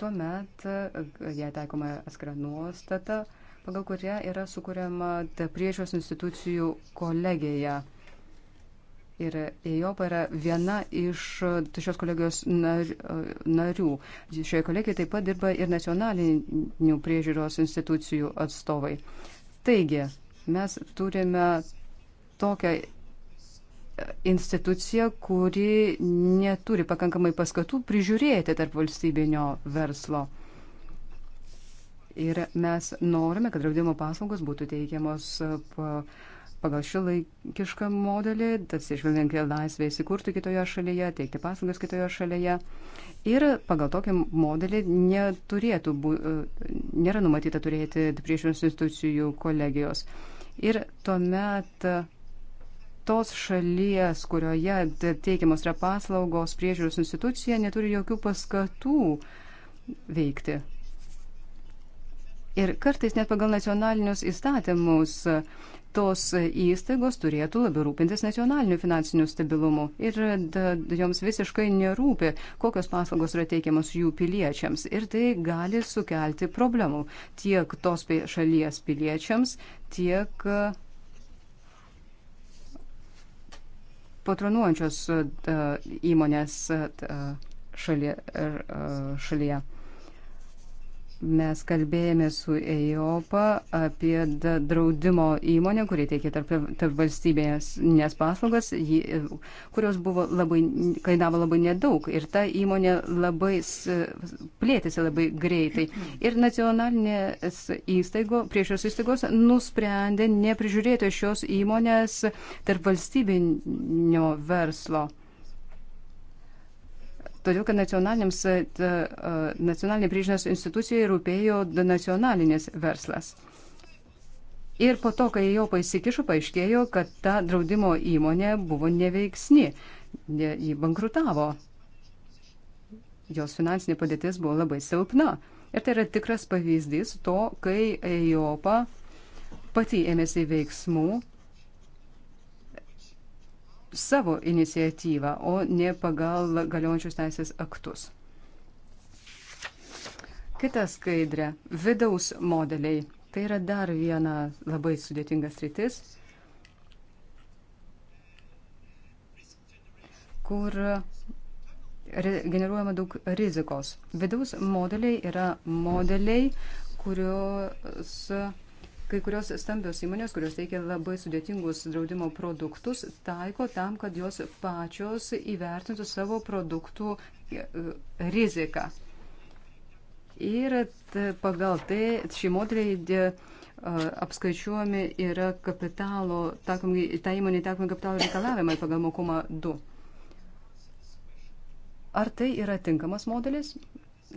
tuomet jai taikoma atskira nuostata, pagal kurią yra sukūriama priežiūros institucijų kolegija. Ir EJOPA yra viena iš šios kolegijos narių. Šioje kolegijoje taip pat dirba ir nacionalinių priežiūros institucijų atstovai. Taigi, mes turime tokią institucija, kuri neturi pakankamai paskatų prižiūrėti tarp valstybinio verslo. Ir mes norime, kad draudimo paslaugos būtų teikiamos e, pagal šį laikišką modelį, atsižvelgiant į laisvę įsikurti kitoje šalyje, teikti paslaugas kitoje šalyje. Ir pagal tokį modelį neturėtų, bū, e, nėra numatyta turėti priešios institucijų kolegijos. Ir tuomet e, tos šalies, kurioje teikiamos yra paslaugos priežiūros institucija, neturi jokių paskatų veikti. Ir kartais net pagal nacionalinius įstatymus tos įstaigos turėtų labiau rūpintis nacionaliniu finansiniu stabilumu ir da, joms visiškai nerūpi, kokios paslaugos yra teikiamos jų piliečiams. Ir tai gali sukelti problemų tiek tos šalies piliečiams, tiek e, patronuojančios e, įmonės e, er, šalyje. šalyje. Mes kalbėjome su EIOPA apie draudimo įmonę, kuri teikia tarp, tarp valstybės nes paslaugas, ji, kurios buvo labai, kainavo labai nedaug. Ir ta įmonė labai plėtėsi labai greitai. Ir nacionalinės įstaigo, priešios įstaigos nusprendė neprižiūrėti šios įmonės tarp valstybinio verslo todėl kad nacionalinė e, e, priežinos institucija rūpėjo nacionalinis verslas. Ir po to, kai jo pasikišo, paaiškėjo, kad ta draudimo įmonė buvo neveiksni, jį bankrutavo. Jos finansinė padėtis buvo labai silpna. Ir tai yra tikras pavyzdys to, kai EIOPA pati ėmėsi veiksmų savo iniciatyvą, o ne pagal galiojančius teisės aktus. Kita skaidrė - vidaus modeliai. Tai yra dar viena labai sudėtingas rytis, kur generuojama daug rizikos. Vidaus modeliai yra modeliai, kurios kai kurios stambios įmonės, kurios teikia labai sudėtingus draudimo produktus, taiko tam, kad jos pačios įvertintų savo produktų e, e, riziką. Ir pagal tai šį modelį apskaičiuojami yra kapitalo, takomi, ta įmonė takomi kapitalo reikalavimai pagal mokumą 2. Ar tai yra tinkamas modelis?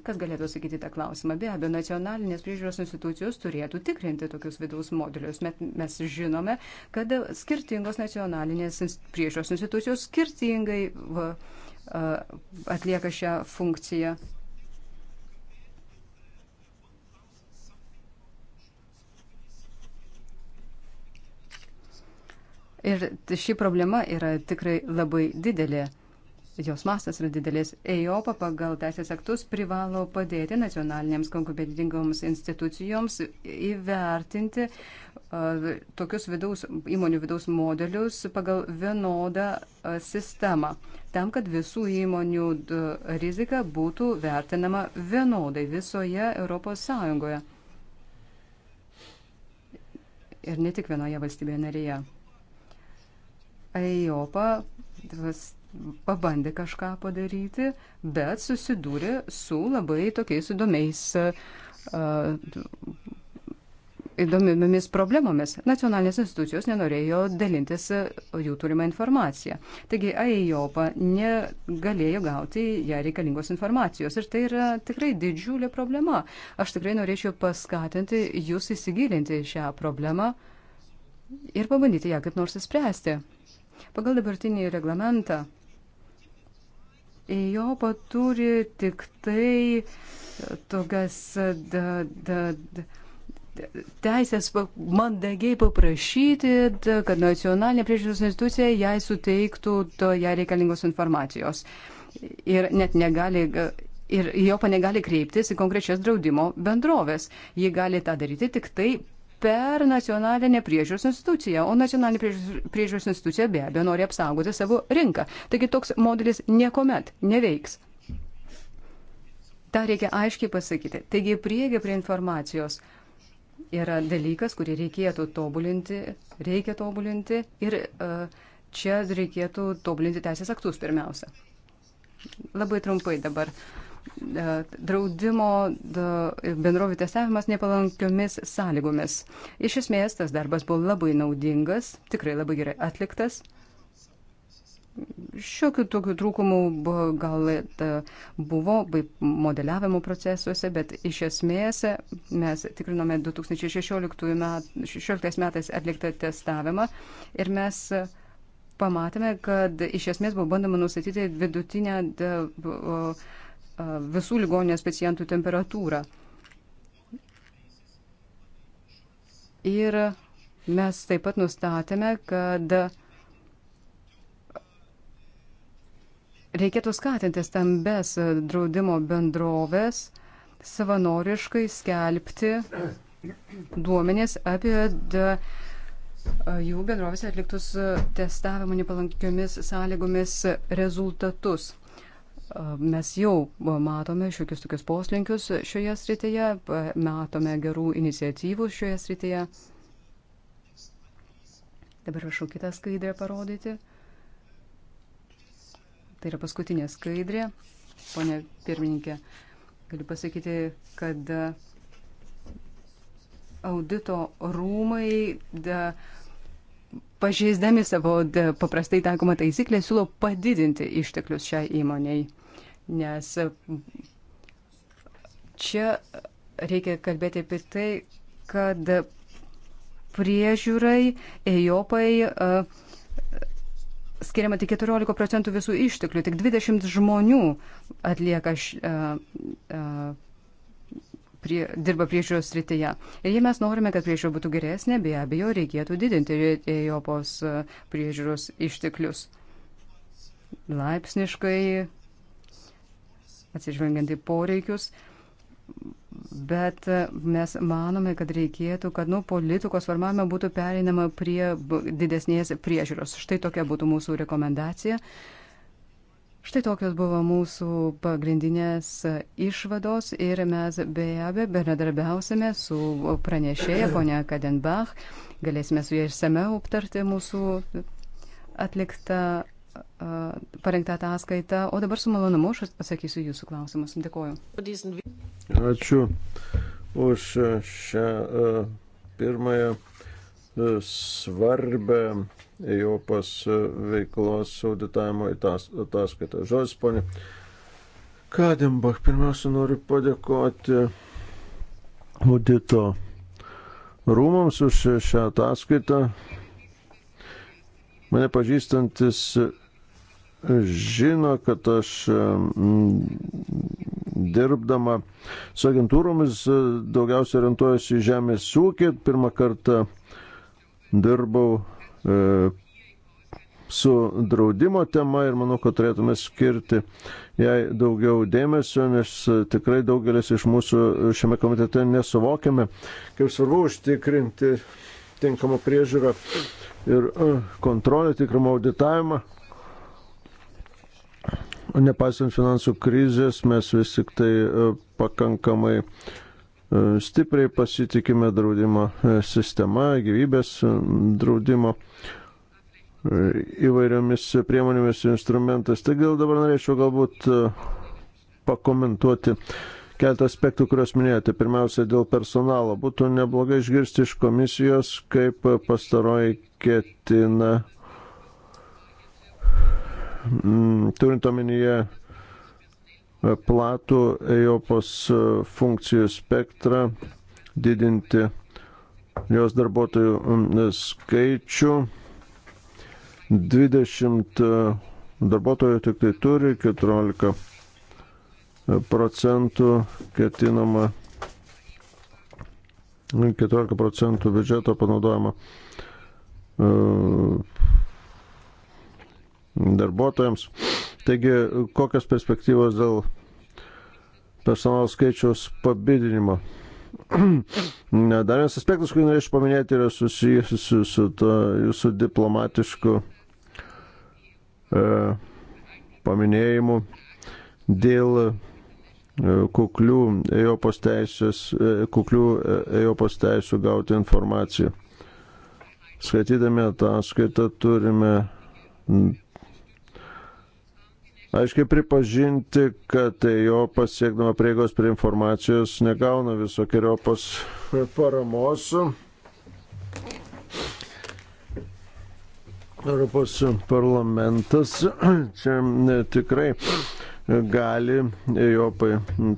Kas galėtų sakyti tą klausimą? Be abejo, nacionalinės priežiūros institucijos turėtų tikrinti tokius vidaus modelius, bet mes žinome, kad skirtingos nacionalinės priežiūros institucijos skirtingai va, atlieka šią funkciją. Ir ši problema yra tikrai labai didelė jos mastas yra didelis. EIOPA pagal teisės aktus privalo padėti nacionalinėms kompetentingoms institucijoms įvertinti uh, tokius vidaus, įmonių vidaus modelius pagal vienodą uh, sistemą, tam, kad visų įmonių uh, rizika būtų vertinama vienodai visoje ES. Ir ne tik vienoje valstybėje narėje. EIOPA pabandė kažką padaryti, bet susidūrė su labai tokiais įdomiais, uh, įdomiamis problemomis. Nacionalinės institucijos nenorėjo dalintis jų turimą informaciją. Taigi AIOPA negalėjo gauti ją reikalingos informacijos ir tai yra tikrai didžiulė problema. Aš tikrai norėčiau paskatinti jūs įsigilinti šią problemą ir pabandyti ją kaip nors įspręsti. Pagal dabartinį reglamentą Ejopa turi tik tai e, tokias e, da, da, da, teisės mandagiai paprašyti, da, kad nacionalinė priežiūros institucija jai suteiktų to, jai reikalingos informacijos. Ir net negali e, ir jo panegali kreiptis į konkrečias draudimo bendrovės. Ji gali tą daryti tik tai per nacionalinę priežiūros instituciją, o nacionalinė priežiūros institucija be abejo nori apsaugoti savo rinką. Taigi toks modelis niekuomet neveiks. Ta reikia aiškiai pasakyti. Taigi prieiga prie informacijos yra dalykas, kurį reikėtų tobulinti, reikia tobulinti ir uh, čia reikėtų tobulinti teisės aktus pirmiausia. Labai trumpai dabar. Uh, E, draudimo bendrovių testavimas nepalankiomis sąlygomis. Iš esmės, tas darbas buvo labai naudingas, tikrai labai gerai atliktas. Šiokių tokių trūkumų e, buvo, gal buvo modeliavimo procesuose, bet iš esmės mes tikrinome 2016 met, metais atliktą testavimą ir mes pamatėme, kad iš esmės buvo bandoma nustatyti vidutinę. De, o, visų ligoninės pacientų temperatūrą. Ir mes taip pat nustatėme, kad reikėtų skatinti stambes draudimo bendrovės savanoriškai skelbti duomenės apie jų bendrovės atliktus testavimo nepalankiomis sąlygomis rezultatus. Mes jau matome šiokius tokius poslinkius šioje srityje, matome gerų iniciatyvų šioje srityje. Dabar prašau kitą skaidrę parodyti. Tai yra paskutinė skaidrė. Pone pirmininkė, galiu pasakyti, kad audito rūmai. De, da pažeisdami savo paprastai taikomą taisyklę, siūlo padidinti išteklius šiai įmoniai. Nes mm, čia reikia kalbėti apie tai, kad priežiūrai ejopai skiriama tik 14 procentų visų išteklių, tik 20 žmonių atlieka š, a, a, prie, dirba priežiūros srityje. Ir jei mes norime, kad priežiūra būtų geresnė, be abejo, reikėtų didinti Ejopos e, priežiūros išteklius. Laipsniškai, atsižvelgiant į poreikius. Bet e, mes manome, kad reikėtų, kad nuo politikos formavimo būtų pereinama prie didesnės priežiūros. Štai tokia būtų mūsų rekomendacija. Uh, Štai tokios buvo mūsų pagrindinės išvados ir mes be abejo bendradarbiausime su pranešėja ponia Kadenbach. Galėsime su jie išsameu aptarti mūsų atliktą parengtą ataskaitą. O dabar su malonumu aš atsakysiu jūsų klausimus. Dėkoju. Ačiū už šią pirmąją svarbę Europos e, veiklos auditavimo ataskaitą. Žodis, ponė Kadimbach, pirmiausia, noriu padėkoti audito rūmams už šią ataskaitą. Mane pažįstantis žino, kad aš mm, dirbdama su agentūromis e, daugiausiai orientuojuosi į žemės ūkį. Pirmą kartą dirbau E, su draudimo tema ir manau, kad turėtume skirti jai daugiau dėmesio, nes tikrai daugelis iš mūsų šiame komitete nesuvokiame, kaip svarbu užtikrinti tinkamą priežiūrą ir e, kontrolę, tikramą auditavimą. Nepaisant finansų krizės, mes vis tik tai e, pakankamai uh, E, stipriai pasitikime draudimo e, sistema, gyvybės e, draudimo įvairiomis priemonėmis ir instrumentais. Taigi dabar norėčiau galbūt pakomentuoti keletą aspektų, kuriuos minėjote. Pirmiausia, dėl personalo. Būtų neblogai išgirsti iš komisijos, kaip pastaroji ketina, turint omenyje platų EOPOS funkcijų spektrą, didinti jos darbuotojų skaičių. 20 e, darbuotojų tik tai turi, 14 e, procentų ketinama, 14 procentų biudžeto panaudojama e, darbuotojams. Taigi, kokios perspektyvos dėl personalo skaičiaus pabidinimo? ne, dar vienas aspektas, kurį norėčiau paminėti, yra susijęs su, su to jūsų diplomatišku e, paminėjimu dėl e, kuklių Europos teisės, e, kuklių e, Europos teisų gauti informaciją. Skaitydami ataskaitą turime aiškiai pripažinti, kad tai jo pasiekdama prieigos prie informacijos negauna visokiojopos paramos. Europos parlamentas čia tikrai gali Jopai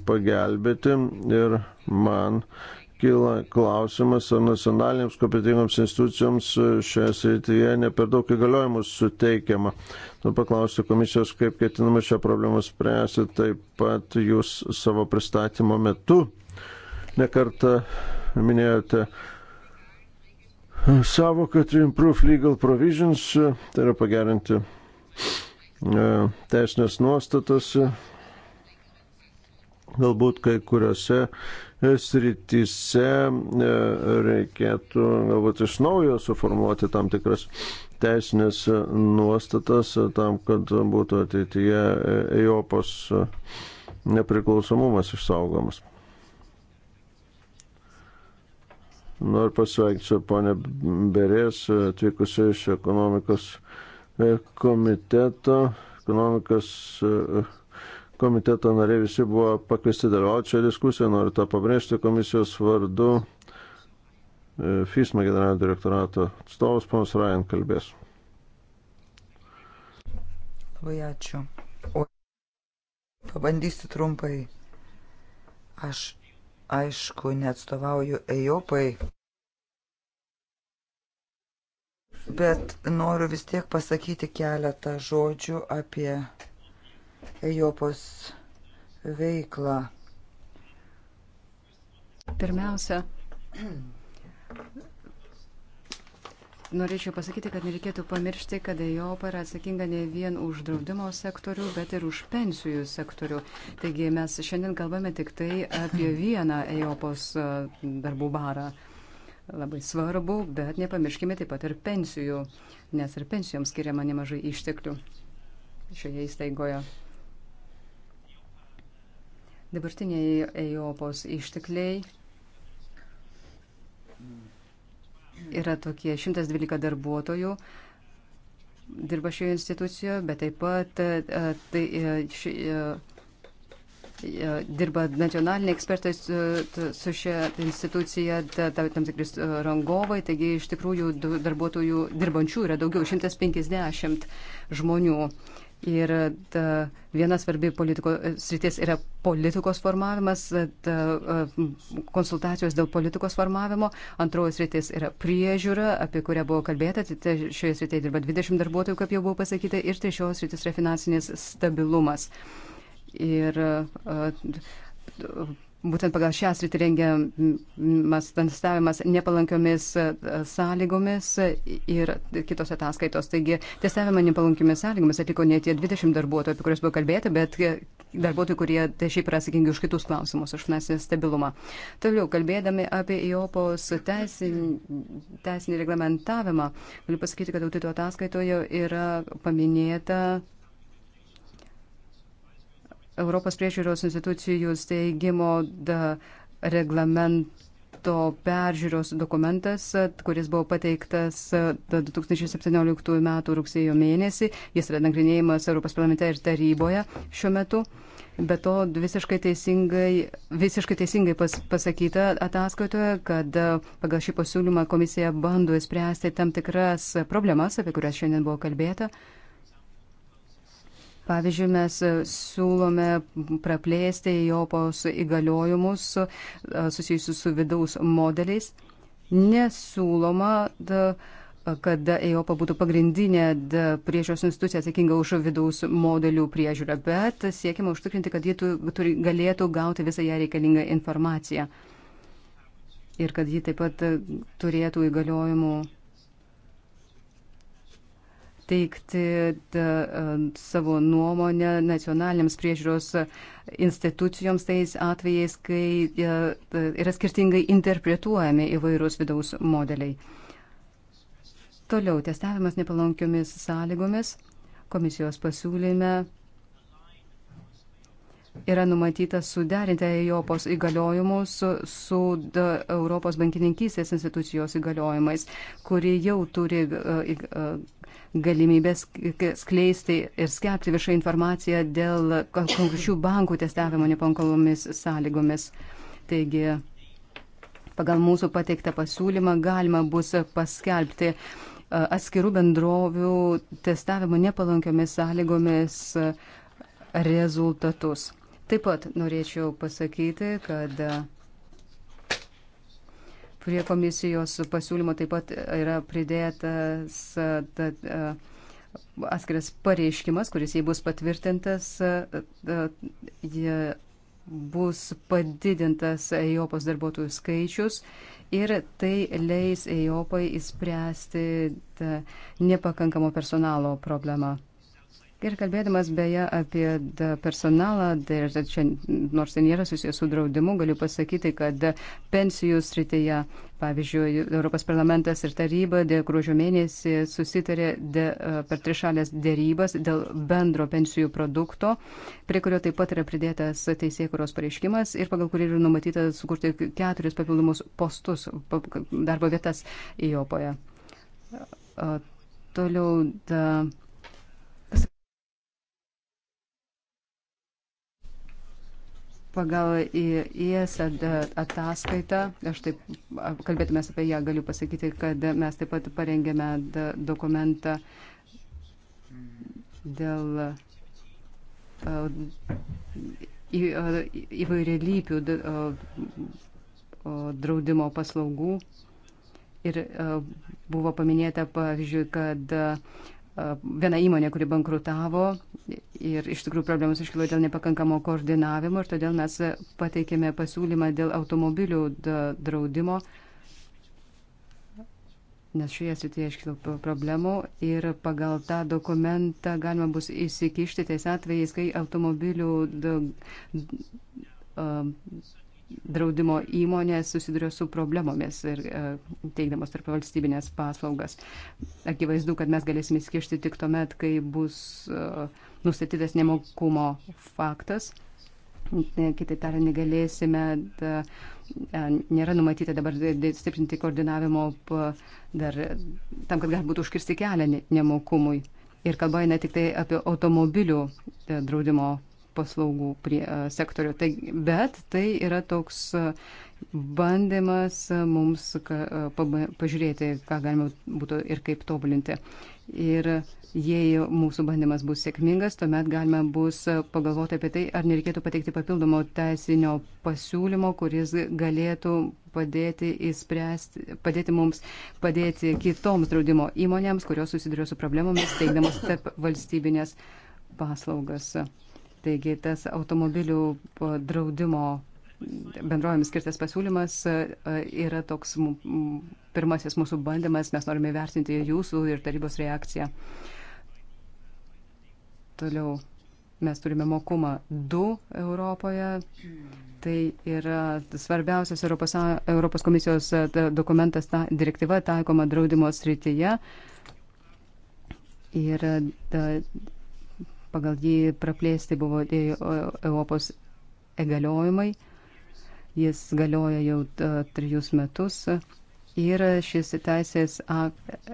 pagelbėti ir man kyla klausimas, ar nacionalinėms kompetingoms institucijoms e, šioje srityje ne per daug įgaliojimų suteikiama. Noriu paklausti komisijos, kaip ketinama šią problemą spręsti. Taip pat jūs savo pristatymo metu nekartą minėjote savo, kad improve legal provisions, e, tai yra pagerinti e, teisinės nuostatas Galbūt kai kuriuose e, srityse e, reikėtų galbūt iš naujo suformuoti tam tikras teisinės e, nuostatas tam, kad būtų ateityje Europos nepriklausomumas išsaugomas. Noriu pasveikti ponę Berės, atvykusią iš ekonomikos komiteto, ekonomikos komiteto nariai visi buvo pakviesti dalyvauti šią diskusiją, noriu tą pabrėžti komisijos vardu. E, FISMA generalinio direktorato atstovas ponas Ryan kalbės. Labai ačiū. O pabandysiu trumpai. Aš aišku neatstovauju Ejopai, bet noriu vis tiek pasakyti keletą žodžių apie Ejopos veiklą. Pirmiausia, norėčiau pasakyti, kad nereikėtų pamiršti, kad Ejopa yra atsakinga ne vien už draudimo sektorių, bet ir už pensijų sektorių. Taigi mes šiandien kalbame tik tai apie vieną Ejopos darbų barą labai svarbu, bet nepamirškime taip pat ir pensijų, nes ir pensijoms skiriama nemažai išteklių šioje įstaigoje dabartiniai Ejopos ištekliai yra tokie 112 darbuotojų dirba šioje institucijoje, bet taip pat e, e, tai, e, ši, dirba nacionaliniai ekspertai su, su šia institucija, tam tikris rangovai, taigi iš tikrųjų darbuotojų dirbančių yra daugiau, 150 žmonių. Ir ta, viena svarbi politiko, sritis yra politikos formavimas, ta, konsultacijos dėl politikos formavimo. Antroji sritis yra priežiūra, apie kurią buvo kalbėta. Ta, šioje srityje dirba 20 darbuotojų, kaip jau buvo pasakyta. Ir trečioji sritis yra finansinis stabilumas. Ir, uh, būtent pagal šią sritį rengiamas testavimas nepalankiomis e, sąlygomis ir kitos ataskaitos. Taigi testavimą nepalankiomis sąlygomis atliko ne tie 20 darbuotojų, apie kuriuos buvo kalbėta, bet e, darbuotojų, kurie tai šiaip yra atsakingi už kitus klausimus, už finansinį stabilumą. Toliau, kalbėdami apie EOPOS teisinį, teisinį reglamentavimą, galiu pasakyti, kad audito ataskaitoje yra paminėta Europos priežiūros institucijų steigimo reglamento peržiūros dokumentas, kuris buvo pateiktas 2017 m. rugsėjo mėnesį. Jis yra nagrinėjimas Europos parlamente ir taryboje šiuo metu. Be to, visiškai teisingai, visiškai teisingai pas, pasakyta ataskaitoje, kad pagal šį pasiūlymą komisija bando įspręsti tam tikras problemas, apie kurias šiandien buvo kalbėta. Uh, Pavyzdžiui, mes e, siūlome praplėsti Jopos įgaliojimus e, susijusius su vidaus modeliais. Nesūloma, kad Jopa būtų pagrindinė priežiūros institucija atsakinga už vidaus modelių priežiūrą, bet siekime užtikrinti, kad jie turi, galėtų gauti visą ją reikalingą informaciją ir kad ji taip pat e, turėtų įgaliojimų teikti da, savo nuomonę nacionaliniams priežiūros institucijoms tais atvejais, kai da, yra skirtingai interpretuojami įvairūs vidaus modeliai. Toliau, testavimas nepalankiomis sąlygomis komisijos pasiūlyme yra numatytas suderinti EIOPOS įgaliojimus su, su da, Europos bankininkysės institucijos įgaliojimais, kuri jau turi uh, uh, galimybės skleisti ir skelbti viešą informaciją dėl konkrečių bankų testavimo nepankomomis sąlygomis. Taigi, pagal mūsų pateiktą pasiūlymą galima bus paskelbti atskirų bendrovių testavimo nepalankiomis sąlygomis rezultatus. Taip pat norėčiau pasakyti, kad Prie komisijos pasiūlymo taip pat yra pridėtas tad, atskiras pareiškimas, kuris, jei bus patvirtintas, bus padidintas EIOPOS darbuotojų skaičius ir tai leis EIOPai įspręsti nepakankamo personalo problemą. Ir kalbėdamas beje apie personalą, ir čia, nors tai nėra susijęs su draudimu, galiu pasakyti, kad pensijų srityje, pavyzdžiui, Europos parlamentas ir taryba gruodžio mėnesį susitarė de, per trišalės dėrybas dėl bendro pensijų produkto, prie kurio taip pat yra pridėtas teisėkuros pareiškimas ir pagal kurį yra numatyta sukurti keturis papildomus postus, darbo vietas į Jopoje. E, toliau. Da, Pagal IES ataskaitą, aš taip kalbėtumės apie ją, galiu pasakyti, kad mes taip pat parengėme dokumentą dėl įvairialypių draudimo paslaugų. Ir buvo paminėta, pavyzdžiui, kad viena įmonė, kuri bankrutavo ir iš tikrųjų problemas iškilo dėl nepakankamo koordinavimo ir todėl mes pateikėme pasiūlymą dėl automobilių draudimo, nes šioje srityje iškilo problemų ir pagal tą dokumentą galima bus įsikišti tais atvejais, kai automobilių da, da, draudimo įmonės susiduria su problemomis ir e, teikdamos tarp valstybinės paslaugas. Akivaizdu, kad mes galėsime įskišti tik tuomet, kai bus e, nustatytas nemokumo faktas. E, kitaip tariant, negalėsime, da, nėra numatyta dabar stiprinti koordinavimo dar tam, kad galbūt užkirsti kelią nemokumui. Ir kalba eina tik tai apie automobilių draudimo paslaugų prie, sektorio. Tai, bet tai yra toks bandymas mums ka, pa, pažiūrėti, ką galima būtų ir kaip tobulinti. Ir jei mūsų bandymas bus sėkmingas, tuomet galima bus pagalvoti apie tai, ar nereikėtų pateikti papildomo teisinio pasiūlymo, kuris galėtų padėti, įspręsti, padėti mums padėti kitoms draudimo įmonėms, kurios susiduria su problemomis teikdamos tarp valstybinės paslaugas. Taigi tas automobilių draudimo bendrovėms skirtas pasiūlymas e, e, yra toks pirmasis mūsų bandymas, mes norime vertinti jūsų ir tarybos reakciją. Toliau mes turime mokumą 2 Europoje. Tai yra svarbiausias Europos, Europos komisijos e, dokumentas, ta direktyva taikoma draudimo srityje. Ir ta, pagal jį praplėsti buvo Europos įgaliojimai. Jis galioja jau e, trijus metus. Ir šis teisės aktas,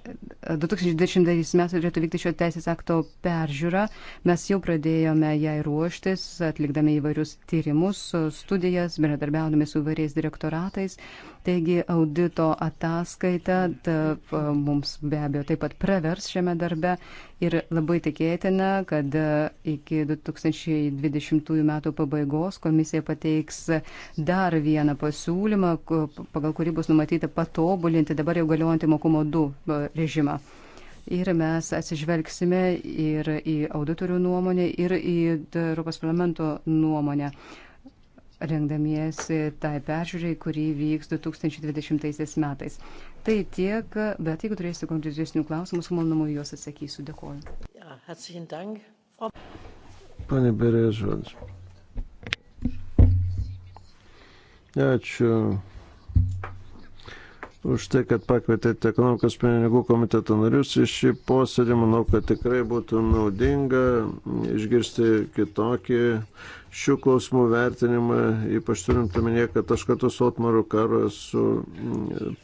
e, 2020 metais turėtų vykti šio teisės akto peržiūra. Mes jau pradėjome jai ruoštis, atlikdami įvairius tyrimus, studijas, bendradarbiaudami su įvairiais direktoratais. Taigi audito ataskaita taip, mums be abejo taip pat pravers šiame darbe ir labai tikėtina, kad e, iki 2020 metų pabaigos komisija pateiks dar vieną pasiūlymą, pagal kurį bus numatyta patobulinti dabar jau galiojantį mokumo 2 e, režimą. Ir mes atsižvelgsime ir į auditorių nuomonę, ir į e, Europos parlamento nuomonę. Uh, rengdamiesi tai peržiūrai, kurį vyks 2020 metais. Tai tiek, bet jeigu turėsite konkretesnių klausimų, su malonumu juos atsakysiu. Dėkuoju. Pane Berė, žodis. Ačiū už tai, kad pakvietėte ekonomikos pinigų komiteto narius į šį posėdį. Manau, kad tikrai būtų naudinga išgirsti kitokį šių klausimų vertinimą, ypač turint omenyje, kad aš kartu su Otmaru karu esu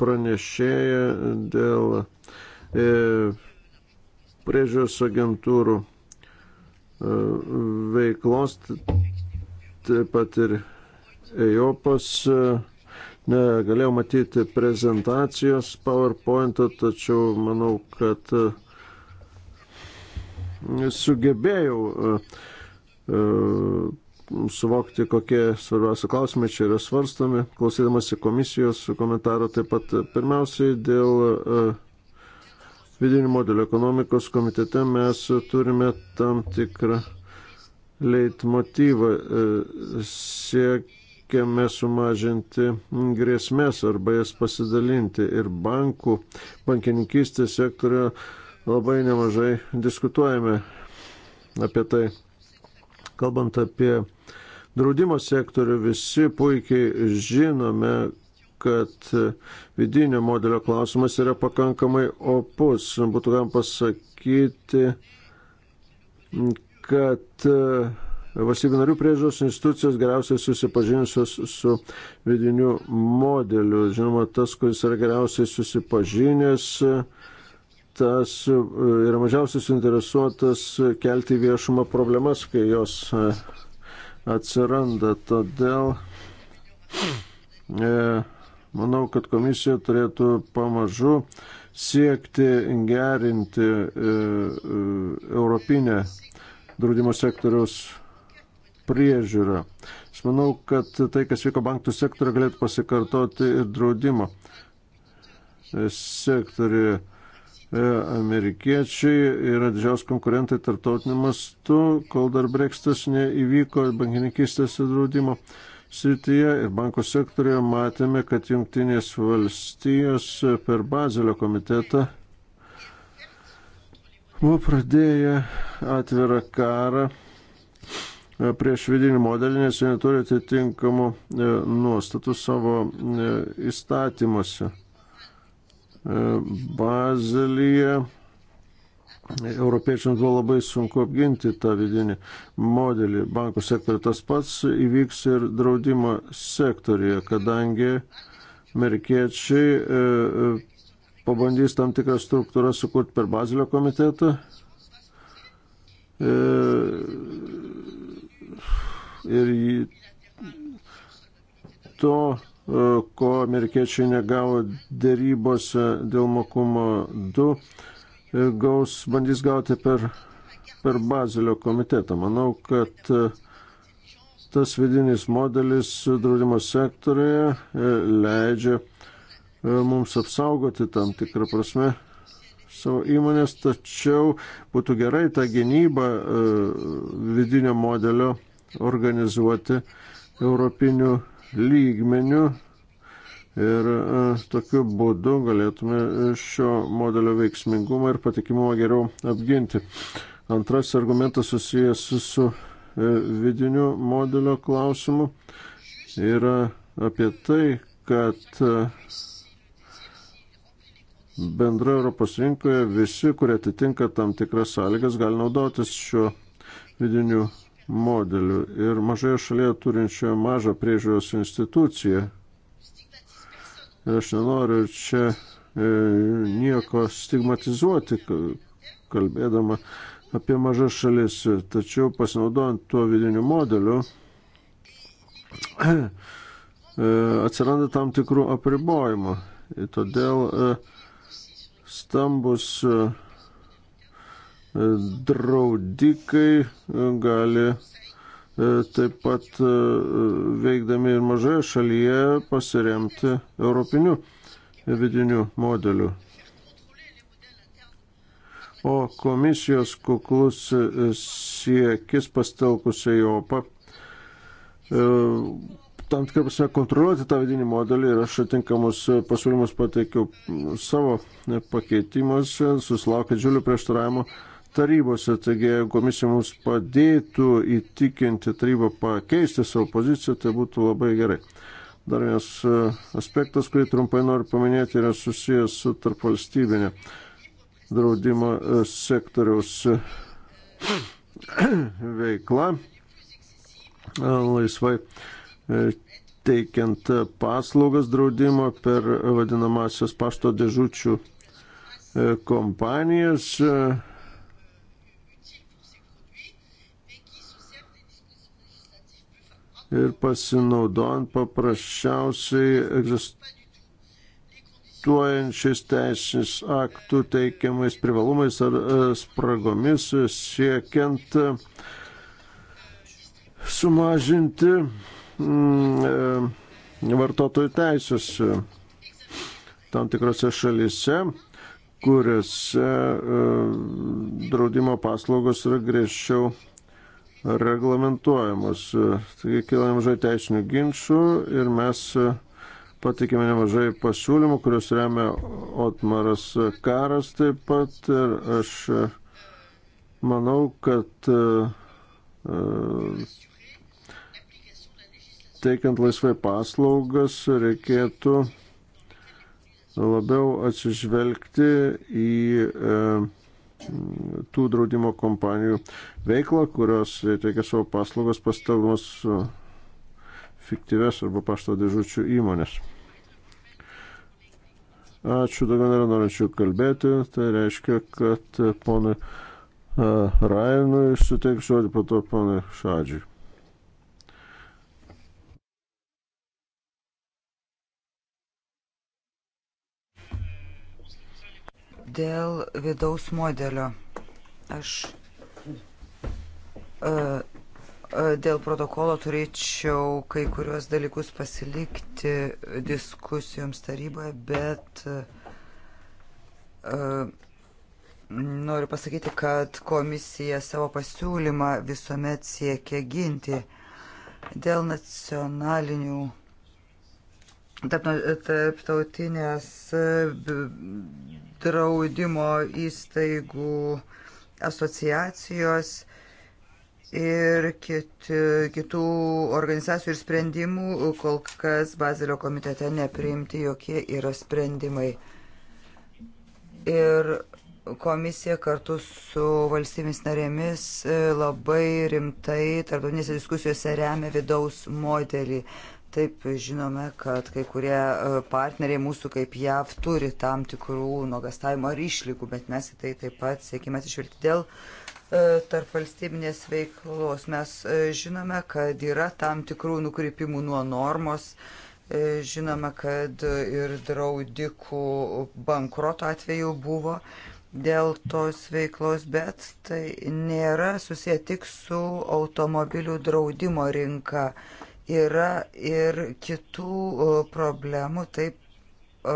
pranešėję dėl e, priežiūros agentūrų e, veiklos, taip pat ir EJOPAS. E, Negalėjau matyti prezentacijos PowerPoint'o, tačiau manau, kad e, sugebėjau e, e, suvokti, kokie svarbiausi klausimai čia yra svarstami, klausydamasi komisijos komentaro taip pat pirmiausiai dėl vidinį modelį ekonomikos komitete mes turime tam tikrą leitmotyvą siekti siekiame sumažinti grėsmės arba jas pasidalinti. Ir bankų, bankininkystės sektorio labai nemažai diskutuojame apie tai. Kalbant apie draudimo sektorių, visi puikiai žinome, kad vidinio modelio klausimas yra pakankamai opus. Būtų galima pasakyti, kad Valstybių narių priežos institucijos geriausiai susipažinusios su vidiniu modeliu. Žinoma, tas, kuris yra geriausiai susipažinęs, tas e, yra mažiausiai suinteresuotas kelti viešumą problemas, kai jos e, atsiranda. Todėl e, manau, kad komisija turėtų pamažu siekti gerinti e, e, europinę draudimo sektoriaus priežiūra. Aš manau, kad tai, kas vyko bankų sektoriu, galėtų pasikartoti ir draudimo sektoriuje. E, amerikiečiai yra didžiausi konkurentai tarptautiniu mastu, kol dar breksitas neįvyko bankininkystės ir draudimo srityje ir bankų sektoriuje matėme, kad jungtinės valstijos per Bazelio komitetą buvo pradėję atvirą karą E, prieš vidinį modelį, nes jie neturi atitinkamų e, nuostatų savo e, įstatymuose. Bazelyje europiečiams buvo labai sunku apginti tą vidinį modelį. Bankų sektorių tas pats įvyks ir draudimo sektoriuje, kadangi amerikiečiai pabandys tam tikrą struktūrą sukurti per Bazilio komitetą ir to, e, ko amerikiečiai negavo dėrybose dėl mokumo 2, e, gaus, bandys gauti per, per Bazilio komitetą. Manau, kad e, tas vidinis modelis draudimo sektorėje leidžia mums apsaugoti tam tikrą prasme savo įmonės, tačiau būtų gerai tą gynybą vidinio modelio organizuoti europinių lygmenių ir e, tokiu būdu galėtume šio modelio veiksmingumą ir patikimumą geriau apginti. Antrasis argumentas susijęs su e, vidiniu modelio klausimu yra apie tai, kad e, bendra Europos rinkoje visi, kurie atitinka tam tikras sąlygas, gali naudotis šiuo vidiniu modelių. Ir mažoje šalyje turinčioje mažą priežiūros instituciją. Aš nenoriu čia e, nieko stigmatizuoti, kalbėdama apie mažas šalis. Tačiau pasinaudojant tuo vidiniu modeliu, e, atsiranda tam tikrų apribojimų. Todėl e, stambus draudikai e, gali e, taip pat e, veikdami ir mažoje šalyje pasiremti europiniu vidiniu modeliu. O komisijos kuklus siekis pastelkus EOPA tam tikrą prasme kontroliuoti tą vidinį modelį ir aš atinkamus pasiūlymus pateikiau savo pakeitimuose, susilaukė džiulių prieštaravimų tarybose. Taigi, jeigu komisija mums padėtų įtikinti tarybą pakeisti savo poziciją, tai būtų labai gerai. Dar vienas e, aspektas, kurį trumpai noriu paminėti, yra susijęs su tarpvalstybinė draudimo e, sektoriaus e, veikla. Laisvai teikiant paslaugas draudimo per vadinamasias pašto dėžučių kompanijas. ir pasinaudojant paprasčiausiai egzistuojančiais teisės aktų teikiamais privalumais ar e, spragomis siekiant e, sumažinti mm, e, vartotojų teisės tam tikrose šalise kuriuose draudimo paslaugos yra griežčiau reglamentuojamos. Taigi kilo nemažai teisinių ginčių ir mes pateikėme nemažai pasiūlymų, kuriuos remia Otmaras Karas taip pat ir aš manau, kad e, teikiant laisvai paslaugas reikėtų labiau atsižvelgti į e, tų draudimo kompanijų veiklą, kurios teikia savo paslaugas pastelmus fiktyves arba pašto dėžučių įmonės. Ačiū, daugiau nėra norinčių kalbėti. Tai reiškia, kad ponui Rainui suteiksiu žodį po to ponui Šadžiui. dėl vidaus modelio. Aš e, e, dėl protokolo turėčiau kai kuriuos dalykus pasilikti diskusijoms taryboje, bet e, noriu pasakyti, kad komisija savo pasiūlymą visuomet siekia ginti dėl nacionalinių tarptautinės e, draudimo įstaigų asociacijos ir kiti, kitų organizacijų ir sprendimų, kol kas Bazilio komitete nepriimti jokie yra sprendimai. Ir komisija kartu su valstybės narėmis e, labai rimtai tarptautinėse diskusijose remia vidaus modelį. Taip žinome, kad kai kurie e, partneriai mūsų kaip JAV turi tam tikrų nuogastavimo ar išlygų, bet mes į tai taip pat siekime atsižvelgti dėl e, tarp valstybinės veiklos. Mes e, žinome, kad yra tam tikrų nukrypimų nuo normos. Žinome, kad ir draudikų bankroto atveju buvo dėl tos veiklos, bet tai nėra susiję tik su automobilių draudimo rinka. Yra ir kitų problemų, taip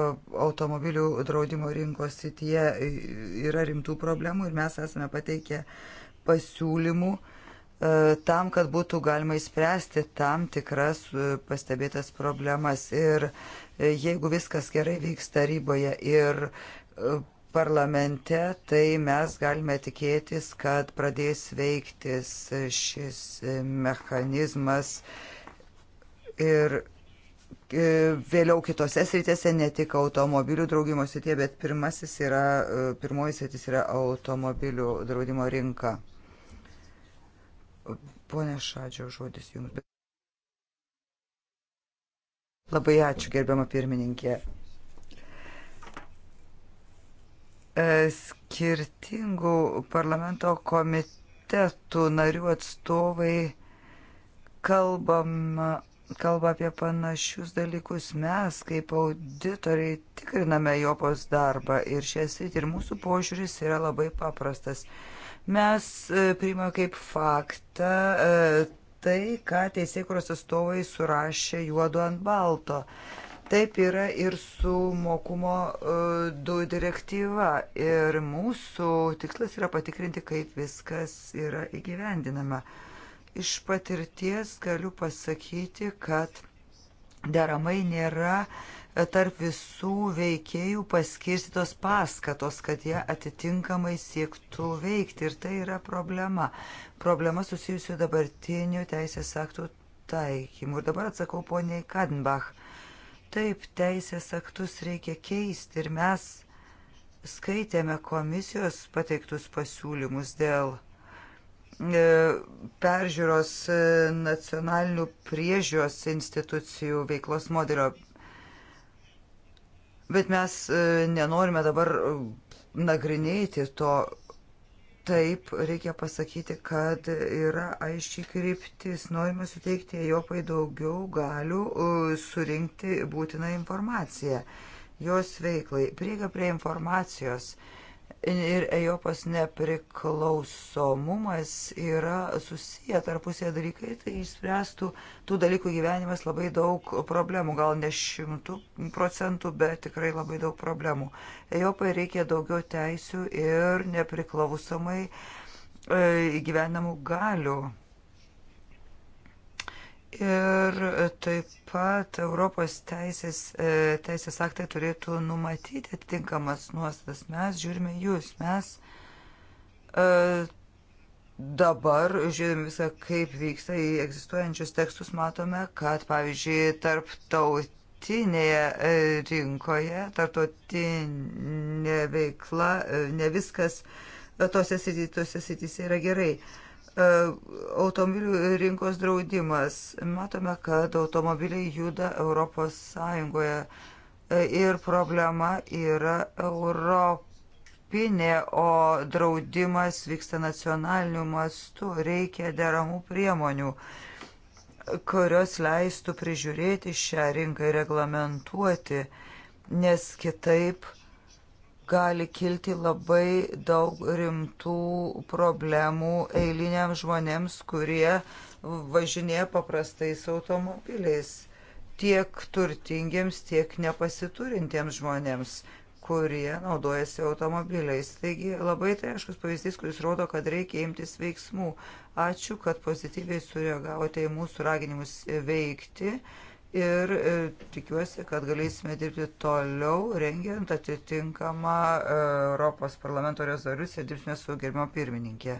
automobilių draudimo rinkos sityje yra rimtų problemų ir mes esame pateikę pasiūlymų e, tam, kad būtų galima įspręsti tam tikras e, pastebėtas problemas. Ir e, jeigu viskas gerai vyks taryboje ir parlamente, tai mes galime tikėtis, kad pradės veiktis šis mechanizmas ir e, vėliau kitose sritėse, ne tik automobilių draudimo srityje, bet pirmasis yra, e, pirmoji sritis yra automobilių draudimo rinka. Pone Šadžio, žodis jums. Labai ačiū, gerbiama pirmininkė. E, skirtingų parlamento komitetų narių atstovai kalbama kalba apie panašius dalykus. Mes, kaip auditoriai, tikriname Jopos darbą ir šią sritį. Ir mūsų požiūris yra labai paprastas. Mes e, priimame kaip faktą e, tai, ką teisėkuros atstovai surašė juodu ant balto. Taip yra ir su mokumo 2 e, direktyva. Ir mūsų tikslas yra patikrinti, kaip viskas yra įgyvendinama. Uh, Iš patirties galiu pasakyti, kad deramai nėra e, tarp visų veikėjų paskirstytos paskatos, kad jie atitinkamai siektų veikti. Ir tai yra problema. Problema susijusiu dabartiniu teisės aktų taikymu. Ir dabar atsakau poniai Kadenbach. Taip, teisės aktus reikia keisti ir mes skaitėme komisijos pateiktus pasiūlymus dėl E, peržiūros e, nacionalinių priežiūros institucijų veiklos modelio. Bet mes e, nenorime dabar nagrinėti to. Taip, reikia pasakyti, kad yra aiškiai kryptis. Norime suteikti Ejopai daugiau galių surinkti būtiną informaciją jos veiklai. Prieiga prie informacijos. Uh, ir Ejopos nepriklausomumas yra susiję tarpusėje dalykai, tai išspręstų tų dalykų gyvenimas labai daug problemų, gal ne šimtų procentų, bet tikrai labai daug problemų. Ejopai reikia daugiau teisių ir nepriklausomai e, įgyvenamų galių Ir taip pat Europos teisės, e, teisės aktai turėtų numatyti atitinkamas nuostas. Mes žiūrime jūs, mes e, dabar žiūrime viską, kaip vyksta į egzistuojančius tekstus, matome, kad pavyzdžiui, tarptautinėje e, rinkoje, tarptautinė veikla, e, ne viskas tose srityse yra gerai. E, E, automobilių rinkos draudimas. Matome, kad automobiliai juda Europos Sąjungoje e, ir problema yra europinė, o draudimas vyksta nacionaliniu mastu. Reikia deramų priemonių, kurios leistų prižiūrėti šią rinką ir reglamentuoti, nes kitaip gali kilti labai daug rimtų problemų eiliniams žmonėms, kurie važinėja paprastais automobiliais, tiek turtingiems, tiek nepasiturintiems žmonėms kurie naudojasi automobiliais. Taigi labai tai aiškus pavyzdys, kuris rodo, kad reikia imtis veiksmų. Ačiū, kad pozityviai sureagavote į mūsų raginimus veikti ir e, tikiuosi, kad galėsime dirbti toliau, rengiant atitinkamą e, Europos parlamento rezoliuciją, dirbsime su gerbimo pirmininkė.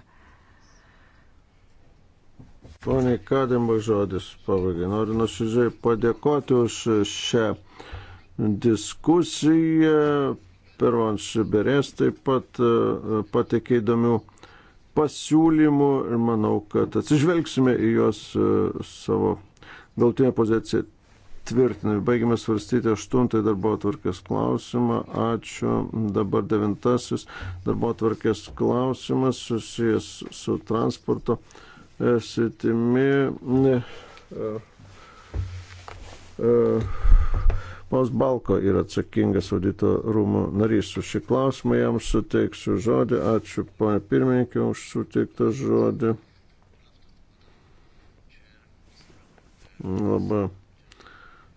Pone Kadimba žodis pabaigai. Noriu nuoširdžiai padėkoti už šią diskusiją. Pervans Berės taip pat e, pateikė įdomių pasiūlymų ir manau, kad atsižvelgsime į juos savo galtinę poziciją tvirtinami. Baigime svarstyti aštuntąjį darbo atvarkės klausimą. Ačiū. Dabar devintasis darbo atvarkės klausimas susijęs su transporto e, sitimi. E, e, Paus Balko yra atsakingas audito rūmų narys už šį klausimą, jam suteiksiu žodį. Ačiū, ponė pirmininkė, už suteiktą žodį. Labai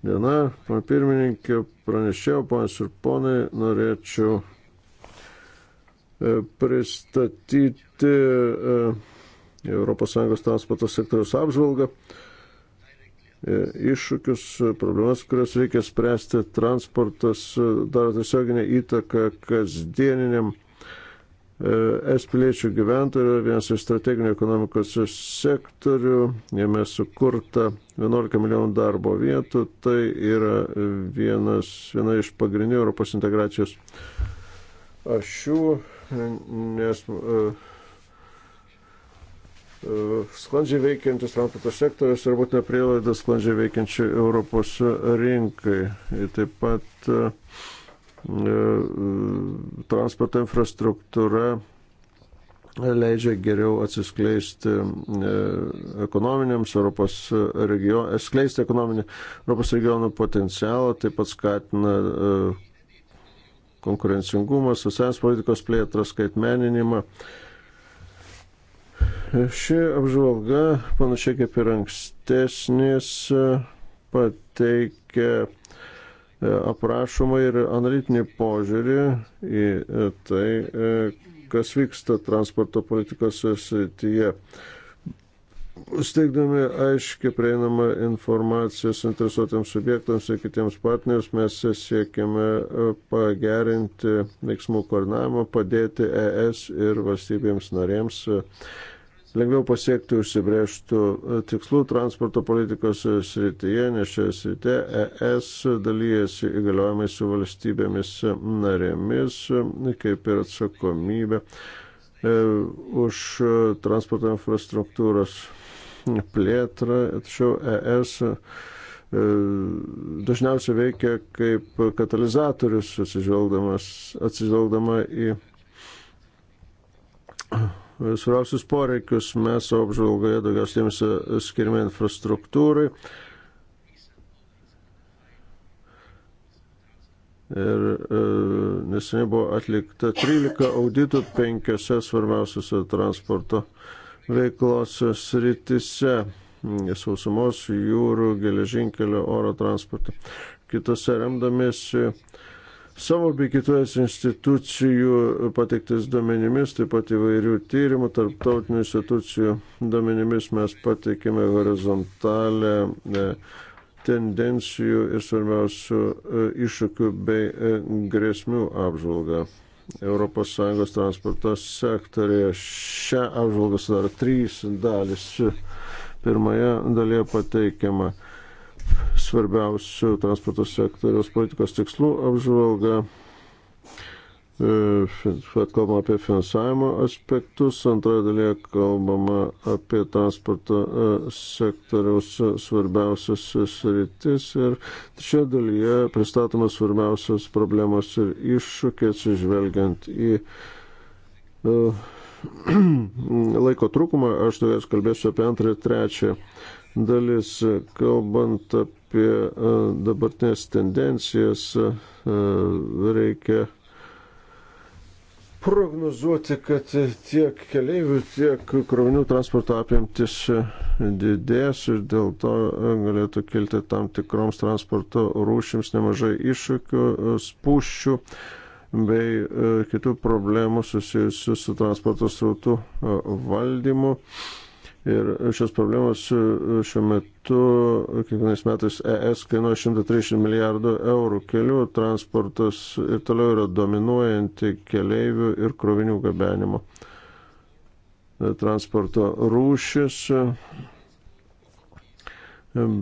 diena. Pana pirmininkė, pranešėjau, panas ir ponai, norėčiau e, pristatyti ES transporto sektoriaus apžvalgą, e, iššūkius, problemas, kurias reikia spręsti. Transportas e, daro tiesioginę įtaką kasdieniniam Es piliečių gyventojų yra vienas iš strateginių ekonomikos sektorių, jame sukurta 11 milijonų darbo vietų, tai yra vienas, viena iš pagrindinių Europos integracijos ašių, nes uh, sklandžiai veikiantis transporto sektorius ir būtina prielaida sklandžiai veikiančiai Europos rinkai. Ir taip pat e, transporto infrastruktūra leidžia geriau atsiskleisti e, ekonominiams Europos regionų, skleisti ekonominį Europos regionų potencialą, taip pat skatina e, konkurencingumą, socialinės politikos plėtrą, skaitmeninimą. Ši apžvalga, panašiai kaip ir ankstesnės, pateikia e, aprašomą ir analitinį požiūrį į tai, kas vyksta transporto politikos srityje. Steigdami aiškiai prieinamą informaciją suinteresuotiems subjektams ir kitiems partneriams, mes siekiame e, pagerinti veiksmų koordinavimą, padėti ES ir valstybėms narėms e, lengviau pasiekti užsibrėžtų e, tikslų transporto politikos e, srityje, nes šioje srityje ES dalyjasi įgaliojimai su valstybėmis narėmis, e, kaip ir atsakomybė už transporto infrastruktūros plėtrą, tačiau ES dažniausiai veikia kaip katalizatorius, atsižvelgdama į svarbiausius poreikius. Mes savo apžvalgoje daugiausiai dėmesio skirime infrastruktūrai. Ir e, neseniai buvo atlikta 13 auditų penkiose svarbiausiose transporto veiklos sritise - sausumos, jūrų, geležinkelio, oro transporto. Kitose remdamiesi savo bei kitos institucijų pateiktais duomenimis, taip pat įvairių tyrimų, tarptautinių institucijų duomenimis mes pateikėme horizontalę e, tendencijų ir svarbiausių e, iššūkių bei e, grėsmių apžvalgą. ES transporto sektorėje šią apžvalgą sudaro trys dalis. Pirmoje dalyje pateikiama kaip svarbiausių transporto sektoriaus politikos tikslų apžvalga. Bet kalbama apie finansavimo aspektus, antroje dalyje kalbama apie transporto e, sektoriaus svarbiausias sritis ir trečioje dalyje pristatomas svarbiausias problemos ir iššūkiai atsižvelgiant į e, laiko trūkumą, aš daugiausia kalbėsiu apie antrą ir trečią dalis. Kalbant apie e, dabartinės tendencijas, e, reikia prognozuoti, kad tiek keliaivių, tiek krovinių transporto apimtis didės ir dėl to galėtų kilti tam tikroms transporto rūšims nemažai iššūkių, spūščių bei e, kitų problemų susijusių su transporto srautų valdymu. Ir šios problemos e, šiuo metu e, kiekvienais metais ES kainuoja 130 milijardų eurų. Kelių transportas ir toliau yra dominuojanti keleivių ir krovinių gabenimo e, transporto rūšis.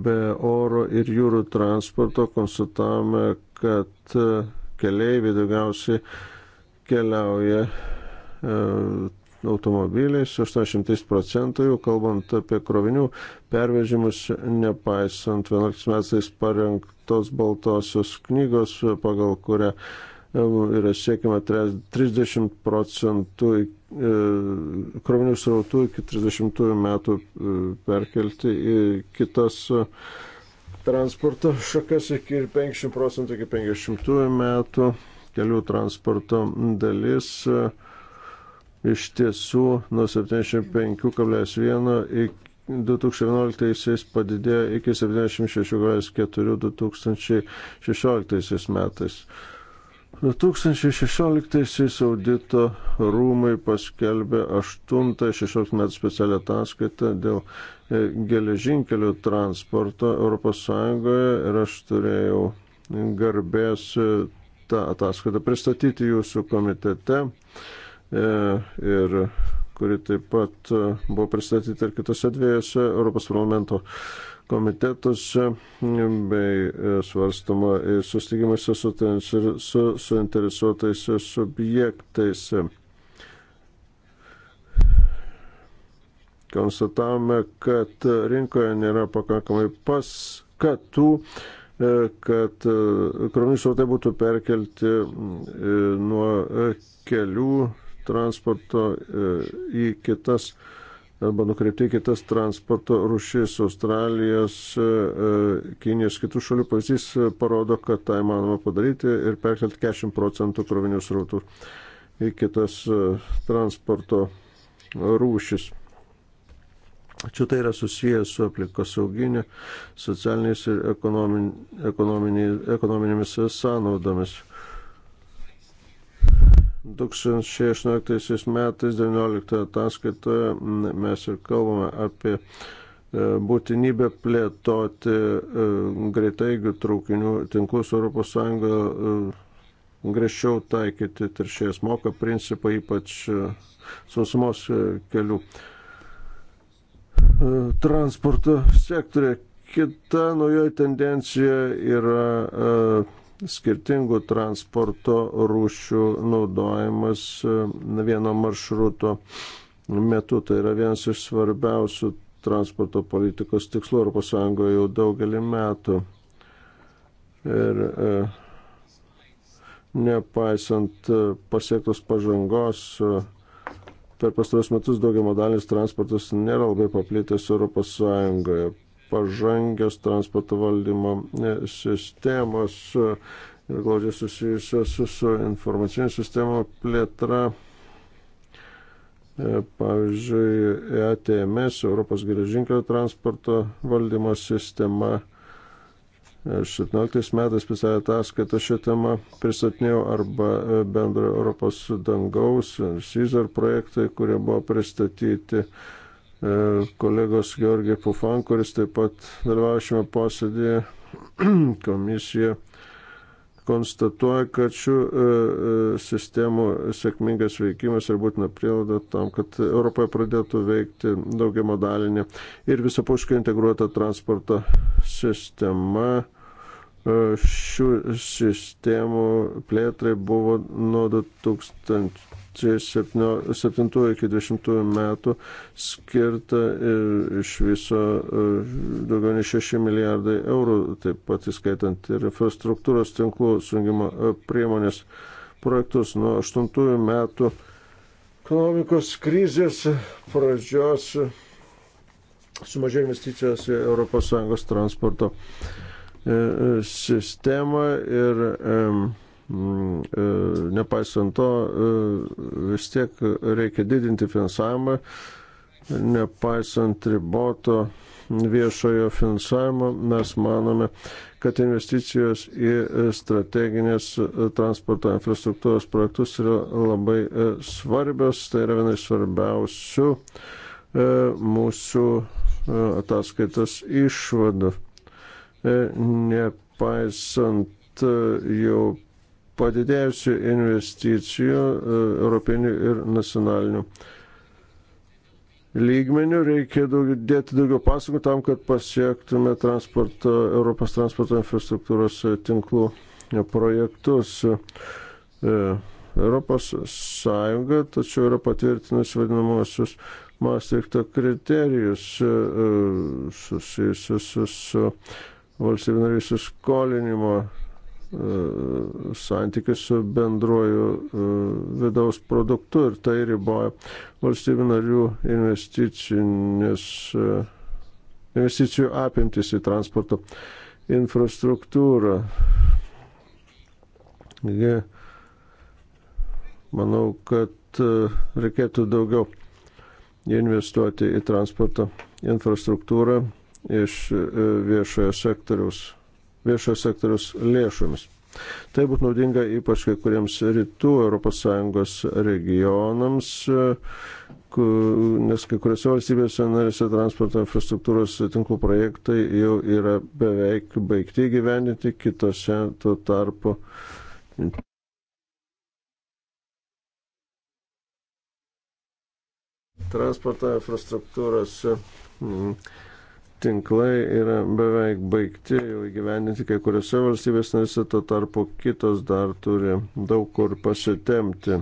Be oro ir jūrų transporto konstatavome, kad keleiviai daugiausiai keliauja automobiliais, 80 procentų, jau kalbant apie krovinių pervežimus, nepaisant 11 metais parengtos baltosios knygos, pagal kurią e, yra siekiama 30 procentų e, krovinių srautų iki 30 metų e, perkelti į kitas transporto šakas iki 50 procentų iki 50 metų kelių transporto dalis. Uh, iš tiesų nuo 75,1 iki 2011 padidėjo iki 76,4 2016 metais. 2016 audito rūmai paskelbė 8-16 metų specialią ataskaitą dėl e, geležinkelių transporto ES ir aš turėjau garbės e, tą ataskaitą pristatyti jūsų komitete. E, ir kuri taip pat e, buvo pristatyta ir kitose dviejose Europos parlamento komitetuose bei e, svarstama sustikimuose su, su suinteresuotais subjektais. Konstatavome, kad rinkoje nėra pakankamai paskatų, kad krovinių srautai būtų perkelti nuo kelių transporto e, į kitas arba nukreipti į kitas transporto rušis. Australijos, e, e, Kinijos, kitų šalių pavyzdys parodo, kad tą tai įmanoma padaryti ir perkelti 40 procentų krovinių srautų į kitas transporto rūšis. Čia tai yra susijęs su aplinkosauginė, socialiniais ir ekonomin, ekonominėmis sąnaudomis. 2016 metais 19 ataskaitoje mes ir kalbame apie e, būtinybę plėtoti e, greitaigių traukinių tinklus ES e, griežčiau taikyti teršėjas moka principą, ypač sausumos kelių transporto sektorė. Kita naujoji tendencija yra skirtingų transporto rūšių naudojimas e, vieno maršruto metu. Tai yra vienas iš svarbiausių transporto politikos tikslų ES jau daugelį metų. Ir e, nepaisant e, pasiektos pažangos, e, per pastaros metus daugiamodalinis transportas nėra labai paplitęs ES pažangios transporto valdymo e, sistemos e, ir glaudžiai susijusios su, su informacinė sistema plėtra. E, pavyzdžiui, ETMS, Europos geležinkelio transporto valdymo sistema. 17 metais specialią ataskaitą šią temą pristatinėjau arba bendrojo Europos dangaus, CISAR projektai, kurie buvo pristatyti E, kolegos Georgija Pufan, kuris taip pat dalyvauja šiame posėdėje, komisija konstatuoja, kad šių e, e, sistemų sėkmingas veikimas ir būtina prielada tam, kad Europoje pradėtų veikti daugiamodalinė ir visapuškai integruota transporto sistema. Šių sistemų plėtrai buvo nuo 2000. 2007 iki 2020 metų skirta iš viso e, daugiau nei 6 milijardai eurų, taip pat įskaitant ir infrastruktūros tinklų sujungimo e, priemonės projektus. Nuo 8 metų ekonomikos krizės pradžios sumažėjo investicijos į ES transporto e, sistemą ir um, Mm, e, nepaisant to, e, vis tiek reikia didinti finansavimą, nepaisant riboto viešojo finansavimo, mes manome, kad investicijos į strateginės transporto infrastruktūros projektus yra labai e, svarbios, tai yra vienai svarbiausių mūsų ataskaitos išvadų. Nepaisant jau padidėjusių investicijų e, europinių ir nacionalinių lygmenių. Reikia daug, dėti daugiau pasakų tam, kad pasiektume transporto, Europos transporto infrastruktūros tinklų projektus. E, Europos Sąjunga tačiau yra patvirtinusi vadinamosius Maastrichto kriterijus e, susijusius su valstybinariais skolinimo E, santykius su bendruoju e, vidaus produktu ir tai riboja valstybių narių e, investicijų apimtis į transporto infrastruktūrą. Taigi, manau, kad reikėtų daugiau investuoti į transporto infrastruktūrą iš viešojo sektoriaus viešojo sektoriaus lėšomis. Tai būtų naudinga ypač kai kuriems rytų ES regionams, nes kai kuriuose valstybėse narėse transporto infrastruktūros tinklų projektai jau yra beveik baigti gyveninti, kitose tuo tarpu. Transporto infrastruktūros mm, tinklai yra beveik baigti jau įgyvendinti kai kuriuose valstybės narėse, tuo tarpu kitos dar turi daug kur pasitemti.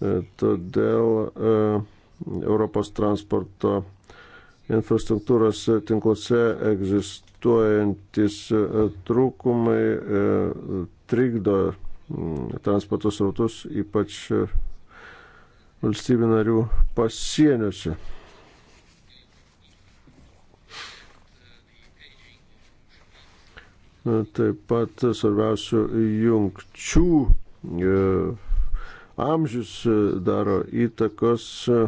E, todėl e, Europos transporto infrastruktūros tinkluose egzistuojantis e, trūkumai trikdo mm, transporto srautus, ypač valstybių narių pasieniuose. taip pat svarbiausių jungčių e, amžius e, daro įtakos, e,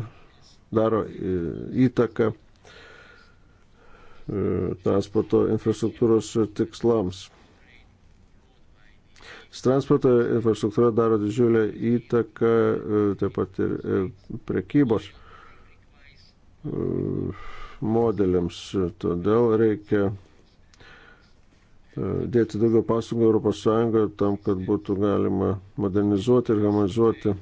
daro įtaką transporto infrastruktūros tikslams. Transporto infrastruktūra daro didžiulę įtaką taip pat ir prekybos modeliams, todėl reikia dėti daugiau pasungų ES tam, kad būtų galima modernizuoti ir harmonizuoti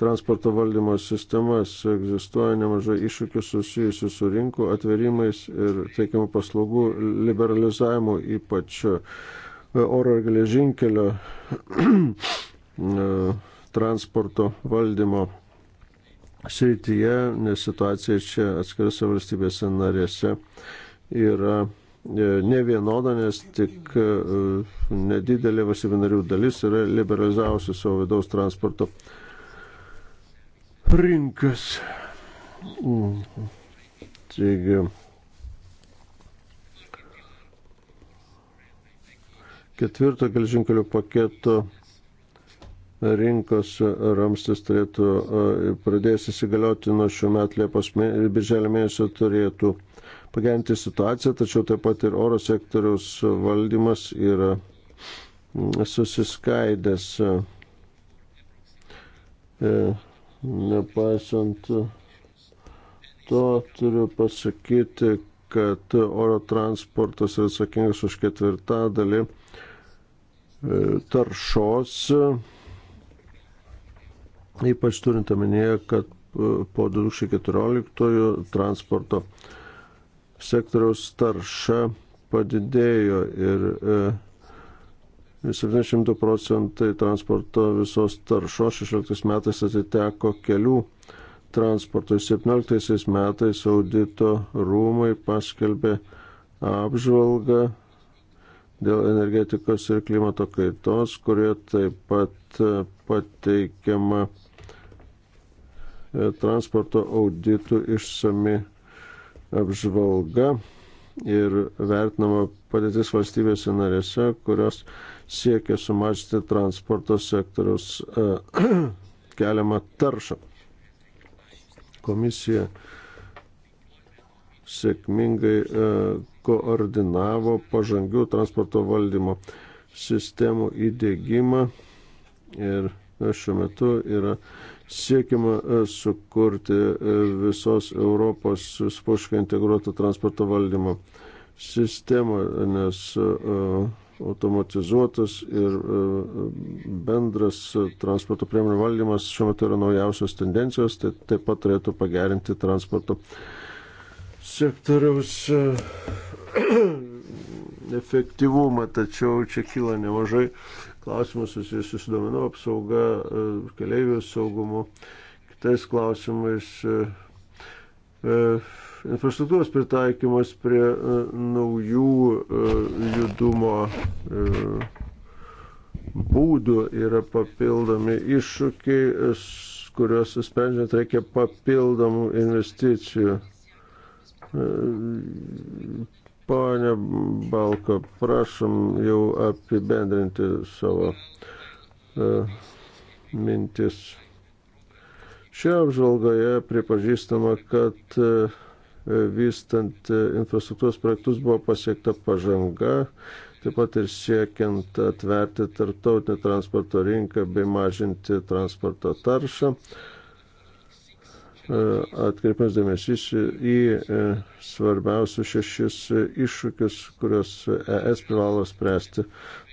transporto valdymo sistemas. Egzistuoja nemažai iššūkių susijusių su rinkų atverimais ir teikiamų paslaugų liberalizavimu, ypač e, oro ir geležinkelio e, transporto valdymo srityje, nes situacija čia atskirose valstybėse narėse yra E, ne vienoda, nes tik e, nedidelė valstybinarių dalis yra liberalizavusi savo vidaus transporto rinkas. Taigi, ketvirto gelžinkelio paketo rinkos ramstis turėtų e, pradės įsigalioti nuo šių metų Liepos birželio mėnesio turėtų uh, pagerinti situaciją, tačiau taip pat ir oro sektoriaus valdymas yra susiskaidęs. E, nepaisant to, turiu pasakyti, kad oro transportas yra atsakingas už ketvirtadalį e, taršos, ypač turint omenyje, kad e, po 2014 transporto sektoriaus tarša padidėjo ir 72 e, procentai transporto visos taršos 16 metais atiteko kelių transportui. 17 metais audito rūmai paskelbė apžvalgą dėl energetikos ir klimato kaitos, kurie taip pat e, pateikiama e, transporto auditų išsami apžvalga ir vertinama padėtis valstybėse narėse, kurios siekia sumažinti transporto sektoriaus e, keliamą taršą. Komisija sėkmingai e, koordinavo pažangių transporto valdymo sistemų įdėgymą ir e, šiuo metu yra Siekima e, sukurti e, visos Europos spoškai integruotą transporto valdymo sistemą, nes e, automatizuotas ir bendras transporto priemonių valdymas šiuo metu yra naujausios tendencijos, tai taip pat turėtų pagerinti transporto sektoriaus efektyvumą, tačiau čia kyla nemažai klausimus susijusius su duomenų apsauga, e, keliaivių saugumu, kitais klausimais e, e, infrastruktūros pritaikymas prie naujų judumo būdų yra papildomi iššūkiai, kuriuos sprendžiant reikia papildomų investicijų. Pone Balko, prašom jau apibendrinti savo uh, mintis. Šioje apžvalgoje pripažįstama, kad uh, vystant infrastruktūros projektus buvo pasiekta pažanga, taip pat ir siekiant atverti tarptautinę transporto rinką bei mažinti transporto taršą. Uh, E, atkreipimas dėmesys į e, svarbiausius šešis iššūkius, kuriuos ES privalo spręsti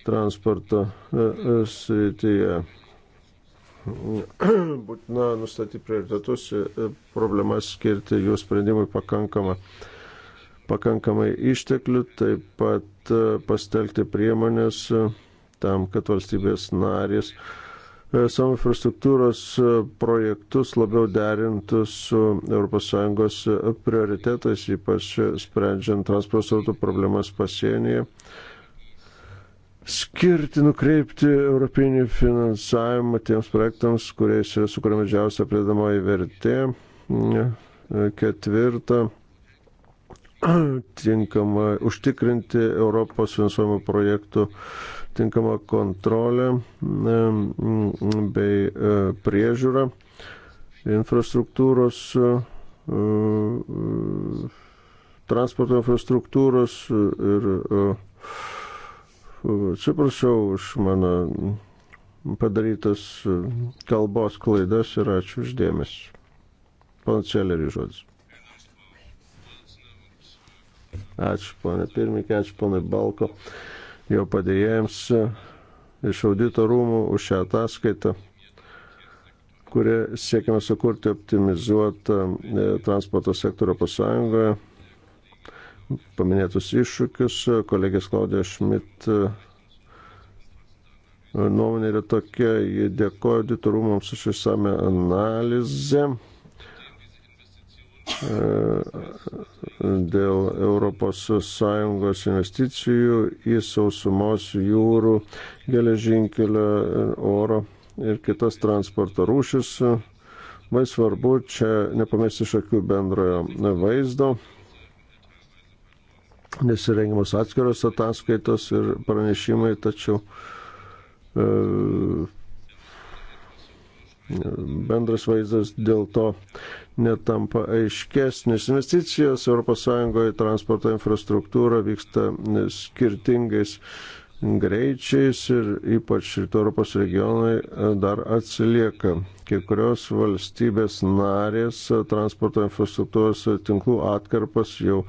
transporto e, srityje. Būtina nustatyti prioritetus, problemas skirti jų sprendimui pakankamą, pakankamai išteklių, taip pat pastelgti priemonės tam, kad valstybės narės uh, E, savo infrastruktūros e, projektus labiau derintų su ES prioritetais, ypač sprendžiant transporto problemas pasienyje. Skirti, nukreipti europinį finansavimą tiems projektams, kuriais yra sukuriama didžiausia pridamoji vertė. E, ketvirta, tinkama užtikrinti Europos finansuojamų projektų uh, tinkamą kontrolę e, bei e, priežiūrą infrastruktūros, e, transporto infrastruktūros ir atsiprašau už mano padarytas kalbos klaidas ir ačiū uždėmesi. Pana Celerį žodis. Ačiū, ponė pirmininkė, ačiū, ponė Balko. Uh, jo padėjėjams e, iš audito rūmų už šią ataskaitą, kuria siekiama sukurti optimizuotą e, transporto sektorių Europos Sąjungoje. Paminėtus iššūkius, e, kolegės Klaudija Šmit nuomonė yra tokia, ji dėkoja auditorumams už išsame analizę. E, dėl ES investicijų į sausumos jūrų, geležinkelio, oro ir kitas transporto rūšis. Vai svarbu čia nepamesti iš akių bendrojo vaizdo, nesirengimus atskiros ataskaitos ir pranešimai, tačiau e, bendras vaizdas dėl to netampa aiškesnis. Investicijos ES į transporto infrastruktūrą vyksta skirtingais greičiais ir ypač rytų Europos regionai dar atsilieka. Kai kurios valstybės narės transporto infrastruktūros tinklų atkarpas jau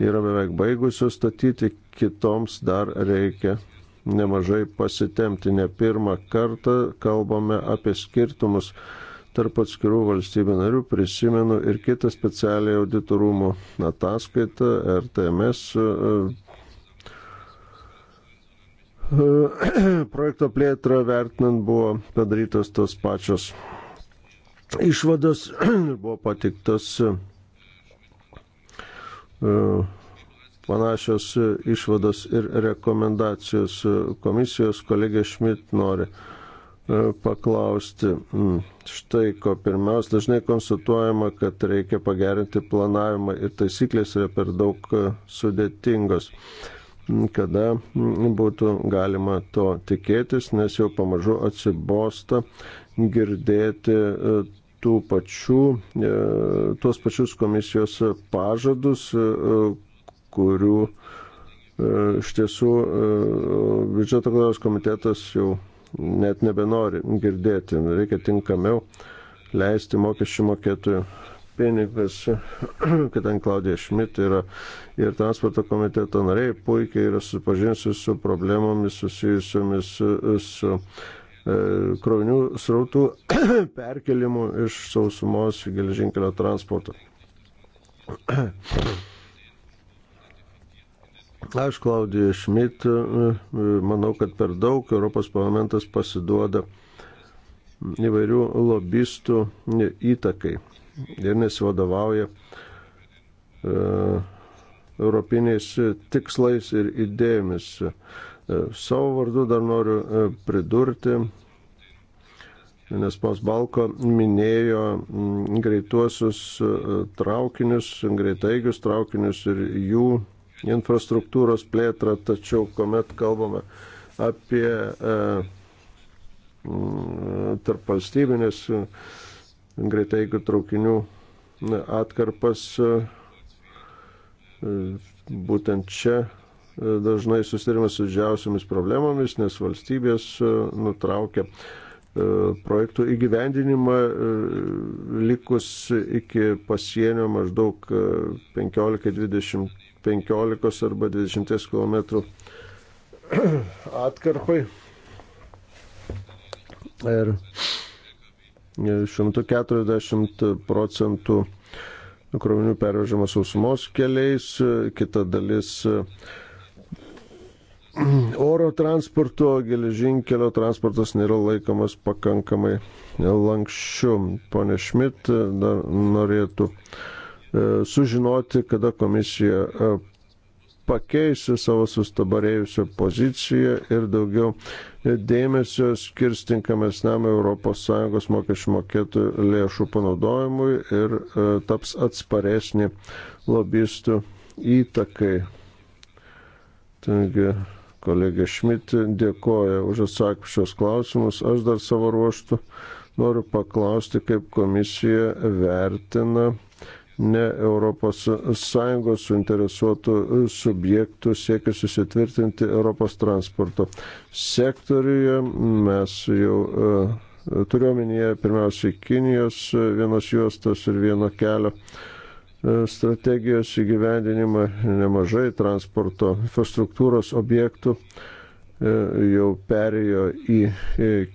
yra beveik baigusios statyti, kitoms dar reikia nemažai pasitemti. Ne pirmą kartą kalbame apie skirtumus tarp atskirų valstybių narių. Prisimenu ir kitą specialią auditorumo ataskaitą RTMS e, e, projekto plėtrą vertinant buvo padarytos tos pačios išvados, buvo patiktas e, panašios išvados ir rekomendacijos komisijos. Kolegė Šmit nori e, paklausti mm, štai ko. Pirmiausia, dažnai konstatuojama, kad reikia pagerinti planavimą ir taisyklės yra per daug e, sudėtingos mm, kada mm, būtų galima to tikėtis, nes jau pamažu atsibosta girdėti e, tų pačių, tuos pačius komisijos pažadus, kurių e, iš tiesų e, biudžeto kontrolės komitetas jau net nebenori girdėti. Reikia tinkamiau leisti mokesčių mokėtojų pinigus, kadangi Klaudija Šmit yra ir transporto komiteto nariai puikiai yra susipažinusi su problemomis susijusiomis su, su e, krovinių srautų perkelimu iš sausumos į geležinkelio transportą. Aš, Klaudija Šmit, e, e, manau, kad per daug Europos parlamentas pasiduoda įvairių lobistų įtakai ir nesivadovauja e, europiniais tikslais ir idėjomis. Savo vardu dar noriu pridurti, nes pas Balko minėjo greituosius traukinius, greitaigius traukinius ir jų infrastruktūros plėtrą, tačiau kuomet kalbame apie e, mm, tarp valstybinės e, greitaigių traukinių atkarpas, e, e, būtent čia dažnai susirima su didžiausiamis problemomis, nes valstybės nutraukia projektų įgyvendinimą likus iki pasienio maždaug 15-20 15 arba 20 km atkarpai. Ir šiuo metu 40 procentų krovinių pervežama sausumos keliais, kita dalis oro transporto, geležinkelio transportas nėra laikomas pakankamai lankščiu. Pone Šmit dar norėtų E, sužinoti, kada komisija e, pakeisiu savo sustabarėjusią poziciją ir daugiau dėmesio skirs tinkamesniam ES mokesčių mokėtojų lėšų panaudojimui ir e, taps atsparesnį lobistų įtakai. Taigi, kolegė Šmit dėkoja už atsakymus šios klausimus. Aš dar savo ruoštų noriu paklausti, kaip komisija vertina ne ES suinteresuotų subjektų siekia susitvirtinti Europos transporto sektoriuje. Mes jau e, turiuomenyje pirmiausiai Kinijos e, vienos juostos ir vieno kelio e, strategijos įgyvendinimą nemažai transporto infrastruktūros objektų jau perėjo į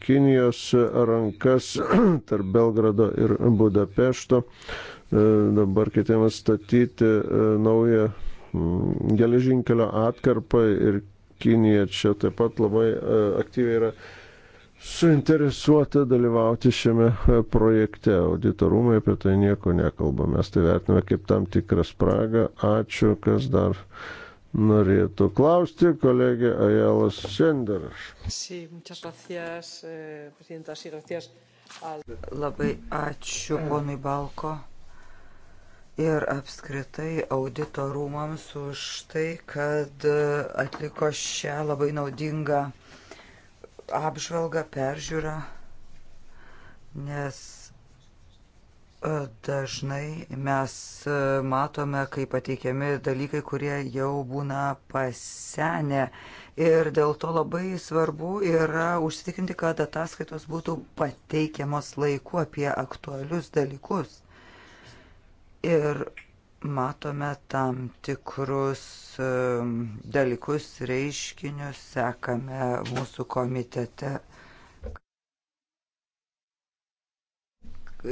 Kinijos rankas tarp Belgrado ir Budapešto. E, dabar kitiems statyti e, naują mm, geležinkelio atkarpą ir Kinija čia taip pat labai e, aktyviai yra suinteresuota dalyvauti šiame projekte. Auditorumai apie tai nieko nekalba. Mes tai vertiname kaip tam tikrą spragą. Ačiū, kas dar norėtų klausti. Kolegė Ajalas Senderas. Sí, eh, Labai ačiū ponui Balko ir apskritai audito rūmams už tai, kad e, atliko šią labai naudingą apžvalgą, peržiūrą, nes e, dažnai mes e, matome, kaip pateikiami dalykai, kurie jau būna pasenę ir dėl to labai svarbu yra užsitikrinti, kad ataskaitos būtų pateikiamos laiku apie aktualius dalykus. Ir matome tam tikrus dalykus, reiškinius, sekame mūsų komitete.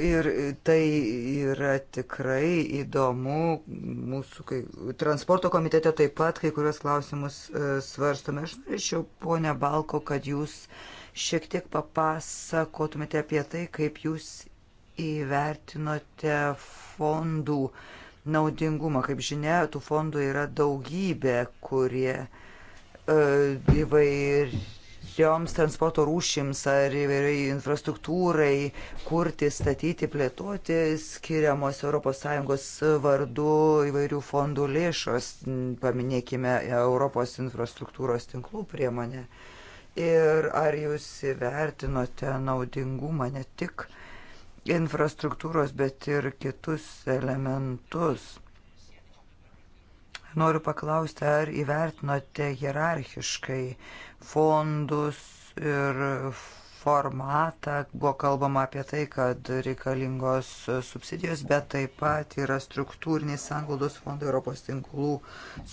Ir tai yra tikrai įdomu. Mūsų kai, transporto komitete taip pat kai kurios klausimus e, svarstome. Aš norėčiau, ponia Balko, kad jūs šiek tiek papasakotumėte apie tai, kaip jūs įvertinote fondų naudingumą? Kaip žinia, tų fondų yra daugybė, kurie e, įvairioms transporto rūšims ar įvairiai infrastruktūrai kurti, statyti, plėtoti skiriamos ES vardu įvairių fondų lėšos, paminėkime Europos infrastruktūros tinklų priemonę. Ir ar jūs įvertinote naudingumą ne tik infrastruktūros, bet ir kitus elementus. Noriu paklausti, ar įvertinote hierarchiškai fondus ir formatą, buvo kalbama apie tai, kad reikalingos subsidijos, bet taip pat yra struktūriniai sanglaudos fondai, Europos tinklų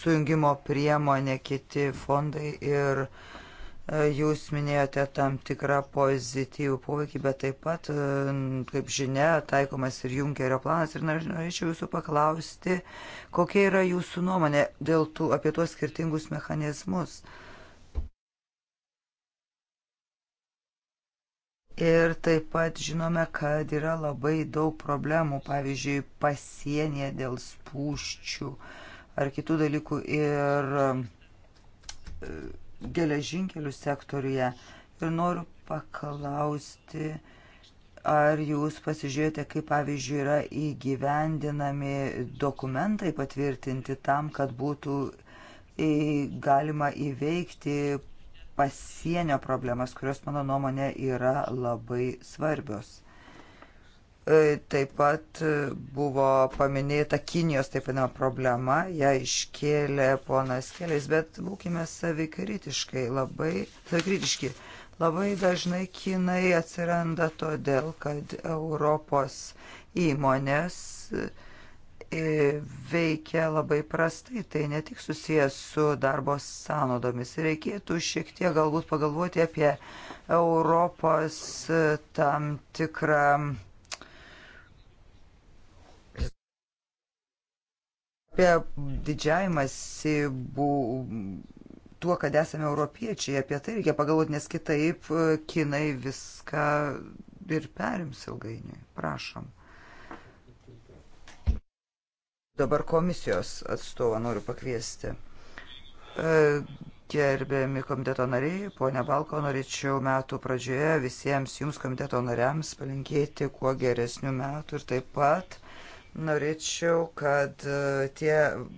sujungimo priemonė, kiti fondai ir uh, E, jūs minėjote tam tikrą pozityvų poveikį, bet taip pat, e, kaip žinia, taikomas ir Junkerio planas. Ir norėčiau jūsų paklausti, kokia yra jūsų nuomonė dėl tų apie tuos skirtingus mechanizmus. Ir taip pat žinome, kad yra labai daug problemų, pavyzdžiui, pasienyje dėl spūščių ar kitų dalykų. Ir e, geležinkelių sektoriuje. Ir noriu paklausti, ar jūs pasižiūrėjote, kaip pavyzdžiui yra įgyvendinami dokumentai patvirtinti tam, kad būtų galima įveikti pasienio problemas, kurios mano nuomonė yra labai svarbios. E, taip pat e, buvo paminėta Kinijos taip vadinama problema, ją iškėlė ponas Keliais, bet būkime savikritiškai, labai savikritiški. Labai dažnai Kinai atsiranda todėl, kad Europos įmonės e, veikia labai prastai. Tai ne tik susijęs su darbo sąnaudomis. Reikėtų šiek tiek galbūt pagalvoti apie Europos tam tikrą apie didžiavimąsi tuo, kad esame europiečiai, apie tai reikia pagalvoti, nes kitaip e, kinai viską ir perims ilgainiui. Prašom. Dabar komisijos atstovą noriu pakviesti. E, gerbiami komiteto nariai, ponia Balko, norėčiau metų pradžioje visiems jums komiteto nariams palinkėti kuo geresnių metų ir taip pat norėčiau, kad e, tie,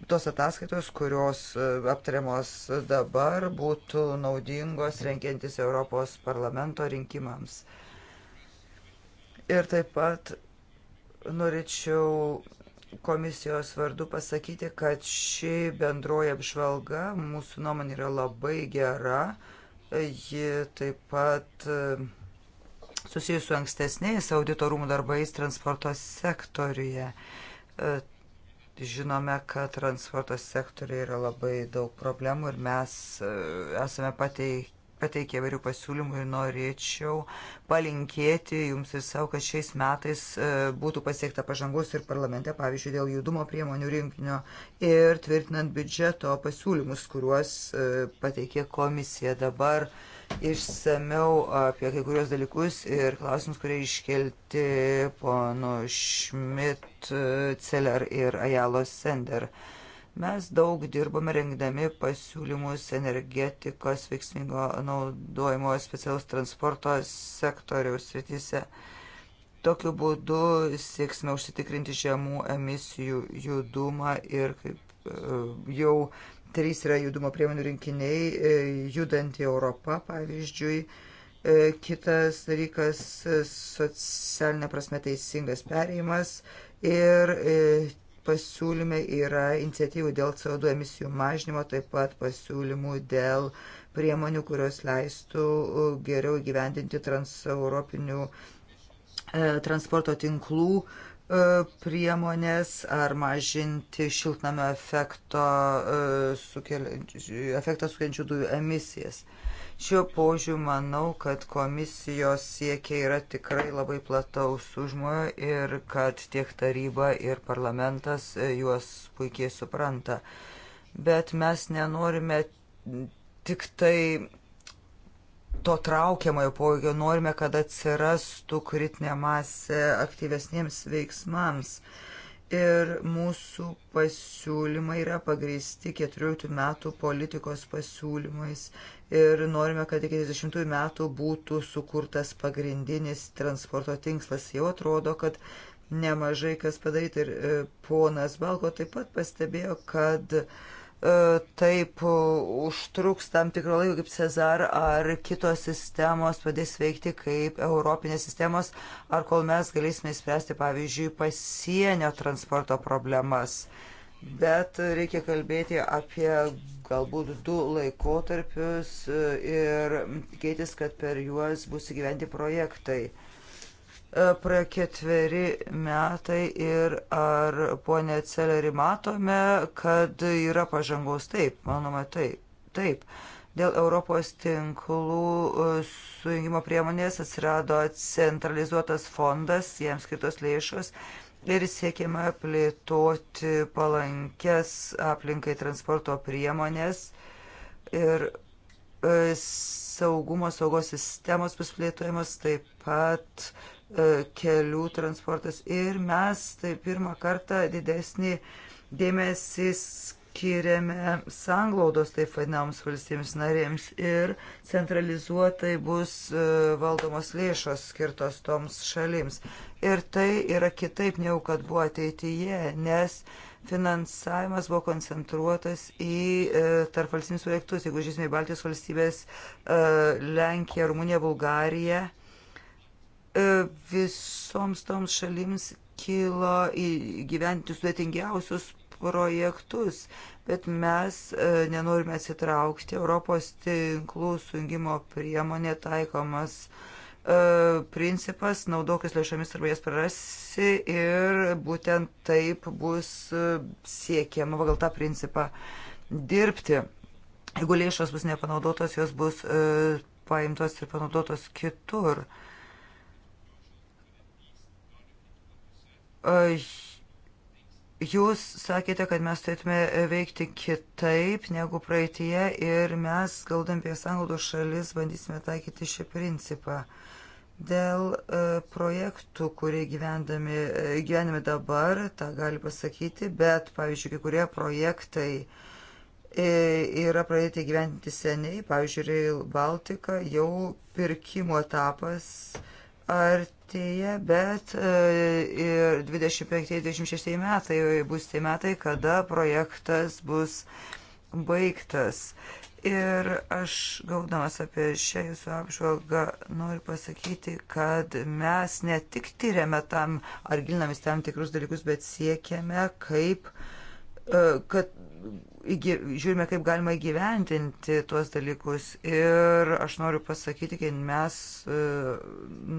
tos ataskaitos, kurios e, aptariamos dabar, būtų naudingos renkiantis Europos parlamento rinkimams. Ir taip pat norėčiau komisijos vardu pasakyti, kad ši bendroji apžvalga mūsų nuomonė yra labai gera. Ji taip pat e, susijus su ankstesniais auditorumų darbais transporto sektoriuje. E, žinome, kad transporto sektoriuje yra labai daug problemų ir mes e, esame pateikę pateikė įvairių pasiūlymų ir norėčiau palinkėti jums ir savo, kad šiais metais e, būtų pasiekta pažangos ir parlamente, pavyzdžiui, dėl judumo priemonių rinkinio ir tvirtinant biudžeto pasiūlymus, kuriuos pateikė komisija dabar. Uh, išsameu apie kai kurios dalykus ir klausimus, kurie iškelti pono Šmit, Celer ir Ajalo Sender. Mes daug dirbame rengdami pasiūlymus energetikos veiksmingo naudojimo specialus transporto sektoriaus srityse. Tokiu būdu sieksime užsitikrinti žemų emisijų judumą ir kaip e, jau Trys yra judumo priemonių rinkiniai, e, judant į Europą, pavyzdžiui. E, kitas dalykas - socialinė prasme teisingas perėjimas ir e, pasiūlyme yra iniciatyvų dėl CO2 emisijų mažnymo, taip pat pasiūlymų dėl priemonių, kurios leistų geriau gyvendinti transeuropinių transporto tinklų E, priemonės ar mažinti šiltnamio efekto e, sukeliančių dujų emisijas. Šiuo požiūriu manau, kad komisijos siekia yra tikrai labai plataus užmojo ir kad tiek taryba ir parlamentas e, juos puikiai supranta. Bet mes nenorime tik tai to traukiamojo poveikio, norime, kad atsirastų kritinė masė aktyvesniems veiksmams. Ir mūsų pasiūlymai yra pagrįsti 14 metų politikos pasiūlymais ir norime, kad iki 30 metų būtų sukurtas pagrindinis transporto tinkslas. Jau atrodo, kad nemažai kas padaryti ir e, ponas Balko taip pat pastebėjo, kad uh, E, taip e, užtruks tam tikro laiko kaip Cezar, ar kitos sistemos padės veikti kaip europinės sistemos, ar kol mes galėsime spręsti, pavyzdžiui, pasienio transporto problemas. Bet reikia kalbėti apie galbūt du laikotarpius e, ir keitis, kad per juos bus įgyventi projektai. E, praėjo ketveri metai ir ar ponė Celeri matome, kad yra pažangos? Taip, manoma, taip. taip. Dėl Europos tinklų e, sujungimo priemonės atsirado centralizuotas fondas, jiems skirtos lėšos ir siekiama plėtoti palankes aplinkai transporto priemonės ir e, saugumo saugos sistemos bus plėtojamos taip pat E, kelių transportas. Ir mes tai pirmą kartą didesnį dėmesį skiriame sanglaudos taip vadinamoms valstybėms narėms ir centralizuotai bus e, valdomos lėšos skirtos toms šalims. Ir tai yra kitaip negu kad buvo ateityje, nes finansavimas buvo koncentruotas į e, tarp valstybinius projektus, jeigu žiūrėsime į Baltijos valstybės, e, Lenkiją, Rumuniją, Bulgariją. E, E, visoms toms šalims kilo įgyventi sudėtingiausius projektus, bet mes e, nenorime atsitraukti. Europos tinklų sujungimo priemonė taikomas e, principas naudokis lėšomis arba jas prarasi ir būtent taip bus siekiama pagal tą principą dirbti. Jeigu lėšos bus nepanaudotos, jos bus paimtos ir panaudotos kitur. Uh, Jūs sakėte, kad mes turėtume veikti kitaip negu praeitie ir mes, gaudam apie sąnaudų šalis, bandysime taikyti šį principą. Dėl e, projektų, kurie gyvendami, e, gyvenami dabar, tą gali pasakyti, bet, pavyzdžiui, kai kurie projektai e, yra pradėti gyventi seniai, pavyzdžiui, Rail Baltica, jau pirkimo etapas ar artėja, bet e, ir 25-26 metai bus tie metai, kada projektas bus baigtas. Ir aš, gaudamas apie šią jūsų apžvalgą, noriu pasakyti, kad mes ne tik tyriame tam ar gilinamės tam tikrus dalykus, bet siekiame, kaip, e, kad žiūrime, kaip galima įgyventinti tuos dalykus. Ir aš noriu pasakyti, kad mes e,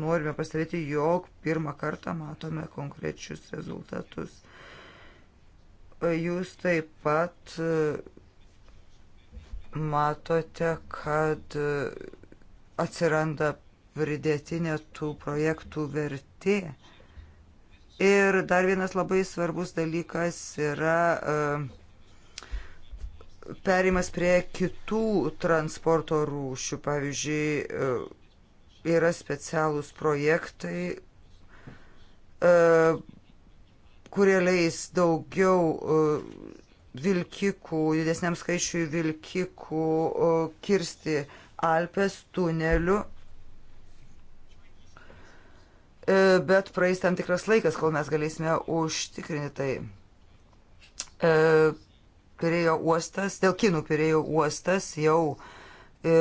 norime pasakyti, jog pirmą kartą matome konkrečius rezultatus. E, jūs taip pat e, matote, kad atsiranda pridėtinė tų projektų vertė. Ir dar vienas labai svarbus dalykas yra uh, perimas prie kitų transporto rūšių. Pavyzdžiui, e, yra specialūs projektai, e, kurie leis daugiau e, vilkikų, didesniam skaičiui vilkikų kirsti Alpės tuneliu. Bet praeis tam tikras laikas, kol mes galėsime užtikrinti tai Pirėjo uostas, dėl kinų Pirėjo uostas jau e,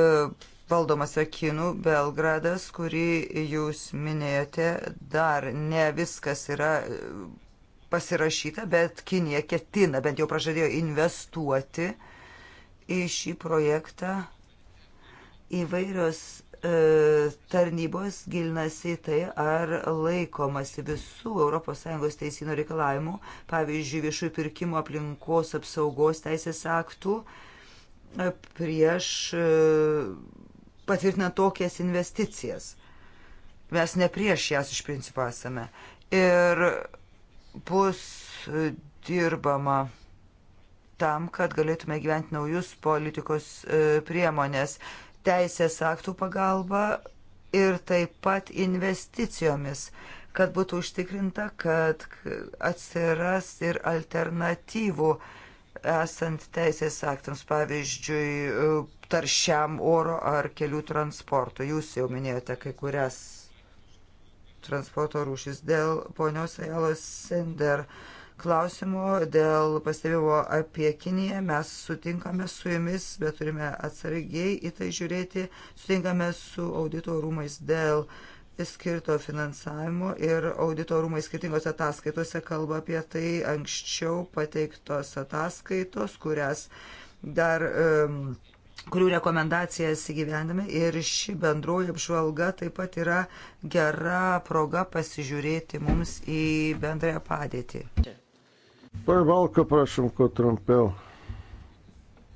valdomas yra kinų Belgradas, kurį jūs minėjote, dar ne viskas yra e, pasirašyta, bet Kinija ketina, bent jau pražadėjo investuoti į šį projektą įvairios E, tarnybos gilinasi į tai, ar laikomasi visų ES teisino reikalavimų, pavyzdžiui, viešųjų pirkimo aplinkos apsaugos teisės aktų e, prieš e, patvirtinant tokias investicijas. Mes ne prieš jas iš principo esame. Ir bus dirbama tam, kad galėtume gyventi naujus politikos priemonės. E, teisės aktų pagalba ir taip pat investicijomis, kad būtų užtikrinta, kad atsiras ir alternatyvų esant teisės aktams, pavyzdžiui, taršiam oro ar kelių transportui. Jūs jau minėjote kai kurias transporto rūšis dėl ponios Elos Sender. Uh, klausimų dėl pastebimo apie Kiniją. Mes sutinkame su jumis, bet turime atsargiai į tai žiūrėti. Sutinkame su audito rūmais dėl skirto finansavimo ir audito rūmai skirtingose ataskaitose kalba apie tai anksčiau pateiktos ataskaitos, kurias dar. Um, kurių rekomendacijas įgyvendame ir ši bendroji apžvalga taip pat yra gera proga pasižiūrėti mums į bendrąją padėtį. Čia. Pane Balko, prašom, kuo trumpiau.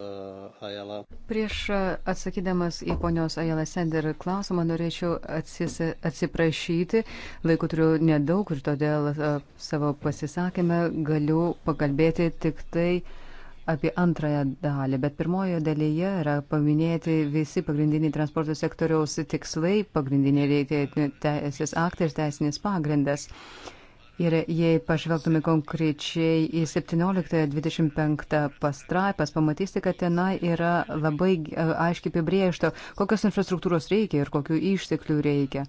Uh, Prieš uh, atsakydamas į ponios Ajala Sender klausimą norėčiau atsisi, atsiprašyti. Laiko turiu nedaug ir todėl uh, savo pasisakymę galiu pakalbėti tik tai apie antrąją dalį. Bet pirmojo dalyje yra paminėti visi pagrindiniai transporto sektoriaus tikslai, pagrindiniai reikia teisės aktai ir teisinis pagrindas. Uh, Ir jei pažvelgtume konkrečiai į 17-25 pastraipas, pamatysite, kad tenai yra labai aiškiai apibriežta, kokios infrastruktūros reikia ir kokiu išteklių reikia.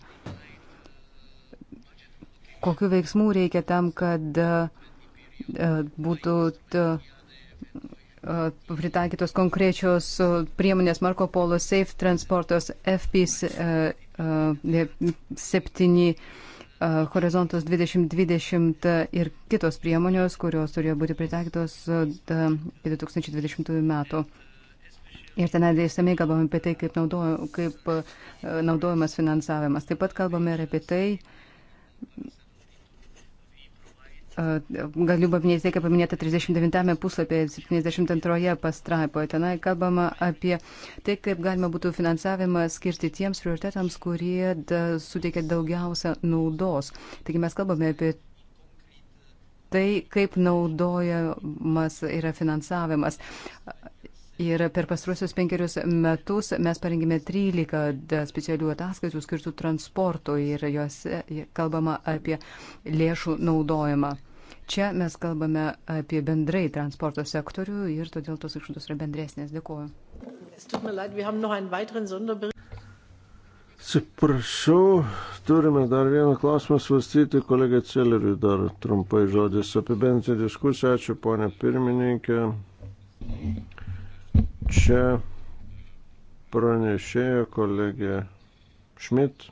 Kokiu veiksmų reikia tam, kad būtų pritaikytos konkrečios priemonės Marko Polo Safe Transportos FP7 Horizontas 2020 ir kitos priemonės, kurios turėjo būti pritaikytos iki 2020 metų. Ir ten įsamei kalbame apie tai, kaip, naudoju, kaip naudojamas finansavimas. Taip pat kalbame ir apie tai, galiu paminėti tai, ką paminėta 39 puslapyje, 72 pastraipoje. Tenai kalbama apie tai, kaip galima būtų finansavimą skirti tiems prioritetams, kurie da, suteikia daugiausia naudos. Taigi mes kalbame apie tai, kaip naudojamas yra finansavimas. Ir per pastruosius penkerius metus mes parengėme 13 specialių ataskaitų skirtų transportui ir juose kalbama apie lėšų naudojimą. Čia mes kalbame apie bendrai transporto sektorių ir todėl tos išvados yra bendresnės. Dėkuoju. Atsiprašau, turime dar vieną klausimą svarstyti. Kolega Celeriui dar trumpai žodis apibendrinti diskusiją. Ačiū, ponė pirmininkė. Čia pranešėjo kolegė Šmit.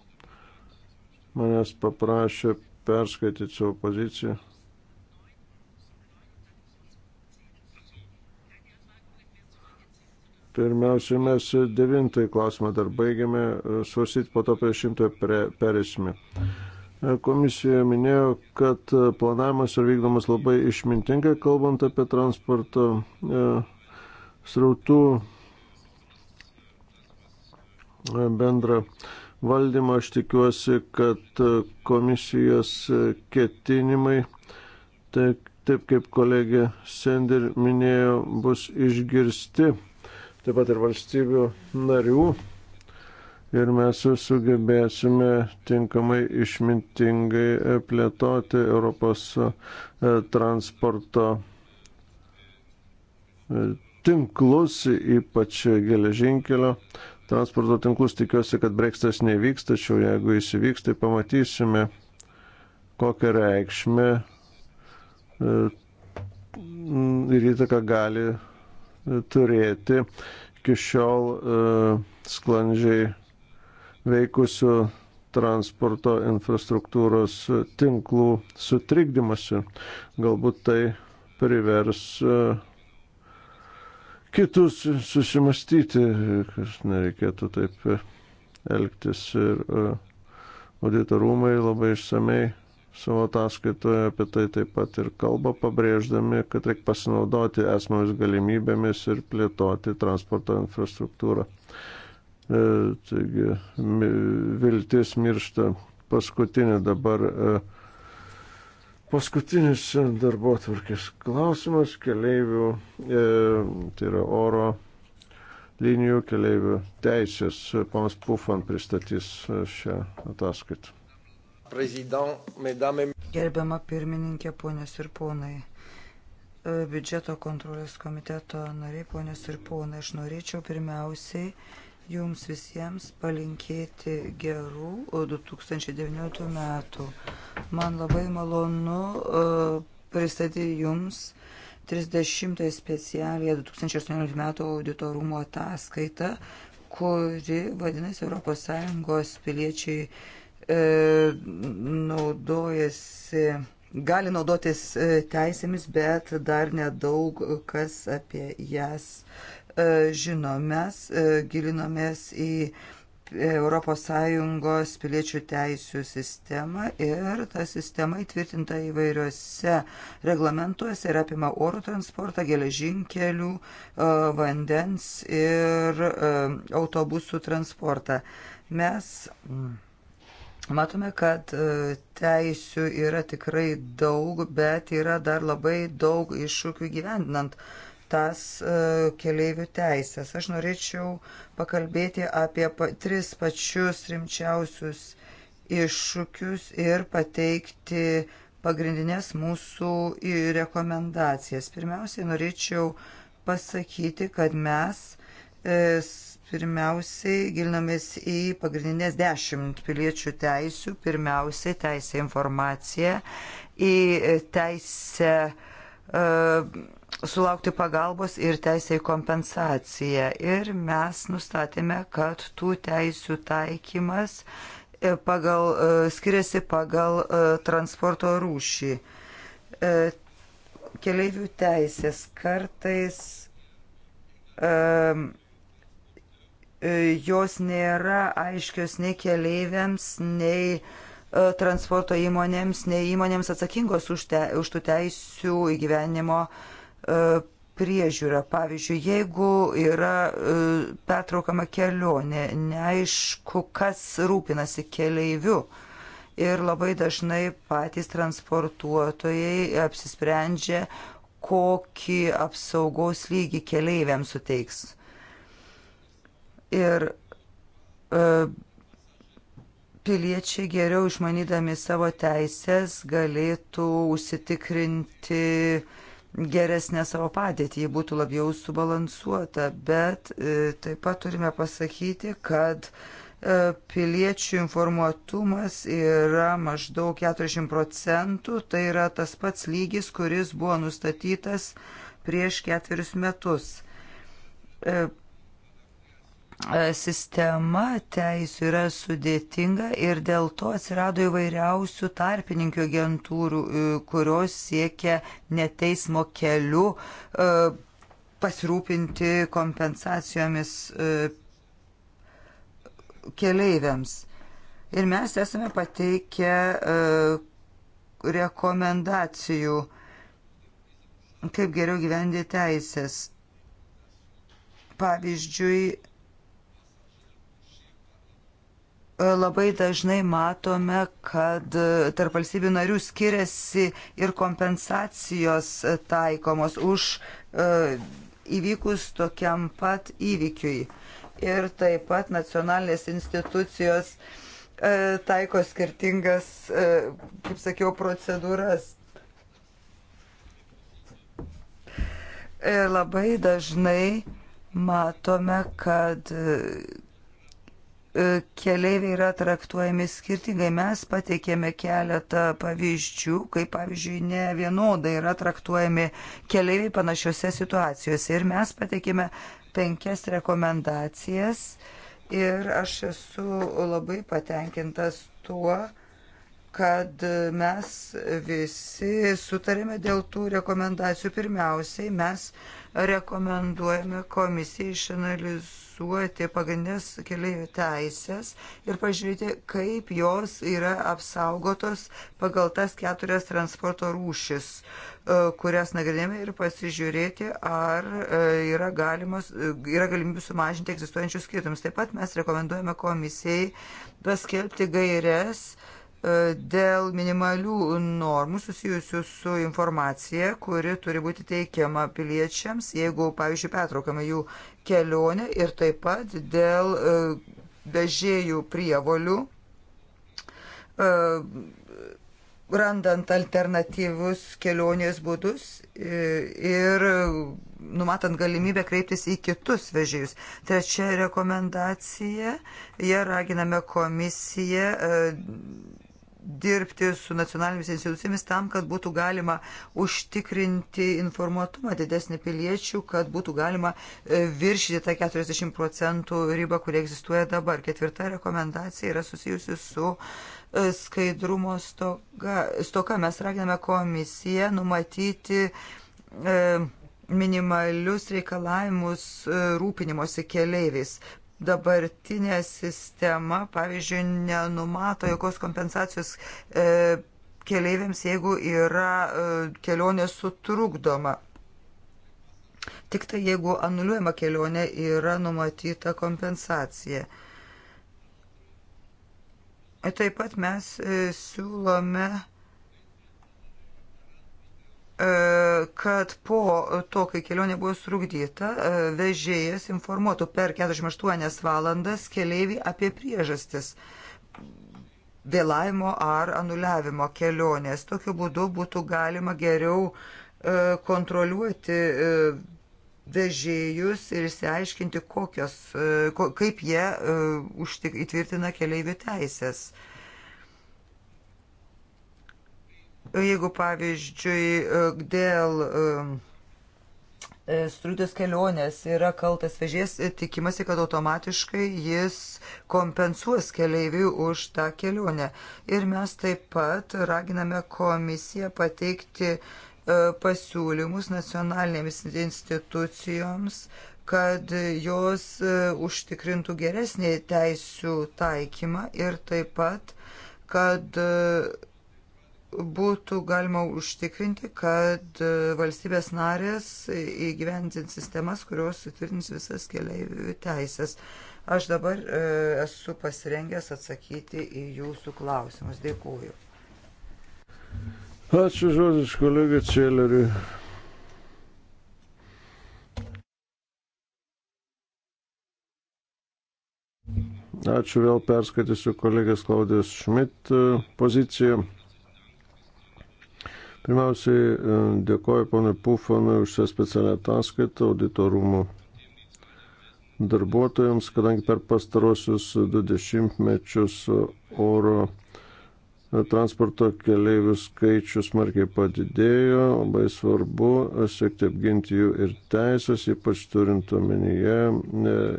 Manęs paprašė perskaityti savo poziciją. Pirmiausia, mes devintąjį klausimą dar baigiame svarstyti, po to prie šimtojo perėsime. Komisija minėjo, kad planavimas yra vykdomas labai išmintingai, kalbant apie transporto e, srautų e, bendrą valdymą. Aš tikiuosi, kad komisijos ketinimai, taip, taip kaip kolegė Sender minėjo, bus išgirsti taip pat ir valstybių narių. Ir mes sugebėsime tinkamai išmintingai e, plėtoti Europos e, transporto e, tinklus, ypač geležinkelio transporto tinklus. Tikiuosi, kad brekstas nevyks, tačiau jeigu jis įvyks, tai pamatysime, kokią reikšmę ir įtaką gali turėti iki šiol e, sklandžiai veikusių transporto infrastruktūros tinklų sutrikdymuose. Galbūt tai privers e, kitus susimastyti, kas nereikėtų taip elgtis. Ir e, auditorumai labai išsamei savo ataskaitoje apie tai taip pat ir kalba, pabrėždami, kad reikia pasinaudoti esamomis galimybėmis ir plėtoti transporto infrastruktūrą. E, taigi viltis miršta paskutinė dabar. E, paskutinis darbo atvarkės klausimas keleivių, e, tai yra oro linijų keleivių teisės. Ponas Pufan pristatys e, šią ataskaitą. Gerbiama pirmininkė, ponios ir ponai, e, biudžeto kontrolės komiteto nariai, ponios ir ponai, aš norėčiau pirmiausiai jums visiems palinkėti gerų 2019 metų. Man labai malonu e, pristatyti jums 30 specialiją 2018 metų auditorumo ataskaitą, kuri vadinasi ES piliečiai E, naudojasi, gali naudotis e, teisėmis, bet dar nedaug kas apie jas e, žino. Mes gilinomės į ES piliečių teisų sistemą ir ta sistema įtvirtinta įvairiuose reglamentuose ir apima oro transportą, geležinkelių, vandens ir autobusų transportą. Mes mm Matome, kad e, teisių yra tikrai daug, bet yra dar labai daug iššūkių gyvendinant tas e, keliaivių teisės. Aš norėčiau pakalbėti apie tris pačius rimčiausius iššūkius ir pateikti pagrindinės mūsų rekomendacijas. Pirmiausiai norėčiau pasakyti, kad mes e, Pirmiausiai gilinamės į pagrindinės dešimt piliečių teisių. Pirmiausiai teisė informacija, į teisę uh, sulaukti pagalbos ir teisę į kompensaciją. Ir mes nustatėme, kad tų teisių taikymas e, pagal, uh, skiriasi pagal uh, transporto rūšį. Uh, keleivių teisės kartais. Um, E, jos nėra aiškios nei keleiviams, nei e, transporto įmonėms, nei įmonėms atsakingos už, te, už tų teisių įgyvenimo e, priežiūrą. Pavyzdžiui, jeigu yra pertraukama kelionė, neaišku, kas rūpinasi keleiviu. Ir labai dažnai patys transportuotojai apsisprendžia, kokį apsaugos lygį keleiviams suteiks Ir e, piliečiai geriau išmanydami savo teisės galėtų užsitikrinti geresnę savo padėtį, ji būtų labiau subalansuota, bet e, taip pat turime pasakyti, kad e, piliečių informuotumas yra maždaug 40 procentų, tai yra tas pats lygis, kuris buvo nustatytas prieš ketverius metus. E, E, sistema teisų yra sudėtinga ir dėl to atsirado įvairiausių tarpininkų agentūrų, e, kurios siekia neteismo keliu e, pasirūpinti kompensacijomis keleiviams. Ir mes esame pateikę rekomendacijų, kaip geriau gyventi teisės. Pavyzdžiui, labai dažnai matome, kad e, tarp valstybių narių skiriasi ir kompensacijos e, taikomos už e, įvykus tokiam pat įvykiui. Ir taip pat nacionalinės institucijos taiko skirtingas, kaip sakiau, procedūras. Ir labai dažnai matome, kad E, keliaiviai yra traktuojami skirtingai. Mes pateikėme keletą pavyzdžių, kaip pavyzdžiui ne vienodai yra traktuojami keliaiviai panašiose situacijose. Ir mes pateikėme penkias rekomendacijas ir aš esu labai patenkintas tuo, kad mes visi sutarėme dėl tų rekomendacijų. Pirmiausiai mes rekomenduojame komisijai išanalizuoti pagrindinės keliaivių teisės ir pažiūrėti, kaip jos yra apsaugotos pagal tas keturias transporto rūšis, e, kurias nagrinėme ir pasižiūrėti, ar e, yra, galimas, yra galimybių sumažinti egzistuojančius skirtumus. Taip pat mes rekomenduojame komisijai paskelbti gairias, E, dėl minimalių normų susijusių su informacija, kuri turi būti teikiama piliečiams, jeigu, pavyzdžiui, pertraukama jų kelionė ir taip pat dėl e, vežėjų prievolių e, randant alternatyvus kelionės būdus ir numatant galimybę kreiptis į kitus vežėjus. Trečia rekomendacija, jie raginame komisiją dirbti su nacionalinėmis institucijomis tam, kad būtų galima užtikrinti informuotumą didesnį piliečių, kad būtų galima e, viršyti tą 40 procentų ribą, kuri egzistuoja dabar. Ketvirta rekomendacija yra susijusi su e, skaidrumo stoka. Mes raginame komisiją numatyti e, minimalius reikalavimus rūpinimosi keleiviais dabartinė sistema, pavyzdžiui, nenumato jokios kompensacijos e, keleiviams, jeigu yra e, kelionė sutrukdoma. Tik tai jeigu anuliuojama kelionė yra numatyta kompensacija. Taip pat mes e, siūlome kad po to, kai kelionė buvo surugdyta, e, vežėjas informuotų per 48 valandas keleivį apie priežastis vėlavimo ar anuliavimo kelionės. Tokiu būdu būtų galima geriau e, kontroliuoti e, vežėjus ir išsiaiškinti, kokios, kaip jie įtvirtina keleivių teisės. Jeigu pavyzdžiui e, dėl e, e, strudės kelionės yra kaltas vežės, tikimasi, kad automatiškai jis kompensuos keleiviui už tą kelionę. Ir mes taip pat raginame komisiją pateikti pasiūlymus nacionalinėms institucijoms, kad jos užtikrintų geresnį teisų taikymą ir taip pat, kad būtų galima užtikrinti, kad e, valstybės narės įgyvendins sistemas, kurios sutvirtins visas keliaivių teisės. Aš dabar e, esu pasirengęs atsakyti į jūsų klausimus. Dėkuoju. Ačiū žodis kolegai Čeleriui. Ačiū vėl perskaitysiu kolegės Klaudijos Šmit e, poziciją. Pirmiausiai e, dėkoju ponui Pufanui už šią specialią ataskaitą auditorumų darbuotojams, kadangi per pastarosius 20 mečius oro e, transporto keliaivių skaičius smarkiai padidėjo, labai svarbu e, siekti apginti jų ir teisės, ypač turint omenyje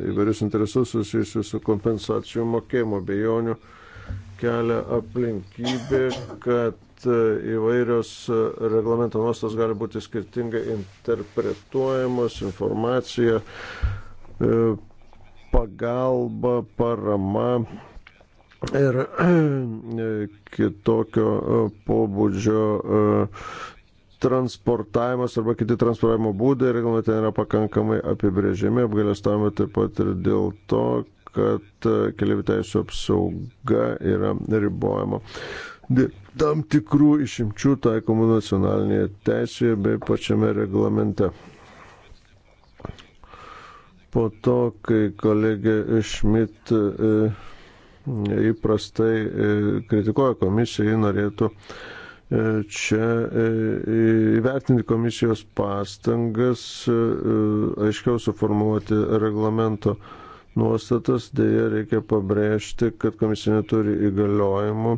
įvairius interesus susijusius su kompensacijų mokėjimo bejonių kelia aplinkybė, kad kad e, įvairios e, reglamento nuostos gali būti skirtingai interpretuojamos, informacija, e, pagalba, parama ir kitokio pobūdžio transportavimas arba kiti transportavimo būdai reglamente yra pakankamai apibrėžiami, apgalėstavome taip pat ir dėl to, kad keliaivių teisų apsauga yra ribojama. Di tam tikrų išimčių taikomų nacionalinėje teisėje bei pačiame reglamente. Po to, kai kolegė Šmit e, įprastai e, kritikuoja komisiją, ji norėtų e, čia įvertinti komisijos pastangas, aiškiau suformuoti reglamento nuostatas, dėja reikia pabrėžti, kad komisija neturi įgaliojimų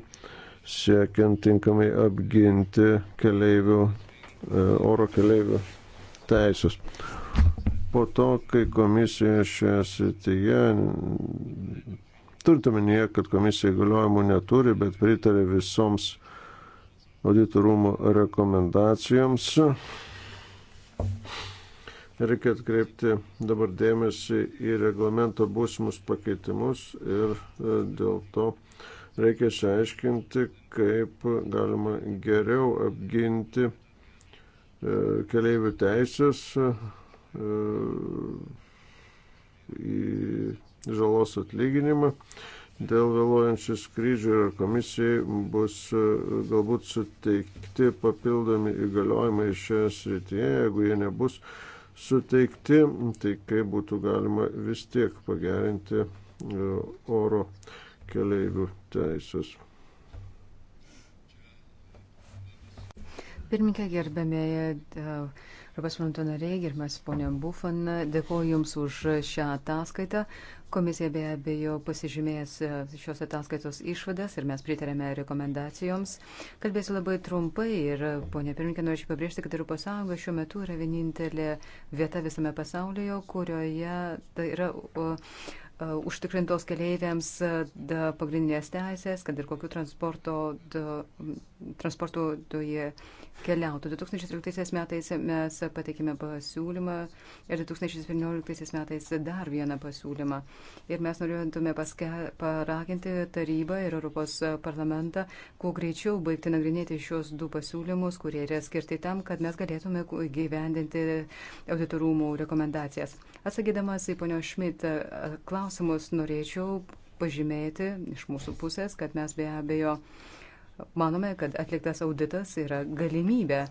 siekiant tinkamai apginti keleivių, e, oro keleivių teisės. Po to, kai komisija šioje srityje, turint omenyje, kad komisija įgaliojimų neturi, bet pritarė visoms auditorumo rekomendacijoms, reikia atkreipti dabar dėmesį į reglamento būsimus pakeitimus ir e, dėl to Reikia išaiškinti, kaip galima geriau apginti e, keliaivių teisės e, į žalos atlyginimą dėl vėluojančių skrydžių ir komisijai bus e, galbūt suteikti papildomi įgaliojimai šioje srityje, jeigu jie nebus suteikti, tai kaip būtų galima vis tiek pagerinti oro keleivių teisės. Pirmininkė gerbėmėje, Europos parlamento nariai, gerbiamas ponė Bufan, dėkoju Jums už šią ataskaitą. Komisija be abejo pasižymės e, šios ataskaitos išvadas ir mes pritarėme rekomendacijoms. Kalbėsiu labai trumpai ir, ponė pirmininkė, norėčiau pabrėžti, kad Europos Sąjunga šiuo metu yra vienintelė vieta visame pasaulyje, kurioje tai yra. O, E, užtikrintos keleiviams e, pagrindinės teisės, kad ir kokiu transporto, transportu jie keliautų. 2013 metais mes pateikėme pasiūlymą ir 2017 metais dar vieną pasiūlymą. Ir mes norėtume paske, paraginti tarybą ir Europos parlamentą, kuo greičiau baigti nagrinėti šios du pasiūlymus, kurie yra skirti tam, kad mes galėtume gyvendinti auditorumų rekomendacijas. Atsakydamas į ponio Šmit e, klausimą, klausimus, norėčiau pažymėti iš mūsų pusės, kad mes be abejo manome, kad atliktas auditas yra galimybė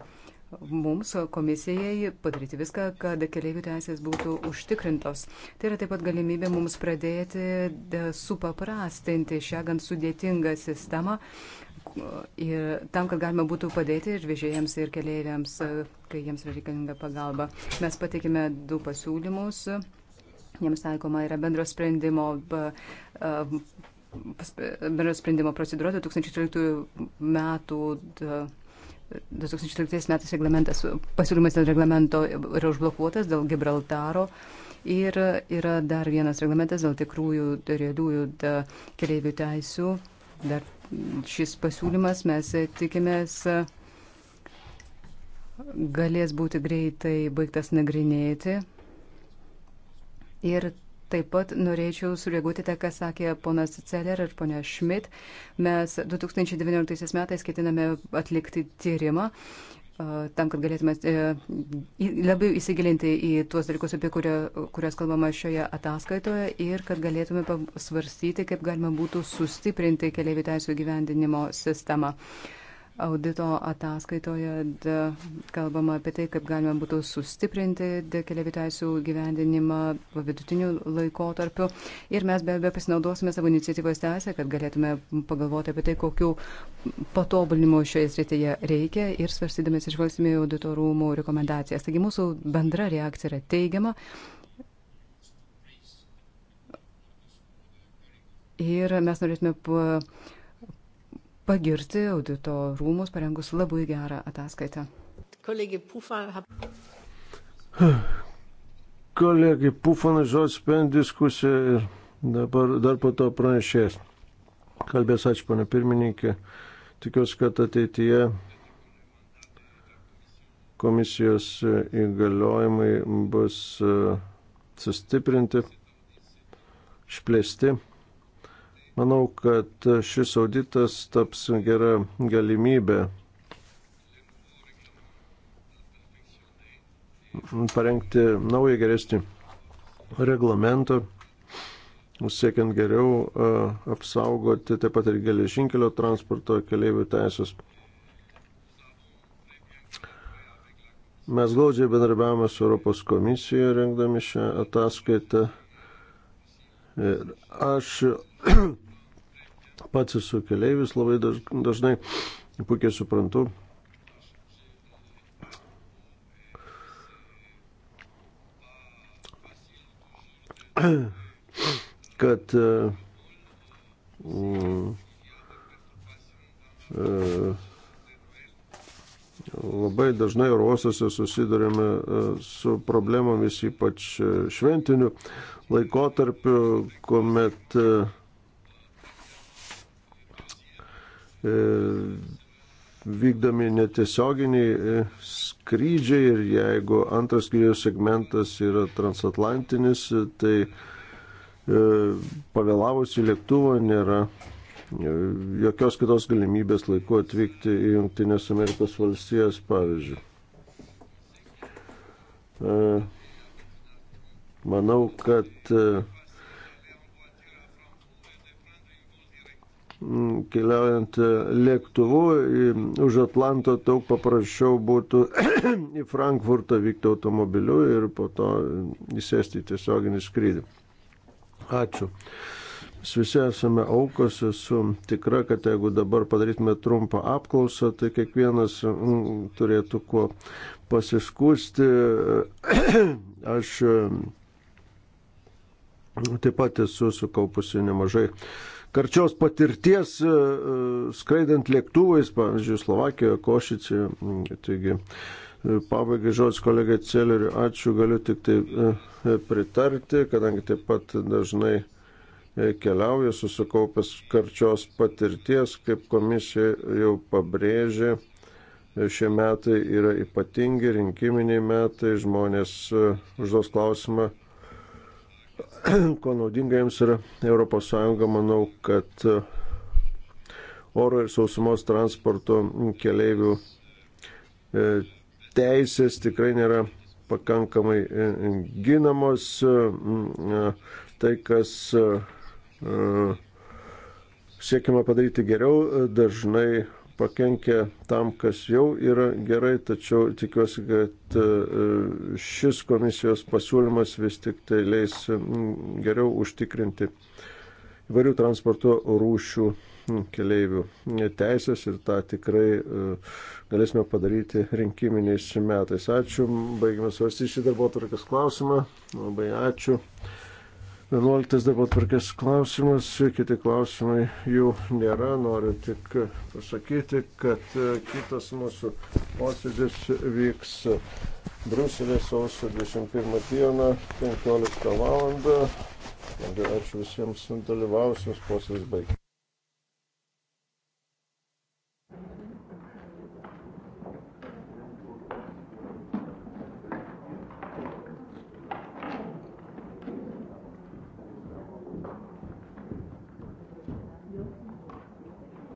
mums komisijai padaryti viską, kad keliaivių teisės būtų užtikrintos. Tai yra taip pat galimybė mums pradėti supaprastinti šią gan sudėtingą sistemą ir tam, kad galima būtų padėti ir vežėjams, ir keliaiviams, kai jiems yra reikalinga pagalba. Mes pateikime du pasiūlymus jiems taikoma yra bendro sprendimo, bendro sprendimo procedūra 2013 metų. 2013 metais reglamentas, pasiūlymas dėl reglamento yra užblokuotas dėl Gibraltaro ir yra dar vienas reglamentas dėl tikrųjų realiųjų keliaivių teisių. Dar šis pasiūlymas mes tikimės galės būti greitai baigtas nagrinėti. Ir taip pat norėčiau sureaguoti tą, ką sakė ponas Celer ir ponia Šmit. Mes 2019 metais ketiname atlikti tyrimą tam, kad galėtume e, labiau įsigilinti į tuos dalykus, apie kurio, kurios kalbama šioje ataskaitoje ir kad galėtume pasvarstyti, kaip galima būtų sustiprinti keliaivių teisų gyvendinimo sistemą. Uh, Audito ataskaitoje kalbama apie tai, kaip galima būtų sustiprinti keliavių teisų gyvendinimą vidutiniu laikotarpiu. Ir mes be abejo pasinaudosime savo iniciatyvos teisę, kad galėtume pagalvoti apie tai, kokiu patobulinimu šioje srityje reikia ir svarstydamės išvalsime audito rūmų rekomendacijas. Taigi mūsų bendra reakcija yra teigiama. Ir mes norėtume. Pa, pagirti audito rūmus parengus labai gerą ataskaitą. Kolegė Pufa. Kolegė Pufanas žodis spend diskusiją ir dabar dar po to pranešės. Kalbės ačiū, pana pirmininkė. Tikiuosi, kad ateityje komisijos įgaliojimai bus e, sustiprinti, išplėsti. Manau, kad šis auditas taps gera galimybė parengti naują geresnį reglamentą, siekiant geriau apsaugoti taip pat ir geležinkelio transporto keliaivių teisės. Mes glaudžiai bendrabiavame su Europos komisija rengdami šią ataskaitą Aš pats esu keleivis labai dažnai, puikiai suprantu. kad uh, uh, Labai dažnai ruosiuose susidurėme e, su problemomis, ypač e, šventiniu laikotarpiu, kuomet e, vykdomi netiesioginiai skrydžiai ir jeigu antras skrydžio segmentas yra transatlantinis, tai pavėlavus į lėktuvą nėra jokios kitos galimybės laiku atvykti į Junktinės Amerikos valstijas, pavyzdžiui. E, manau, kad e, keliaujant e, lėktuvu už Atlanto daug paprasčiau būtų į Frankfurtą vykti automobiliu ir po to įsėsti į tiesioginį skrydį. Ačiū. Mes visi esame aukos, esu tikra, kad jeigu dabar padarytume trumpą apklausą, tai kiekvienas mm, turėtų kuo pasiskūsti. Aš mm, taip pat esu sukaupusi nemažai karčios patirties e, e, skraidant lėktuvais, pavyzdžiui, Slovakijoje, Košicijoje. Mm, taigi, e, pabaigai žodis kolegai Celeriu, ačiū, galiu tik tai pritarti, kadangi taip pat dažnai keliauja susikaupęs karčios patirties, kaip komisija jau pabrėžė. Šie metai yra ypatingi, rinkiminiai metai, žmonės e, užduos klausimą, ko naudinga jiems yra ES, manau, kad e, oro ir sausumos transporto keleivių e, teisės tikrai nėra pakankamai ginamos. Tai, kas E, siekiama padaryti geriau, e, dažnai pakenkia tam, kas jau yra gerai, tačiau tikiuosi, kad e, šis komisijos pasiūlymas vis tik tai leis geriau užtikrinti įvairių transporto rūšių keleivių teisės ir tą tikrai galėsime padaryti rinkiminiais metais. Ačiū, baigime svarstyti šį darbo tvarkės klausimą. Labai ačiū. 11 darbo tvarkės klausimas, kiti klausimai jų nėra. Noriu tik pasakyti, kad e, kitas mūsų posėdis vyks Bruselė sausio 21 dieną 15 val. Ačiū visiems dalyvausiams, posėdis baigtas.